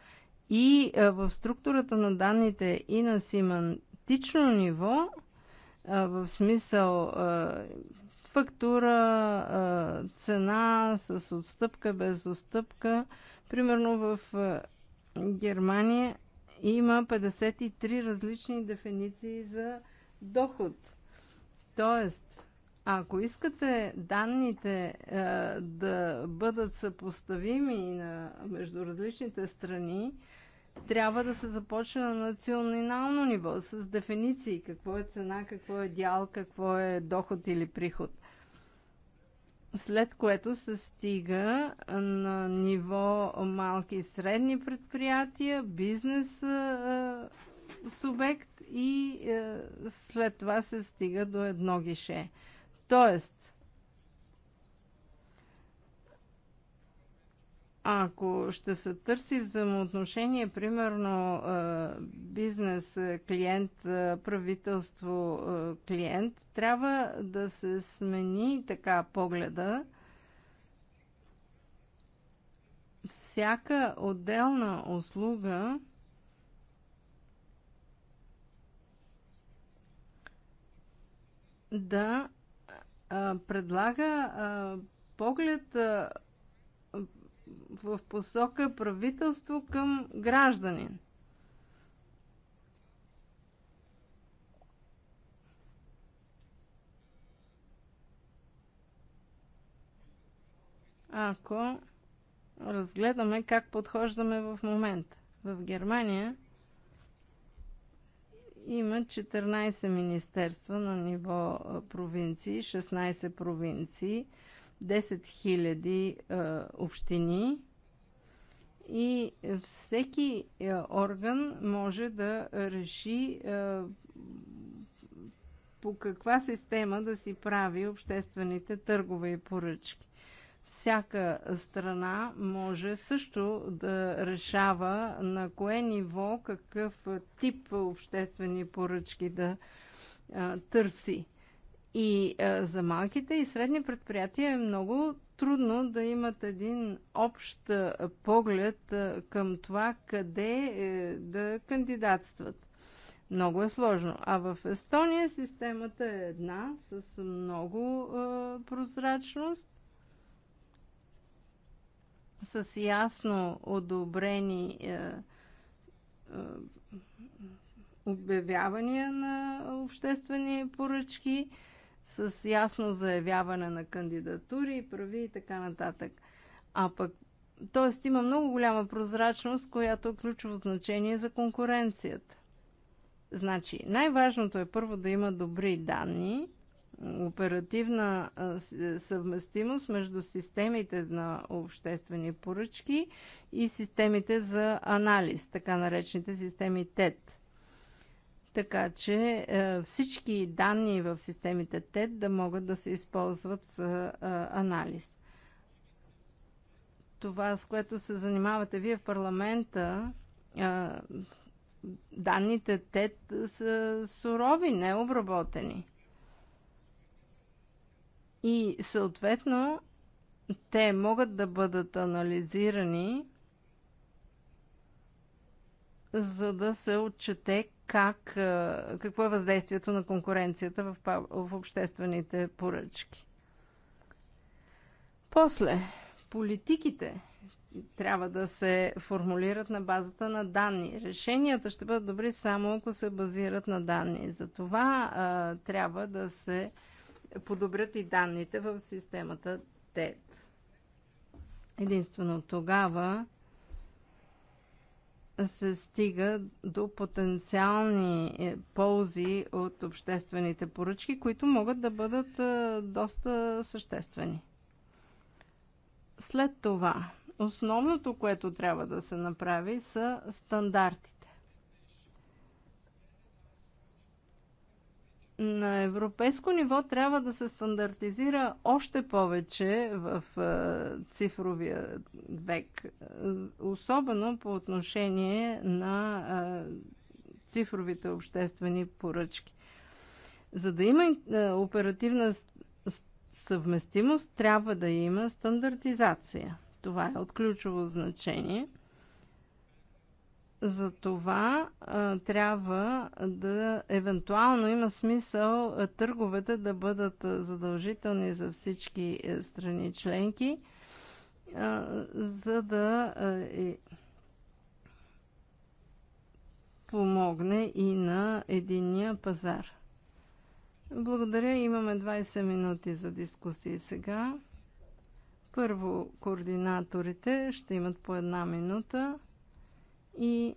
и е, в структурата на данните и на семантично ниво, в смисъл фактура, цена с отстъпка, без отстъпка. Примерно в Германия има 53 различни дефиниции за доход. Тоест, ако искате данните е, да бъдат съпоставими на, между различните страни, трябва да се започне на национално ниво с дефиниции какво е цена, какво е дял, какво е доход или приход. След което се стига на ниво малки и средни предприятия, бизнес е, субект и е, след това се стига до едно гише. Тоест, ако ще се търси взаимоотношение, примерно е, бизнес е, клиент, е, правителство клиент, трябва да се смени така погледа. Всяка отделна услуга да а, предлага а, поглед а, в посока правителство към гражданин. Ако разгледаме как подхождаме в момента. В Германия има 14 министерства на ниво провинции, 16 провинции, 10 000 общини и всеки орган може да реши по каква система да си прави обществените търгове и поръчки. Всяка страна може също да решава на кое ниво, какъв тип обществени поръчки да а, търси. И а, за малките и средни предприятия е много трудно да имат един общ поглед към това къде е, да кандидатстват. Много е сложно. А в Естония системата е една, с много а, прозрачност с ясно одобрени е, е, обявявания на обществени поръчки, с ясно заявяване на кандидатури, прави и така нататък. А пък, т.е. има много голяма прозрачност, която е ключово значение за конкуренцията. Значи, най-важното е първо да има добри данни, оперативна е, съвместимост между системите на обществени поръчки и системите за анализ, така наречените системи ТЕД. Така че е, всички данни в системите ТЕД да могат да се използват за е, анализ. Това, с което се занимавате вие в парламента, данните ТЕД са сурови, необработени. И съответно те могат да бъдат анализирани, за да се отчете как, какво е въздействието на конкуренцията в, в обществените поръчки. После, политиките трябва да се формулират на базата на данни. Решенията ще бъдат добри само ако се базират на данни. Затова а, трябва да се а, подобрят и данните в системата ТЕД. Единствено тогава се стига до потенциални е, ползи от обществените поръчки, които могат да бъдат е, доста съществени. След това, основното, което трябва да се направи, са стандартите. на европейско ниво трябва да се стандартизира още повече в е, цифровия век, е, особено по отношение на е, цифровите обществени поръчки. За да има оперативна съвместимост, трябва да има стандартизация. Това е от ключово значение – за това а, трябва да, евентуално има смисъл търговете да бъдат задължителни за всички е, страни членки, а, за да а, и, помогне и на единия пазар. Благодаря, имаме 20 минути за дискусии сега. Първо, координаторите ще имат по една минута и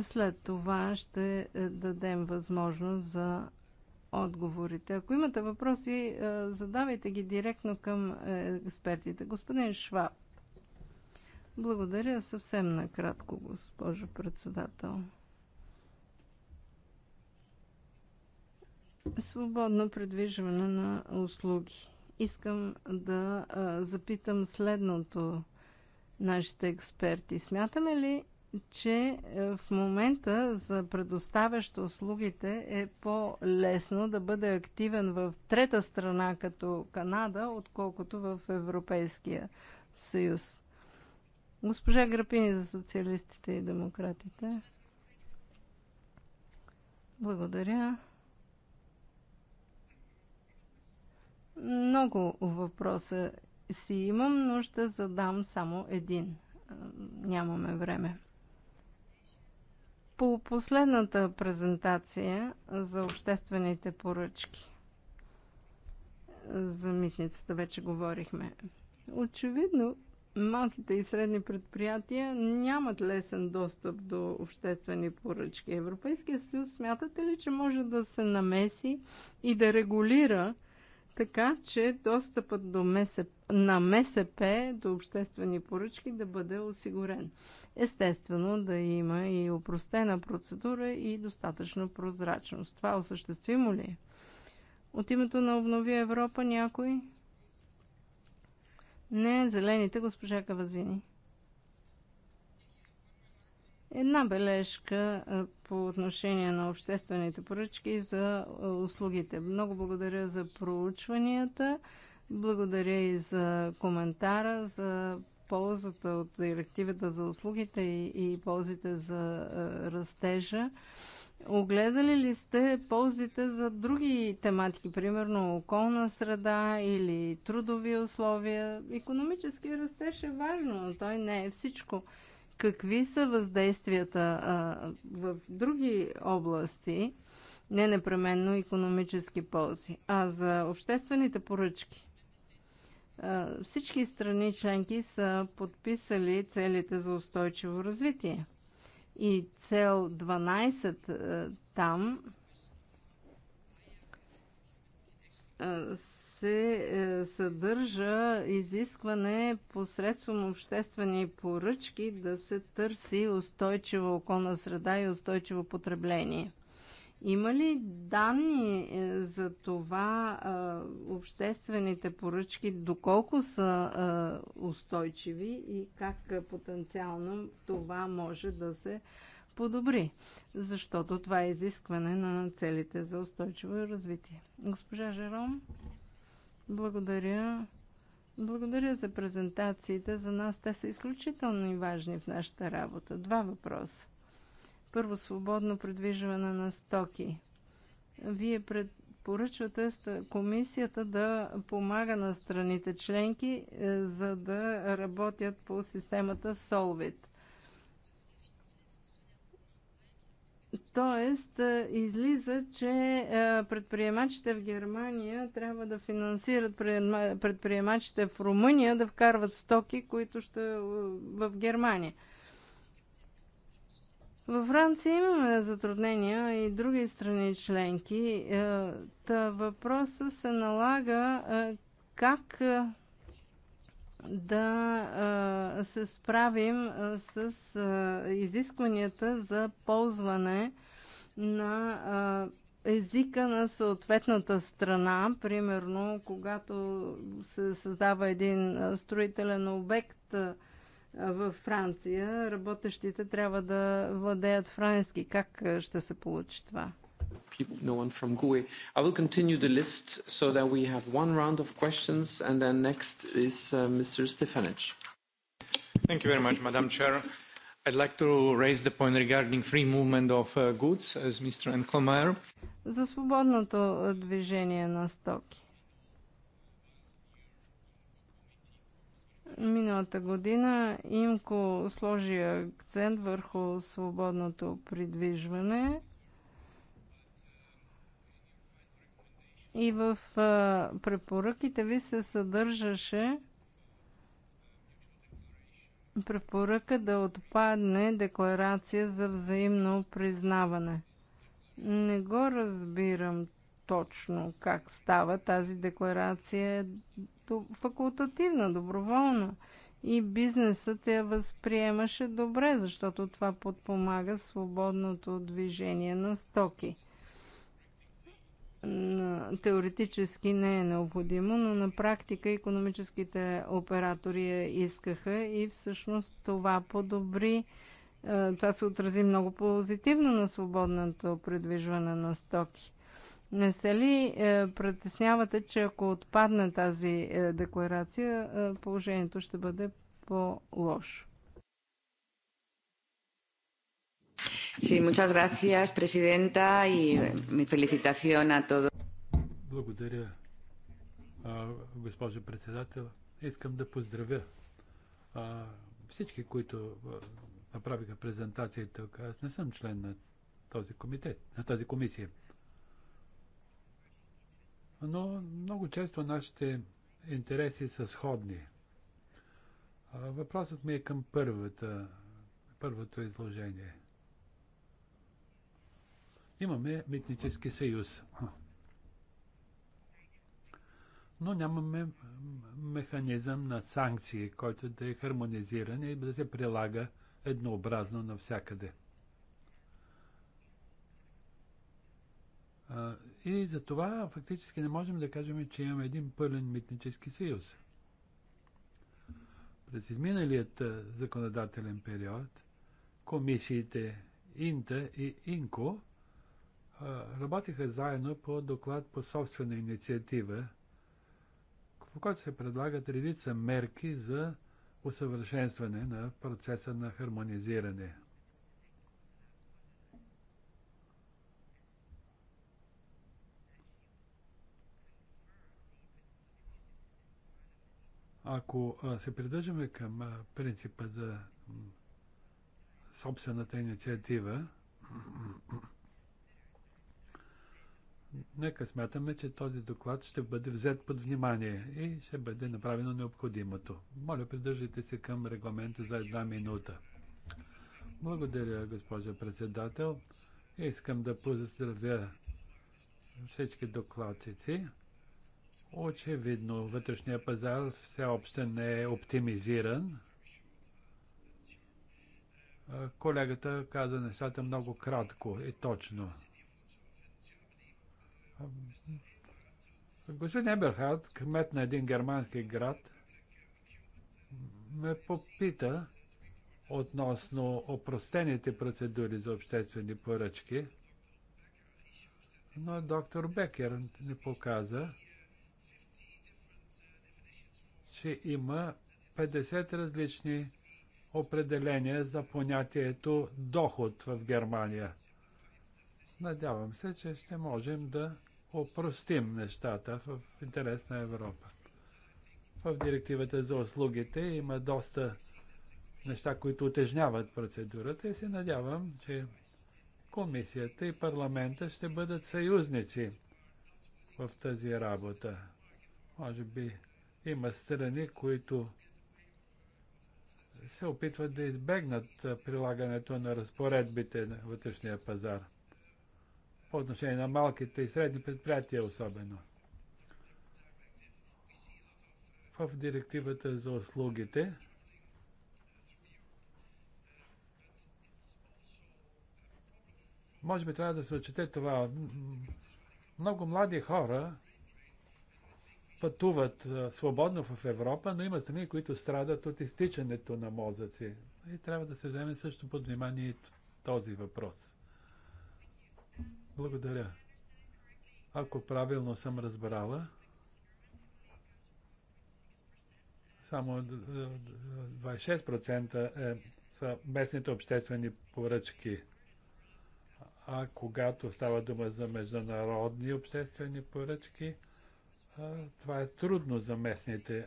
след това ще е, дадем възможност за отговорите. Ако имате въпроси, е, задавайте ги директно към е, експертите. Господин Шваб. Благодаря съвсем накратко, госпожо председател. Свободно предвижване на услуги. Искам да запитам следното нашите експерти. Смятаме ли, че е, в момента за предоставящ услугите е по-лесно да бъде активен в трета страна като Канада, отколкото в Европейския съюз. Госпожа Грапини за социалистите и демократите. Благодаря. Много въпроса си имам, но ще задам само един. Е, нямаме време по последната презентация за обществените поръчки. За митницата вече говорихме. Очевидно, малките и средни предприятия нямат лесен достъп до обществени поръчки. Европейския съюз смятате ли, че може да се намеси и да регулира така че достъпът до МСП, на МСП до обществени поръчки да бъде осигурен. Естествено да има и опростена процедура и достатъчно прозрачност. Това осъществимо ли е? От името на Обнови Европа някой? Не, зелените, госпожа Кавазини. Една бележка по отношение на обществените поръчки и за услугите. Много благодаря за проучванията, благодаря и за коментара, за ползата от директивата за услугите и, и ползите за растежа. Огледали ли сте ползите за други тематики, примерно околна среда или трудови условия? Економически растеж е важно, но той не е всичко какви са въздействията в други области, не непременно економически ползи, а за обществените поръчки. всички страни членки са подписали целите за устойчиво развитие. И цел 12 там се е, съдържа изискване посредством обществени поръчки да се търси устойчива околна среда и устойчиво потребление. Има ли данни е, за това обществените поръчки, доколко са устойчиви и как потенциално това може да се подобри, защото това е изискване на целите за устойчиво развитие. Госпожа Жером, благодаря. Благодаря за презентациите. За нас те са изключително важни в нашата работа. Два въпроса. Първо, свободно придвижване на стоки. Вие пред, поръчвате комисията да помага на страните членки, е, за да работят по системата Solvit. Тоест, е, излиза, че е, предприемачите в Германия трябва да финансират предприемачите в Румъния да вкарват стоки, които ще е, в Германия. Във Франция имаме затруднения и други страни членки. Та въпроса се налага как да се справим с изискванията за ползване на а, езика на съответната страна. Примерно, когато се създава един строителен обект в Франция, работещите трябва да владеят франски. Как ще се получи това? people, no one from GUE. I will continue the list so that we have one round of questions, and then next is uh, Mr. Stefanic. Thank you very much, Madam Chair. Like За свободното движение на стоки. Миналата година ИМКО сложи акцент върху свободното придвижване и в препоръките ви се съдържаше препоръка да отпадне декларация за взаимно признаване. Не го разбирам точно как става. Тази декларация е факултативна, доброволна. И бизнесът я възприемаше добре, защото това подпомага свободното движение на стоки – теоретически не е необходимо, но на практика економическите оператори я искаха и всъщност това подобри е, това се отрази много позитивно на свободното придвижване на стоки. Не се ли е, притеснявате, че ако отпадне тази е, декларация, е, положението ще бъде по-лошо? Señora Presidenta, и eh, felicitación a todos. Благодаря, госпожо председател. Искам да поздравя всички, които направиха презентация тук. Аз не съм член на този комитет, на тази комисия. Но много често нашите интереси са сходни. Въпросът ми е към първата, първото изложение – Имаме митнически съюз. Но нямаме механизъм на санкции, който да е хармонизиран и да се прилага еднообразно навсякъде. И за това фактически не можем да кажем, че имаме един пълен митнически съюз. През изминалият законодателен период комисиите Инта и Инко работиха заедно по доклад по собствена инициатива, в който се предлагат редица мерки за усъвършенстване на процеса на хармонизиране. Ако се придържаме към принципа за собствената инициатива, нека смятаме, че този доклад ще бъде взет под внимание и ще бъде направено необходимото. Моля, придържайте се към регламента за една минута. Благодаря, госпожа председател. Искам да поздравя всички докладчици. Очевидно, вътрешния пазар все още не е оптимизиран. Колегата каза нещата много кратко и точно. Господин Еберхард, кмет на един германски град, ме попита относно опростените процедури за обществени поръчки, но доктор Бекер ни показа, че има 50 различни определения за понятието доход в Германия – Надявам се, че ще можем да опростим нещата в интерес на Европа. В директивата за услугите има доста неща, които отежняват процедурата и се надявам, че комисията и парламента ще бъдат съюзници в тази работа. Може би има страни, които се опитват да избегнат прилагането на разпоредбите на вътрешния пазар по отношение на малките и средни предприятия особено. В директивата за услугите може би трябва да се отчете това. Много млади хора пътуват свободно в Европа, но има страни, които страдат от изтичането на мозъци. И трябва да се вземе също под внимание този въпрос. Благодаря. Ако правилно съм разбрала, само 26% е, са местните обществени поръчки. А когато става дума за международни обществени поръчки, това е трудно за местните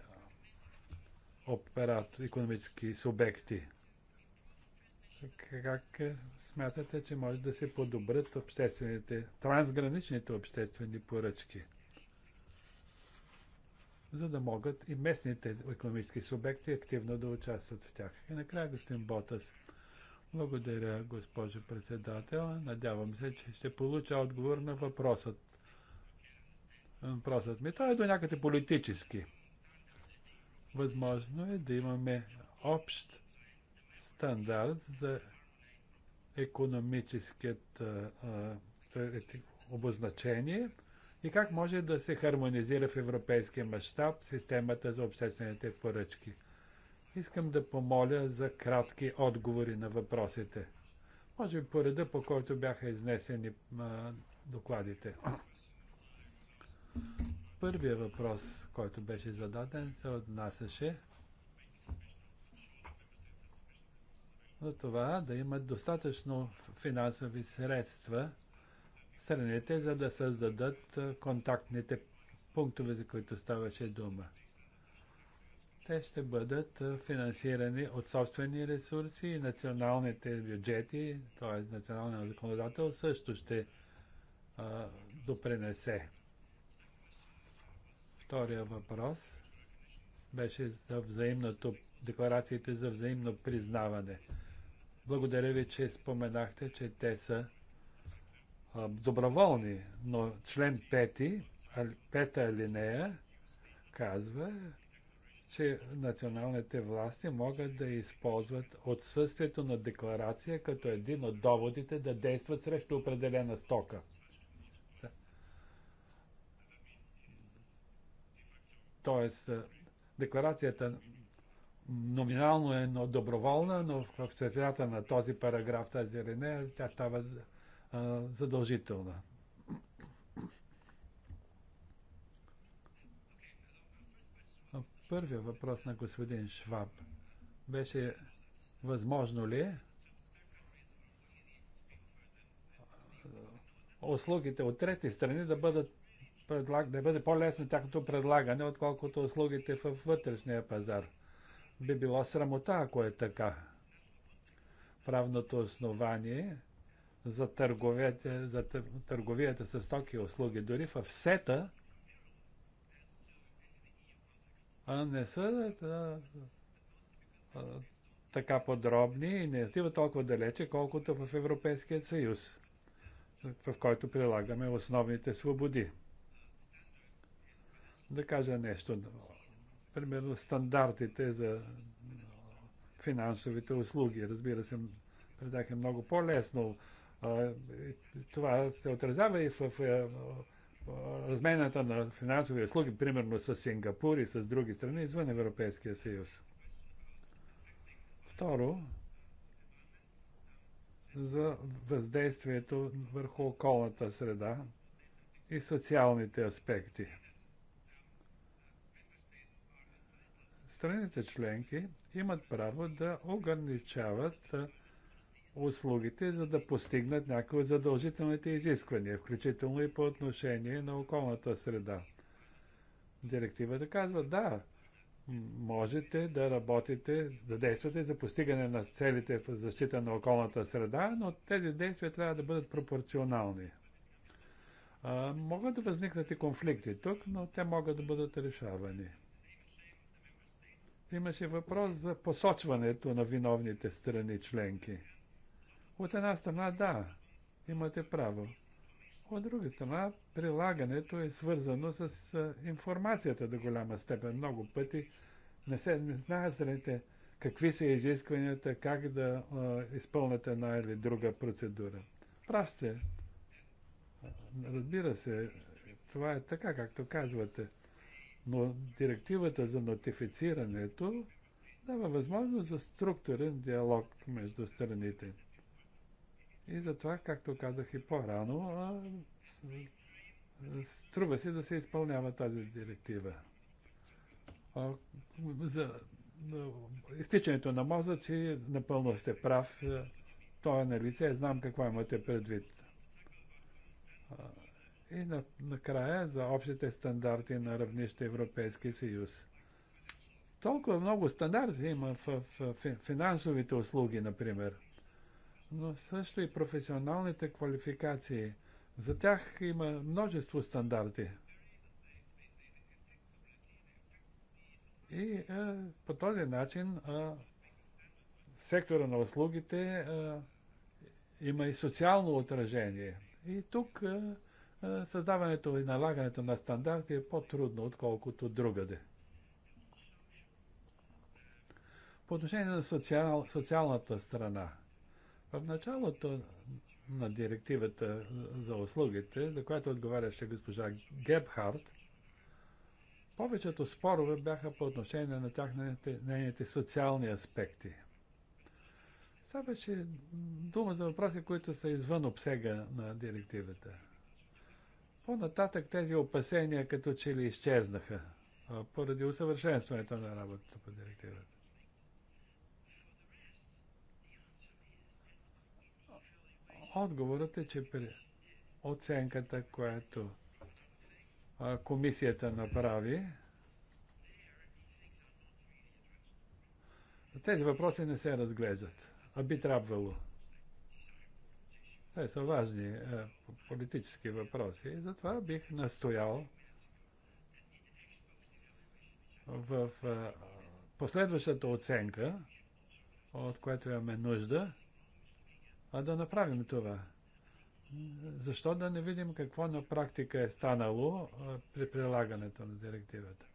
оператори, економически субекти как смятате, че може да се подобрят обществените, трансграничните обществени поръчки, за да могат и местните економически субекти активно да участват в тях. И накрая, господин Ботас, благодаря, госпожо председател. Надявам се, че ще получа отговор на въпросът. Въпросът ми, той е до някъде политически. Възможно е да имаме общ стандарт за економическият а, а, обозначение и как може да се хармонизира в европейския мащаб системата за обществените поръчки. Искам да помоля за кратки отговори на въпросите. Може би по реда, по който бяха изнесени а, докладите. Първият въпрос, който беше зададен, се отнасяше за това да имат достатъчно финансови средства страните, за да създадат контактните пунктове, за които ставаше дума. Те ще бъдат финансирани от собствени ресурси и националните бюджети, т.е. националния законодател също ще а, допренесе. Втория въпрос беше за взаимното, декларациите за взаимно признаване. Благодаря ви, че споменахте, че те са а, доброволни, но член 5, пета алинея казва, че националните власти могат да използват отсъствието на декларация като един от доводите да действат срещу определена стока. Тоест, декларацията номинално е но доброволна, но в светлината на този параграф, тази рене, тя става а, задължителна. Първият въпрос на господин Шваб беше възможно ли услугите от трети страни да бъдат предлаг... да бъде по-лесно тяхното предлагане, отколкото услугите във вътрешния пазар. Би била срамота, ако е така. Правното основание за търговията, за търговията с стоки и услуги, дори в сета, а не са а, а, така подробни и не отива толкова далече, колкото в Европейския съюз, в който прилагаме основните свободи. Да кажа нещо примерно стандартите за финансовите услуги. Разбира се, предаха е много по-лесно. Това се отразява и в размената на финансови услуги, примерно с Сингапур и с други страни извън Европейския съюз. Второ, за въздействието върху околната среда и социалните аспекти. страните членки имат право да ограничават услугите, за да постигнат някои задължителните изисквания, включително и по отношение на околната среда. Директивата казва, да, можете да работите, да действате за постигане на целите в защита на околната среда, но тези действия трябва да бъдат пропорционални. А, могат да възникнат и конфликти тук, но те могат да бъдат решавани. Имаше въпрос за посочването на виновните страни членки. От една страна, да, имате право. От друга страна, прилагането е свързано с информацията до голяма степен. Много пъти не се не знаят страните какви са изискванията, как да а, изпълнят една или друга процедура. Прав сте. Разбира се, това е така, както казвате. Но директивата за нотифицирането дава възможност за структурен диалог между страните. И затова, както казах и по-рано, струва се да се изпълнява тази директива. за изтичането на мозъци, напълно сте прав. Е, то е на лице, знам какво имате предвид. И на, накрая за общите стандарти на равнище Европейския съюз. Толкова много стандарти има в, в, в финансовите услуги, например, но също и професионалните квалификации. За тях има множество стандарти. И е, по този начин е, сектора на услугите е, има и социално отражение. И тук е, е, създаването и налагането на стандарти е по-трудно, отколкото другаде. По отношение на социал, социалната страна, в началото на директивата за услугите, за която отговаряше госпожа Гебхарт, повечето спорове бяха по отношение на тяхните, нейните социални аспекти. Това беше дума за въпроси, които са извън обсега на директивата. По-нататък тези опасения като че ли изчезнаха поради усъвършенстването на работата по директивата. Отговорът е, че при оценката, която комисията направи, тези въпроси не се разглеждат, а би трябвало. Те са важни е, политически въпроси. И затова бих настоял в е, последващата оценка, от която имаме нужда, а да направим това. Защо да не видим какво на практика е станало е, при прилагането на директивата?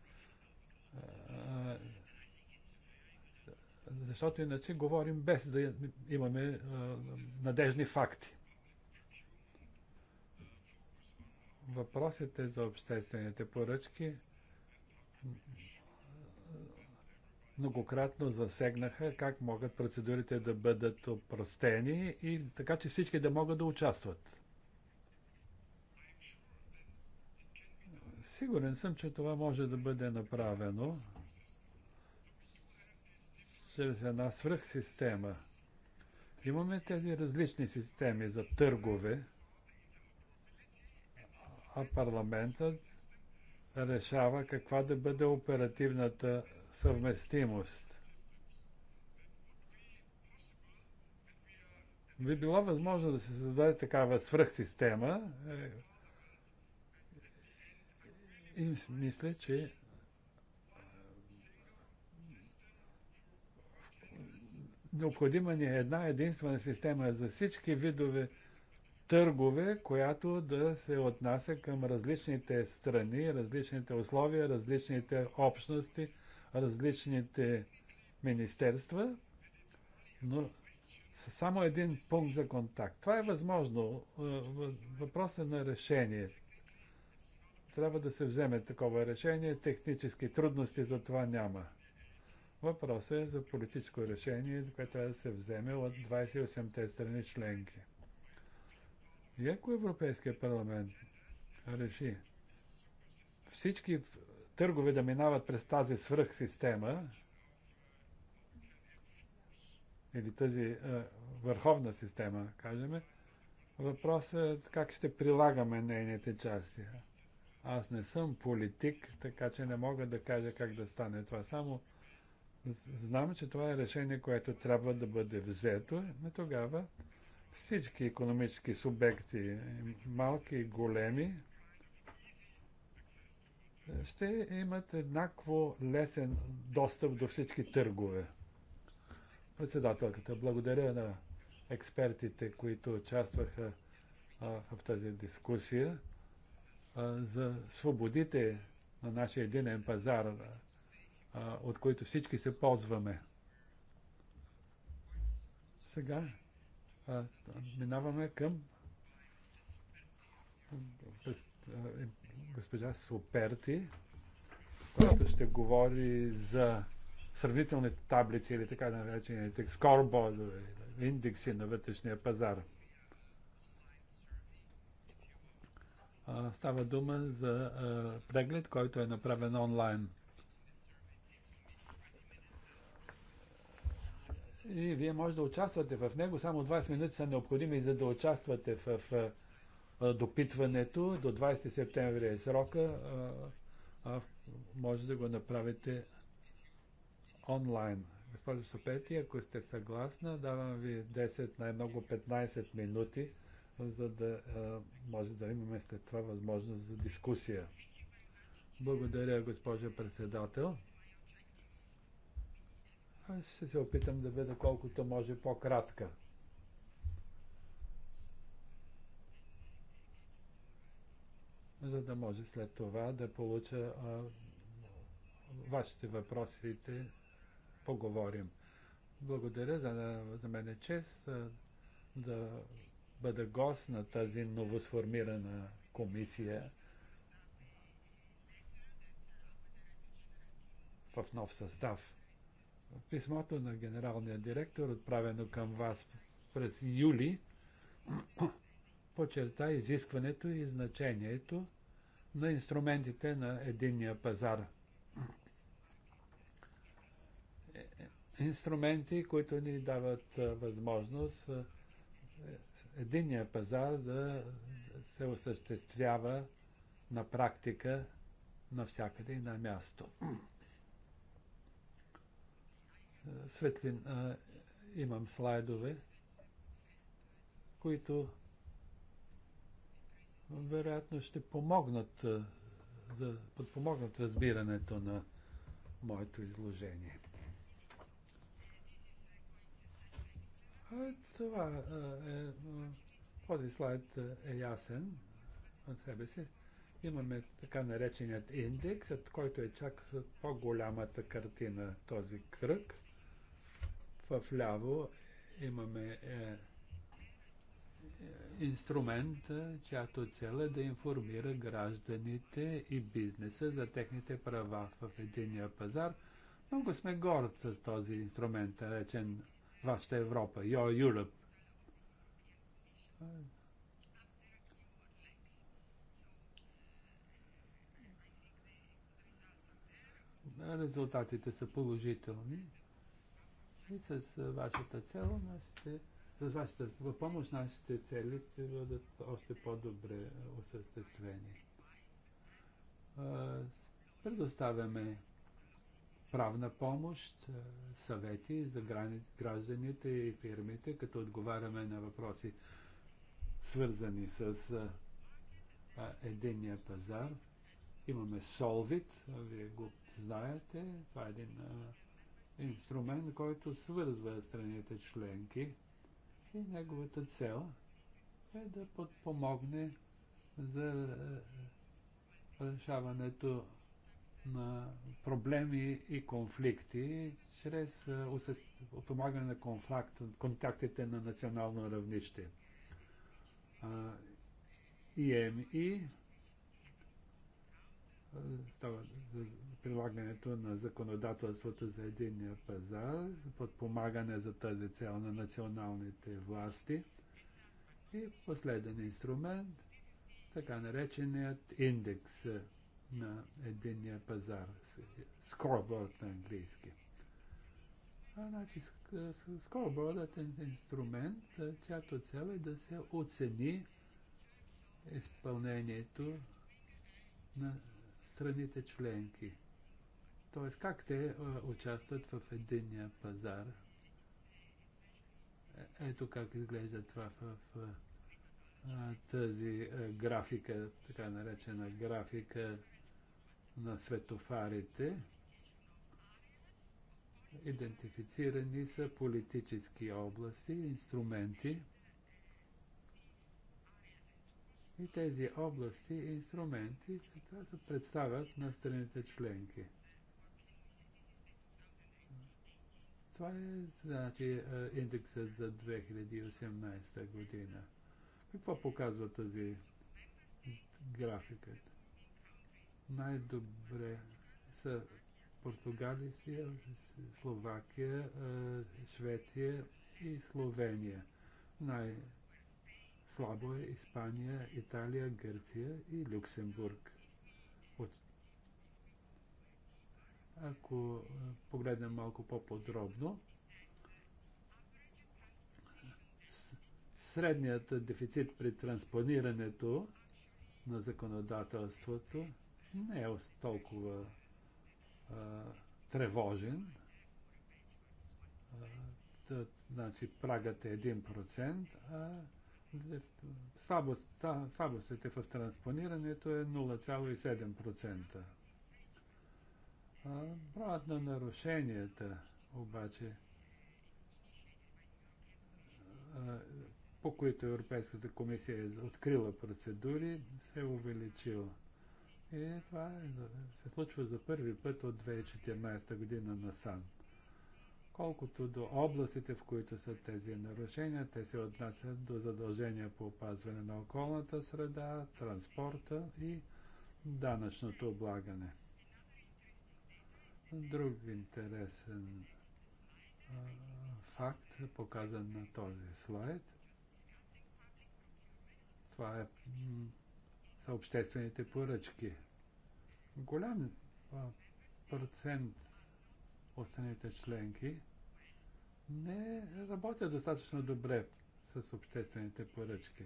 Е, е, защото иначе говорим без да имаме надежни факти. въпросите за обществените поръчки многократно засегнаха как могат процедурите да бъдат опростени и така, че всички да могат да участват. Сигурен съм, че това може да бъде направено чрез една свръхсистема. Имаме тези различни системи за търгове, а парламентът решава каква да бъде оперативната съвместимост. Би било възможно да се създаде такава свръхсистема е, и мисля, че необходима ни е една единствена система за всички видове търгове, която да се отнася към различните страни, различните условия, различните общности, различните министерства, но само един пункт за контакт. Това е възможно. Въпрос е на решение. Трябва да се вземе такова решение. Технически трудности за това няма. Въпросът е за политическо решение, което трябва да се вземе от 28-те страни членки. И ако Европейския парламент реши всички търгове да минават през тази свръхсистема или тази е, върховна система, кажем, въпросът е как ще прилагаме нейните части. Аз не съм политик, така че не мога да кажа как да стане това. Само знам, че това е решение, което трябва да бъде взето, но тогава всички економически субекти, малки и големи, ще имат еднакво лесен достъп до всички търгове. Председателката, благодаря на експертите, които участваха а, в тази дискусия а, за свободите на нашия единен пазар, а, от който всички се ползваме. Сега минаваме към госпожа Суперти, която ще говори за сравнителните таблици или така наречените скорбордове, индекси на вътрешния пазар. става дума за преглед, който е направен онлайн. и вие може да участвате в него. Само 20 минути са необходими, за да участвате в, допитването. До 20 септември е срока. А, може да го направите онлайн. Госпожо Сопети, ако сте съгласна, давам ви 10, най-много 15 минути, за да а, може да имаме след това възможност за дискусия. Благодаря, госпожо председател. Аз ще се опитам да бъда колкото може по-кратка. За да може след това да получа а, вашите да поговорим. Благодаря за, за мен е чест а, да бъда гост на тази новосформирана комисия. в нов състав писмото на генералния директор, отправено към вас през юли, почерта изискването и значението на инструментите на единния пазар. Инструменти, които ни дават възможност единния пазар да се осъществява на практика навсякъде и на място светлин. Имам слайдове, които вероятно ще помогнат за подпомогнат разбирането на моето изложение. А, това е. Този слайд е ясен от себе си. Имаме така нареченият индекс, който е чак с по-голямата картина този кръг. В ляво имаме е, е инструмент, е, чиято цел е да информира гражданите и бизнеса за техните права в единия пазар. Много сме горд с този инструмент, речен Вашата Европа, Your Europe. Резултатите са положителни и с вашата цел, нашите, с вашата помощ нашите цели ще бъдат още по-добре осъществени. Предоставяме правна помощ, съвети за гражданите и фирмите, като отговаряме на въпроси, свързани с единния пазар. Имаме Solvit, вие го знаете, това е един а, инструмент, който свързва страните членки и неговата цел е да подпомогне за е, решаването на проблеми и конфликти чрез е, подпомагане на контактите на национално равнище. ИМИ става за прилагането на законодателството за единния пазар, подпомагане за тази цел на националните власти и последен инструмент, така нареченият индекс на единния пазар, скорборд на английски. значи, скорбордът е инструмент, чиято цел е да се оцени изпълнението на страните членки. Тоест, как те участват в единния пазар. Е, ето как изглежда това в, в тази графика, така наречена графика на светофарите. Идентифицирани са политически области, инструменти, и тези области и инструменти това се представят на страните членки. Това е значи, е, индексът за 2018 година. Какво показва тази графиката? Най-добре са Португалия, Словакия, е, Швеция и Словения. Най- Слабо е Испания, Италия, Гърция и Люксембург. От... Ако погледнем малко по-подробно, средният дефицит при транспонирането на законодателството не е толкова а, тревожен. А, тът, значи прагът е 1%, а Слабост, слабостите в транспонирането е 0,7%. Броят на нарушенията обаче, по които Европейската комисия е открила процедури, се е увеличила. И това е- се случва за първи път от 2014 година насам. Колкото до областите, в които са тези нарушения, те се отнасят до задължения по опазване на околната среда, транспорта и данъчното облагане. Друг интересен а, факт е показан на този слайд. Това е, са обществените поръчки. Голям процент от страните членки не работят достатъчно добре с обществените поръчки.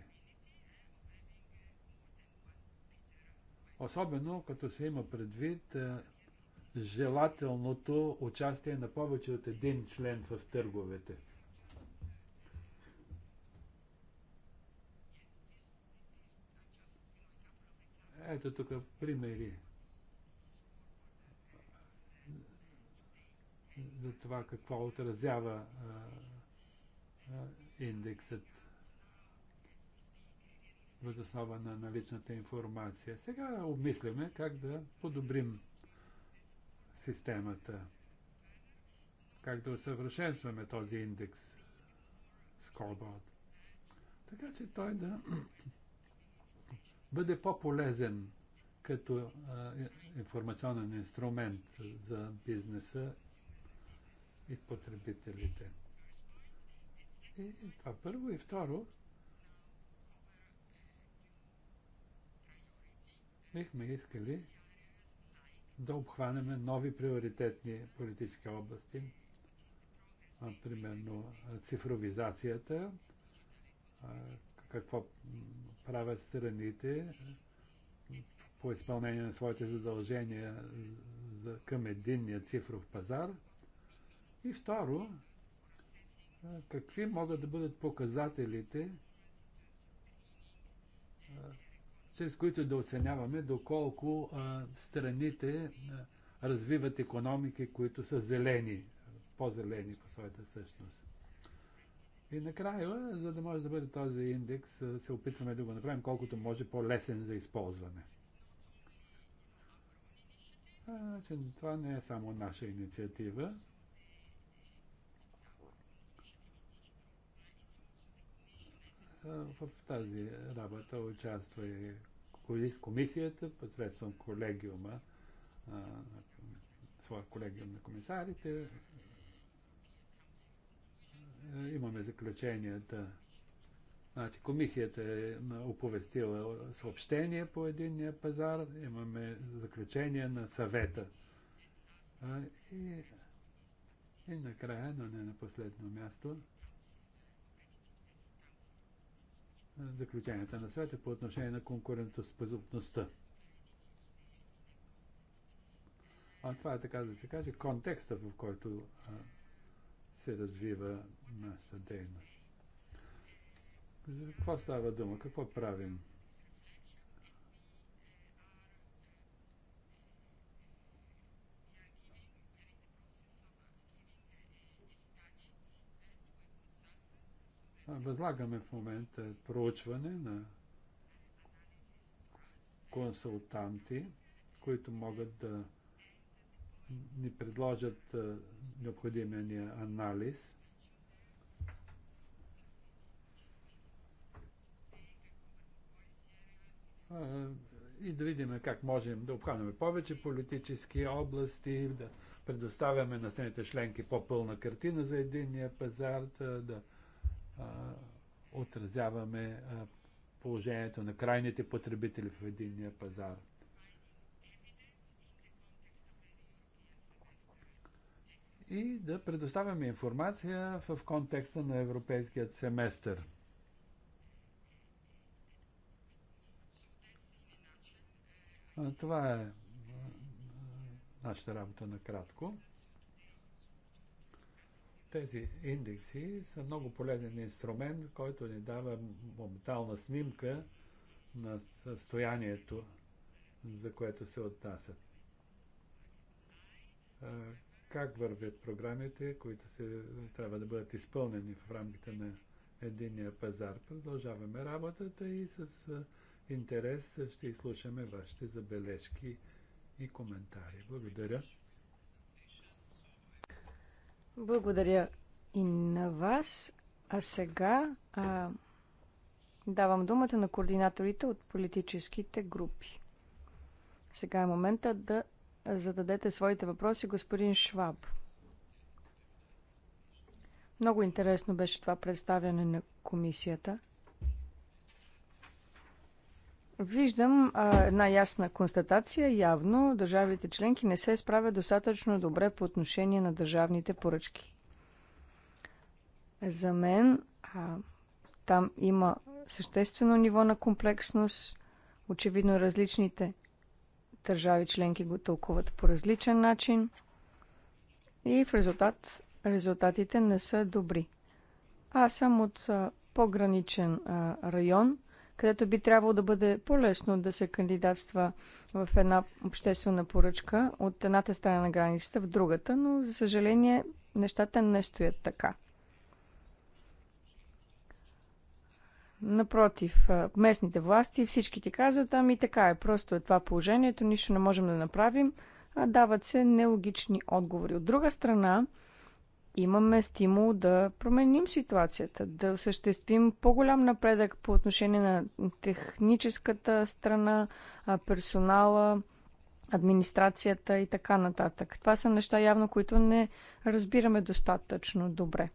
Особено като се има предвид е, желателното участие на повече от един член в търговете. Ето тук примери за това какво отразява индексът възоснова на наличната информация. Сега обмисляме как да подобрим системата, как да усъвършенстваме този индекс scoreboard, така че той да бъде по-полезен като а, информационен инструмент за бизнеса и потребителите. И това първо и второ. Бихме искали да обхванеме нови приоритетни политически области, а, примерно цифровизацията, а, какво правят страните по изпълнение на своите задължения за, към единния цифров пазар – и второ, какви могат да бъдат показателите, чрез които да оценяваме доколко страните развиват економики, които са зелени, по-зелени по своята същност. И накрая, за да може да бъде този индекс, се опитваме да го направим колкото може по-лесен за използване. А, значи, това не е само наша инициатива. в тази работа участва и комисията, посредством колегиума, своя колегиум на комисарите. Имаме заключенията. Значи, комисията е оповестила съобщение по единния пазар, имаме заключение на съвета. И, и накрая, но не на последно място, заключенията на света по отношение на конкурентоспособността. А това е така да се каже контекста, в който а, се развива нашата дейност. За какво става дума? Какво правим? Възлагаме в момента проучване на консултанти, които могат да ни предложат необходимия анализ. И да видим как можем да обхванем повече политически области, да предоставяме на страните членки по-пълна картина за единния пазар, да, да отразяваме положението на крайните потребители в единния пазар. И да предоставяме информация в контекста на европейският семестър. Това е нашата работа на кратко. Тези индекси са много полезен инструмент, който ни дава моментална снимка на състоянието, за което се отнасят. Как вървят програмите, които се, трябва да бъдат изпълнени в рамките на единия пазар? Продължаваме работата и с интерес ще изслушаме вашите забележки и коментари. Благодаря. Благодаря и на вас. А сега а, давам думата на координаторите от политическите групи. Сега е момента да зададете своите въпроси, господин Шваб. Много интересно беше това представяне на комисията. Виждам а, една ясна констатация. Явно държавите членки не се справят достатъчно добре по отношение на държавните поръчки. За мен а, там има съществено ниво на комплексност. Очевидно различните държави членки го тълкуват по различен начин и в резултат резултатите не са добри. Аз съм от а, пограничен а, район където би трябвало да бъде по-лесно да се кандидатства в една обществена поръчка от едната страна на границата в другата, но за съжаление нещата не стоят така. Напротив, местните власти всички ти казват, ами така е, просто е това положението, нищо не можем да направим, а дават се нелогични отговори. От друга страна, имаме стимул да променим ситуацията, да осъществим по-голям напредък по отношение на техническата страна, персонала, администрацията и така нататък. Това са неща явно, които не разбираме достатъчно добре.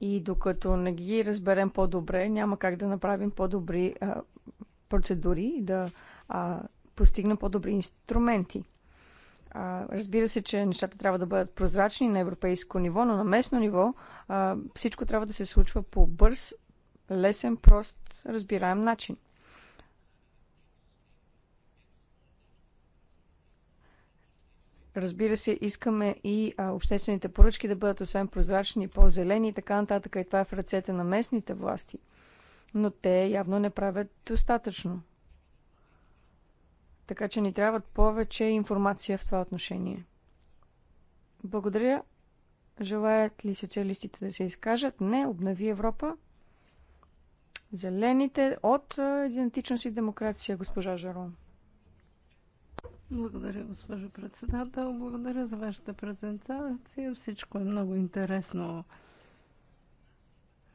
И докато не ги разберем по-добре, няма как да направим по-добри процедури и да а, постигнем по-добри инструменти разбира се, че нещата трябва да бъдат прозрачни на европейско ниво, но на местно ниво а, всичко трябва да се случва по бърз, лесен, прост, разбираем начин. Разбира се, искаме и а, обществените поръчки да бъдат освен прозрачни, по-зелени и така нататък. И това е в ръцете на местните власти. Но те явно не правят достатъчно. Така че ни трябва повече информация в това отношение. Благодаря. Желаят ли социалистите да се изкажат? Не. Обнови Европа. Зелените от идентичност и демокрация, госпожа Жарон. Благодаря, госпожо председател. Благодаря за вашата презентация. Всичко е много интересно.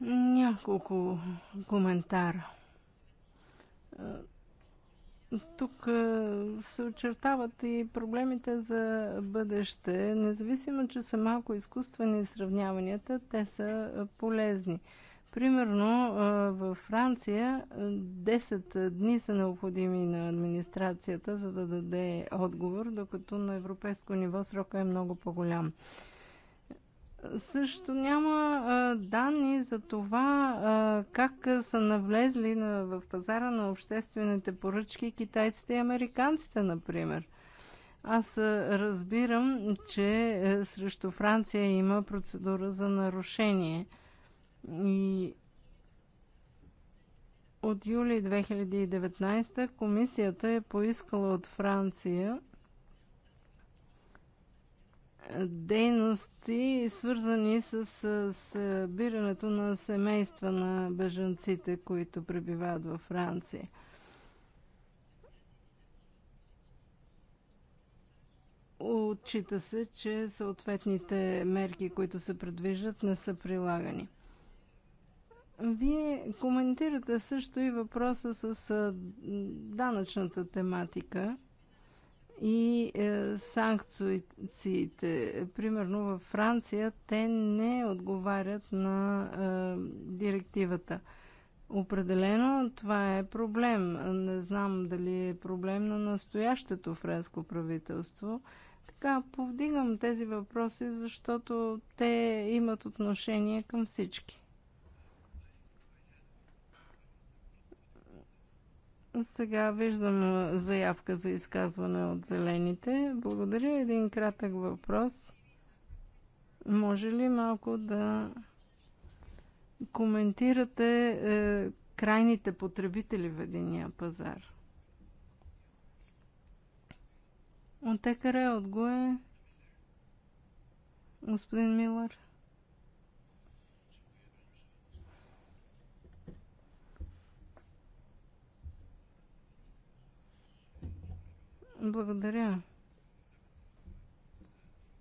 Няколко коментара тук се очертават и проблемите за бъдеще. Независимо, че са малко изкуствени сравняванията, те са полезни. Примерно във Франция 10 дни са необходими на администрацията, за да даде отговор, докато на европейско ниво срока е много по-голям. Също няма а, данни за това а, как са навлезли на, в пазара на обществените поръчки китайците и американците, например. Аз разбирам, че е, срещу Франция има процедура за нарушение. И от юли 2019 комисията е поискала от Франция дейности, свързани с събирането на семейства на бежанците, които пребивават във Франция. Отчита се, че съответните мерки, които се предвиждат, не са прилагани. Вие коментирате също и въпроса с данъчната тематика – и е, санкциите. Примерно във Франция те не отговарят на е, директивата. Определено това е проблем. Не знам дали е проблем на настоящето френско правителство. Така, повдигам тези въпроси, защото те имат отношение към всички. Сега виждам заявка за изказване от зелените. Благодаря. Един кратък въпрос. Може ли малко да коментирате е, крайните потребители в единия пазар? От ТКР, от господин Милър. Благодаря.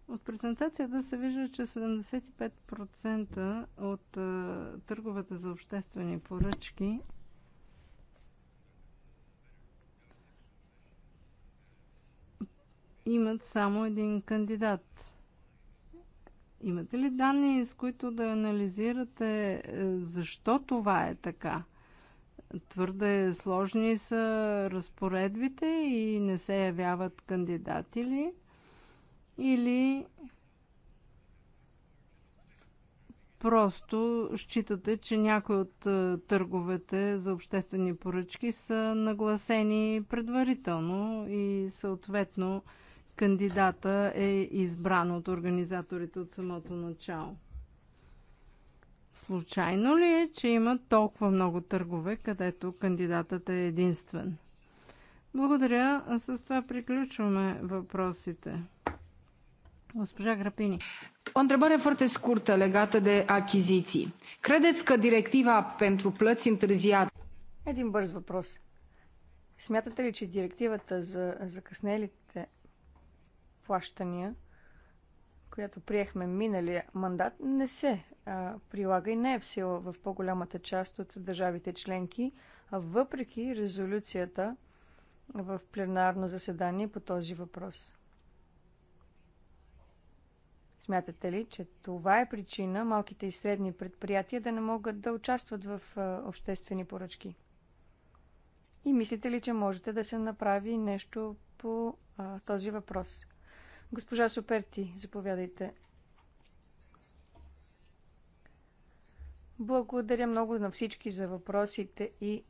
От презентацията се вижда, че 75% от търговете за обществени поръчки имат само един кандидат. Имате ли данни, с които да анализирате е, защо това е така? Твърде сложни са разпоредбите и не се явяват кандидати ли? Или просто считате, че някои от е, търговете за обществени поръчки са нагласени предварително и съответно кандидата е избран от организаторите от самото начало. Случайно ли е, че има толкова много търгове, където кандидатът е единствен? Благодаря. А с това приключваме въпросите. Госпожа Грапини. O întrebare foarte scurtă legată de achiziții. Credeți că directiva pentru plăți întârziate... Един бърз въпрос. Смятате ли, че директивата за закъснелите плащания – която приехме миналия мандат, не се а, прилага и не е в сила в по-голямата част от държавите членки, а въпреки резолюцията в пленарно заседание по този въпрос. Смятате ли, че това е причина малките и средни предприятия да не могат да участват в а, обществени поръчки? И мислите ли, че можете да се направи нещо по а, този въпрос? Госпожа Суперти, заповядайте. Благодаря много на всички за въпросите и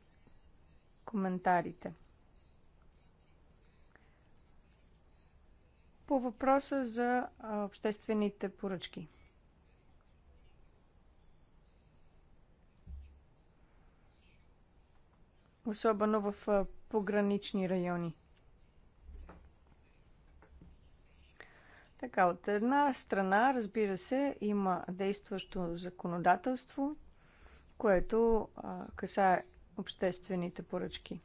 коментарите. По въпроса за обществените поръчки. Особено в погранични райони – Така, от една страна, разбира се, има действащо законодателство, което а, касае обществените поръчки.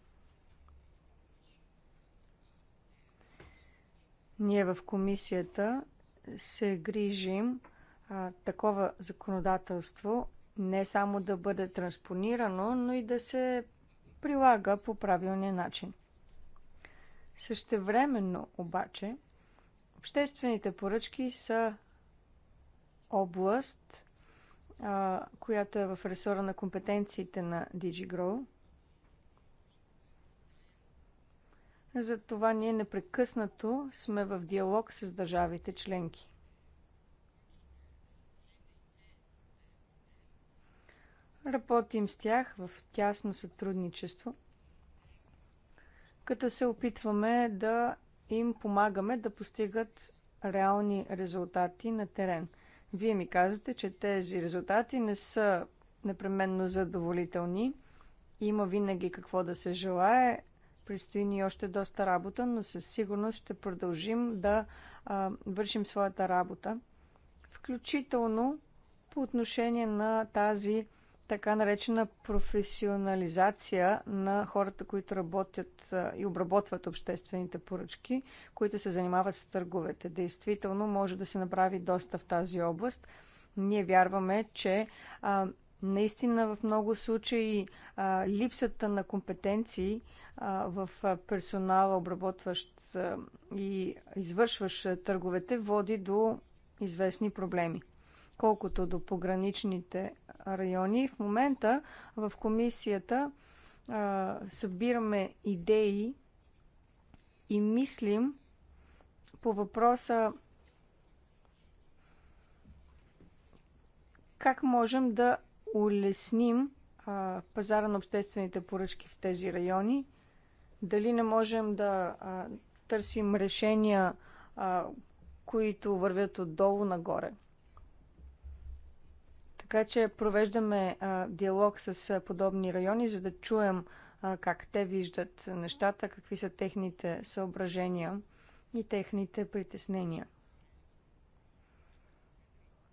Ние в комисията се грижим а, такова законодателство не само да бъде транспонирано, но и да се прилага по правилния начин. Същевременно обаче Обществените поръчки са област, а, която е в ресора на компетенциите на DigiGrow. Затова ние непрекъснато сме в диалог с държавите членки. Работим с тях в тясно сътрудничество, като се опитваме да им помагаме да постигат реални резултати на терен. Вие ми казвате, че тези резултати не са непременно задоволителни. Има винаги какво да се желае. Предстои ни още доста работа, но със сигурност ще продължим да а, вършим своята работа. Включително по отношение на тази така наречена професионализация на хората, които работят и обработват обществените поръчки, които се занимават с търговете. Действително може да се направи доста в тази област. Ние вярваме, че а, наистина в много случаи а, липсата на компетенции а, в персонала, обработващ а, и извършващ търговете, води до известни проблеми. Колкото до пограничните райони, в момента в комисията а, събираме идеи и мислим по въпроса как можем да улесним а, пазара на обществените поръчки в тези райони, дали не можем да а, търсим решения, а, които вървят отдолу нагоре. Така че провеждаме а, диалог с а, подобни райони, за да чуем а, как те виждат нещата, какви са техните съображения и техните притеснения.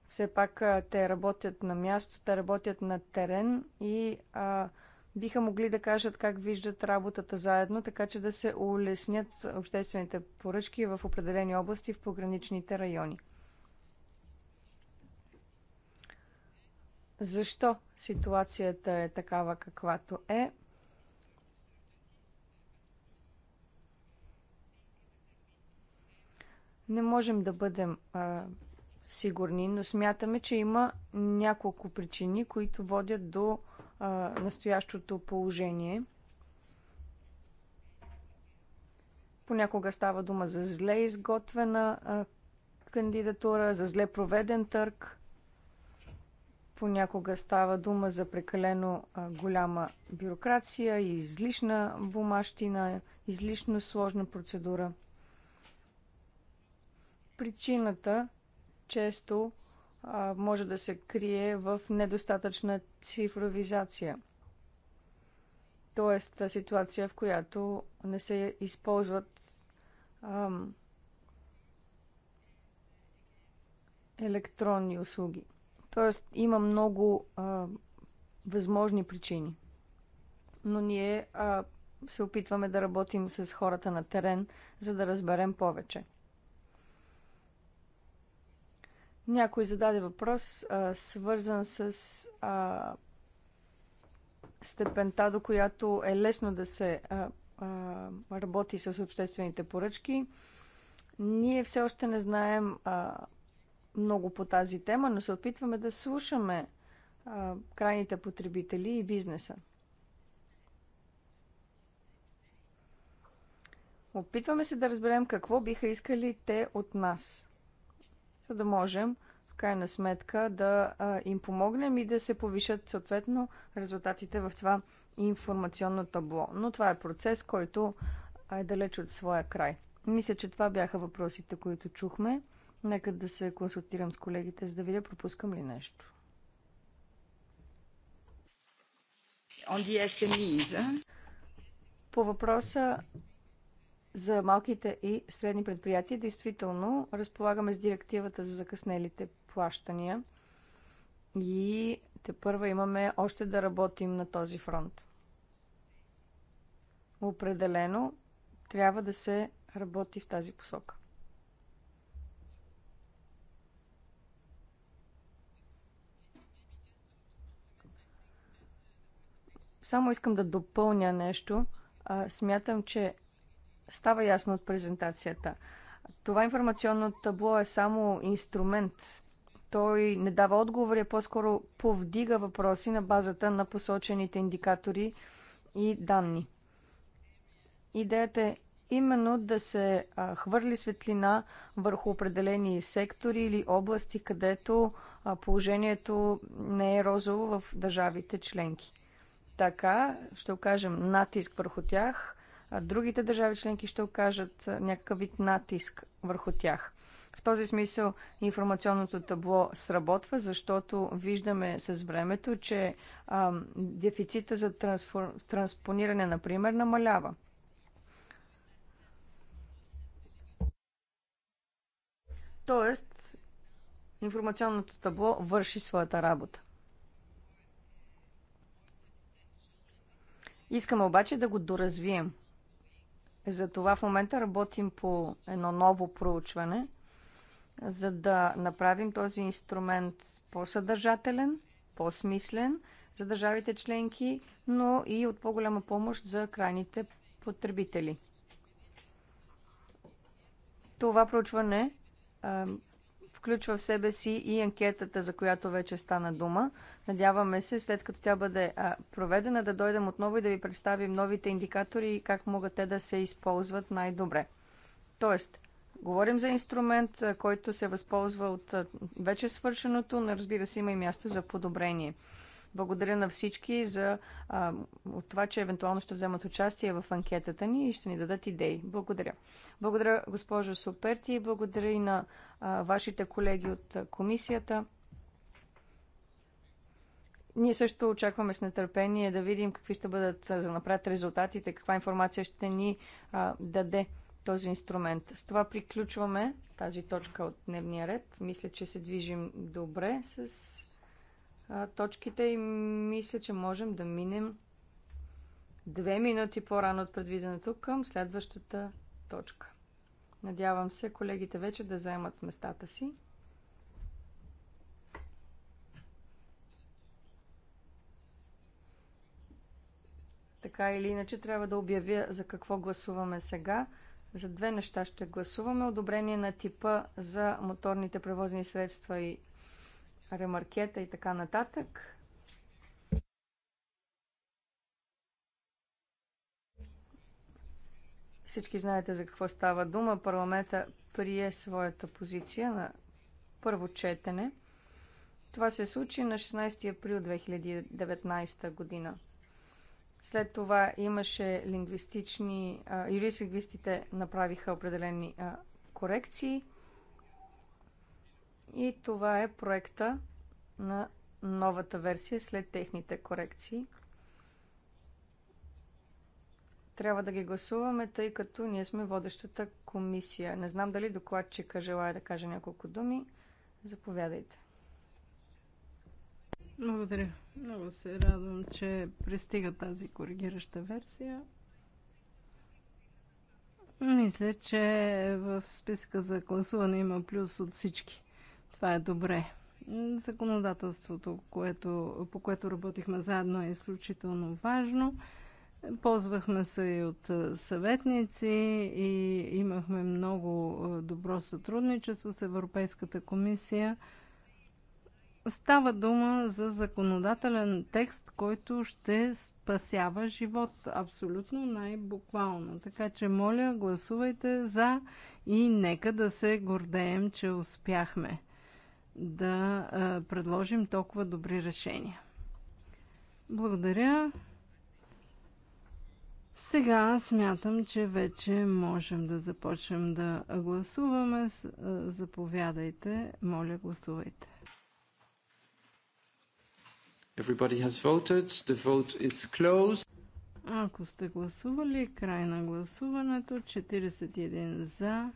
Все пак а, те работят на място, те работят на терен и а, биха могли да кажат как виждат работата заедно, така че да се улеснят обществените поръчки в определени области в пограничните райони. защо ситуацията е такава каквато е. Не можем да бъдем а, сигурни, но смятаме, че има няколко причини, които водят до а, настоящото положение. Понякога става дума за зле изготвена а, кандидатура, за зле проведен търг – Понякога става дума за прекалено голяма бюрокрация и излишна бумащина, излишно сложна процедура. Причината често може да се крие в недостатъчна цифровизация. Тоест ситуация, в която не се използват ам, електронни услуги. Тоест има много а, възможни причини. Но ние а, се опитваме да работим с хората на терен, за да разберем повече. Някой зададе въпрос, а, свързан с а, степента, до която е лесно да се а, а, работи с обществените поръчки. Ние все още не знаем а, много по тази тема, но се опитваме да слушаме а, крайните потребители и бизнеса. Опитваме се да разберем какво биха искали те от нас, за да можем в крайна сметка да а, им помогнем и да се повишат съответно резултатите в това информационно табло. Но това е процес, който е далеч от своя край. Мисля, че това бяха въпросите, които чухме. Нека да се консултирам с колегите, за да видя пропускам ли нещо. По въпроса за малките и средни предприятия, действително разполагаме с директивата за закъснелите плащания и те първа имаме още да работим на този фронт. Определено трябва да се работи в тази посока. Само искам да допълня нещо. А, смятам, че става ясно от презентацията. Това информационно табло е само инструмент. Той не дава отговори, а по-скоро повдига въпроси на базата на посочените индикатори и данни. Идеята е именно да се а, хвърли светлина върху определени сектори или области, където а, положението не е розово в държавите членки. Така ще окажем натиск върху тях, а другите държави членки ще окажат някакъв вид натиск върху тях. В този смисъл информационното табло сработва, защото виждаме с времето, че а, дефицита за трансфор... транспониране, например, намалява. Тоест, информационното табло върши своята работа. Искаме обаче да го доразвием. Затова в момента работим по едно ново проучване, за да направим този инструмент по-съдържателен, по-смислен за държавите членки, но и от по-голяма помощ за крайните потребители. Това проучване включва в себе си и анкетата, за която вече стана дума. Надяваме се, след като тя бъде проведена, да дойдем отново и да ви представим новите индикатори и как могат те да се използват най-добре. Тоест, говорим за инструмент, който се възползва от вече свършеното, но разбира се има и място за подобрение. Благодаря на всички за а, от това, че евентуално ще вземат участие в анкетата ни и ще ни дадат идеи. Благодаря. Благодаря, госпожо Суперти, и благодаря и на а, вашите колеги от комисията. Ние също очакваме с нетърпение да видим какви ще бъдат за напред резултатите, каква информация ще ни а, даде този инструмент. С това приключваме тази точка от дневния ред. Мисля, че се движим добре с точките и мисля, че можем да минем две минути по-рано от предвиденото към следващата точка. Надявам се колегите вече да заемат местата си. Така или иначе трябва да обявя за какво гласуваме сега. За две неща ще гласуваме. Одобрение на типа за моторните превозни средства и ремаркета и така нататък. Всички знаете за какво става дума. Парламента прие своята позиция на първо четене. Това се случи на 16 април 2019 година. След това имаше лингвистични... Юрис-лингвистите направиха определени а, корекции. И това е проекта на новата версия след техните корекции. Трябва да ги гласуваме, тъй като ние сме водещата комисия. Не знам дали докладчика желая да каже няколко думи. Заповядайте. Благодаря. Много се радвам, че пристига тази коригираща версия. Мисля, че в списка за гласуване има плюс от всички. Това е добре. Законодателството, което, по което работихме заедно, е изключително важно. Ползвахме се и от съветници и имахме много добро сътрудничество с Европейската комисия. Става дума за законодателен текст, който ще спасява живот абсолютно най-буквално. Така че, моля, гласувайте за и нека да се гордеем, че успяхме да предложим толкова добри решения. Благодаря. Сега смятам, че вече можем да започнем да гласуваме. Заповядайте, моля, гласувайте. Everybody has voted. The vote is closed. Ако сте гласували, край на гласуването, 41 за,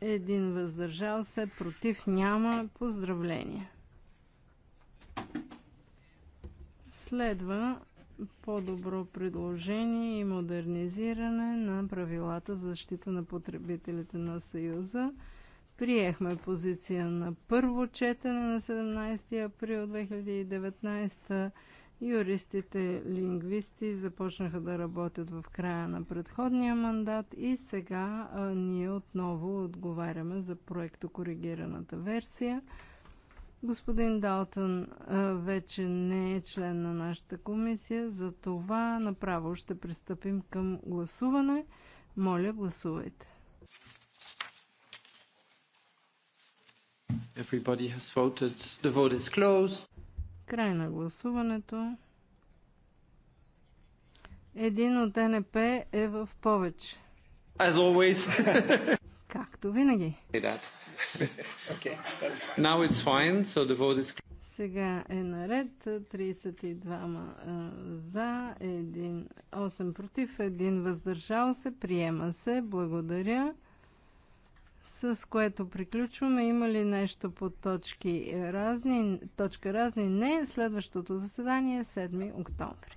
един въздържал се, против няма. Поздравление! Следва по-добро предложение и модернизиране на правилата за защита на потребителите на Съюза. Приехме позиция на първо четене на 17 април 2019 Юристите, лингвисти започнаха да работят в края на предходния мандат и сега а, ние отново отговаряме за проекто коригираната версия. Господин Далтън а, вече не е член на нашата комисия, за това направо ще пристъпим към гласуване. Моля, гласувайте. Everybody has voted. The vote is closed. Край на гласуването. Един от НП е в повече. As always. Както винаги. Now it's fine, so the vote is... Сега е наред. 32 за, 1, 8 против, 1 въздържал се. Приема се. Благодаря с което приключваме. Има ли нещо по точки разни? Точка разни? Не. Следващото заседание е 7 октомври.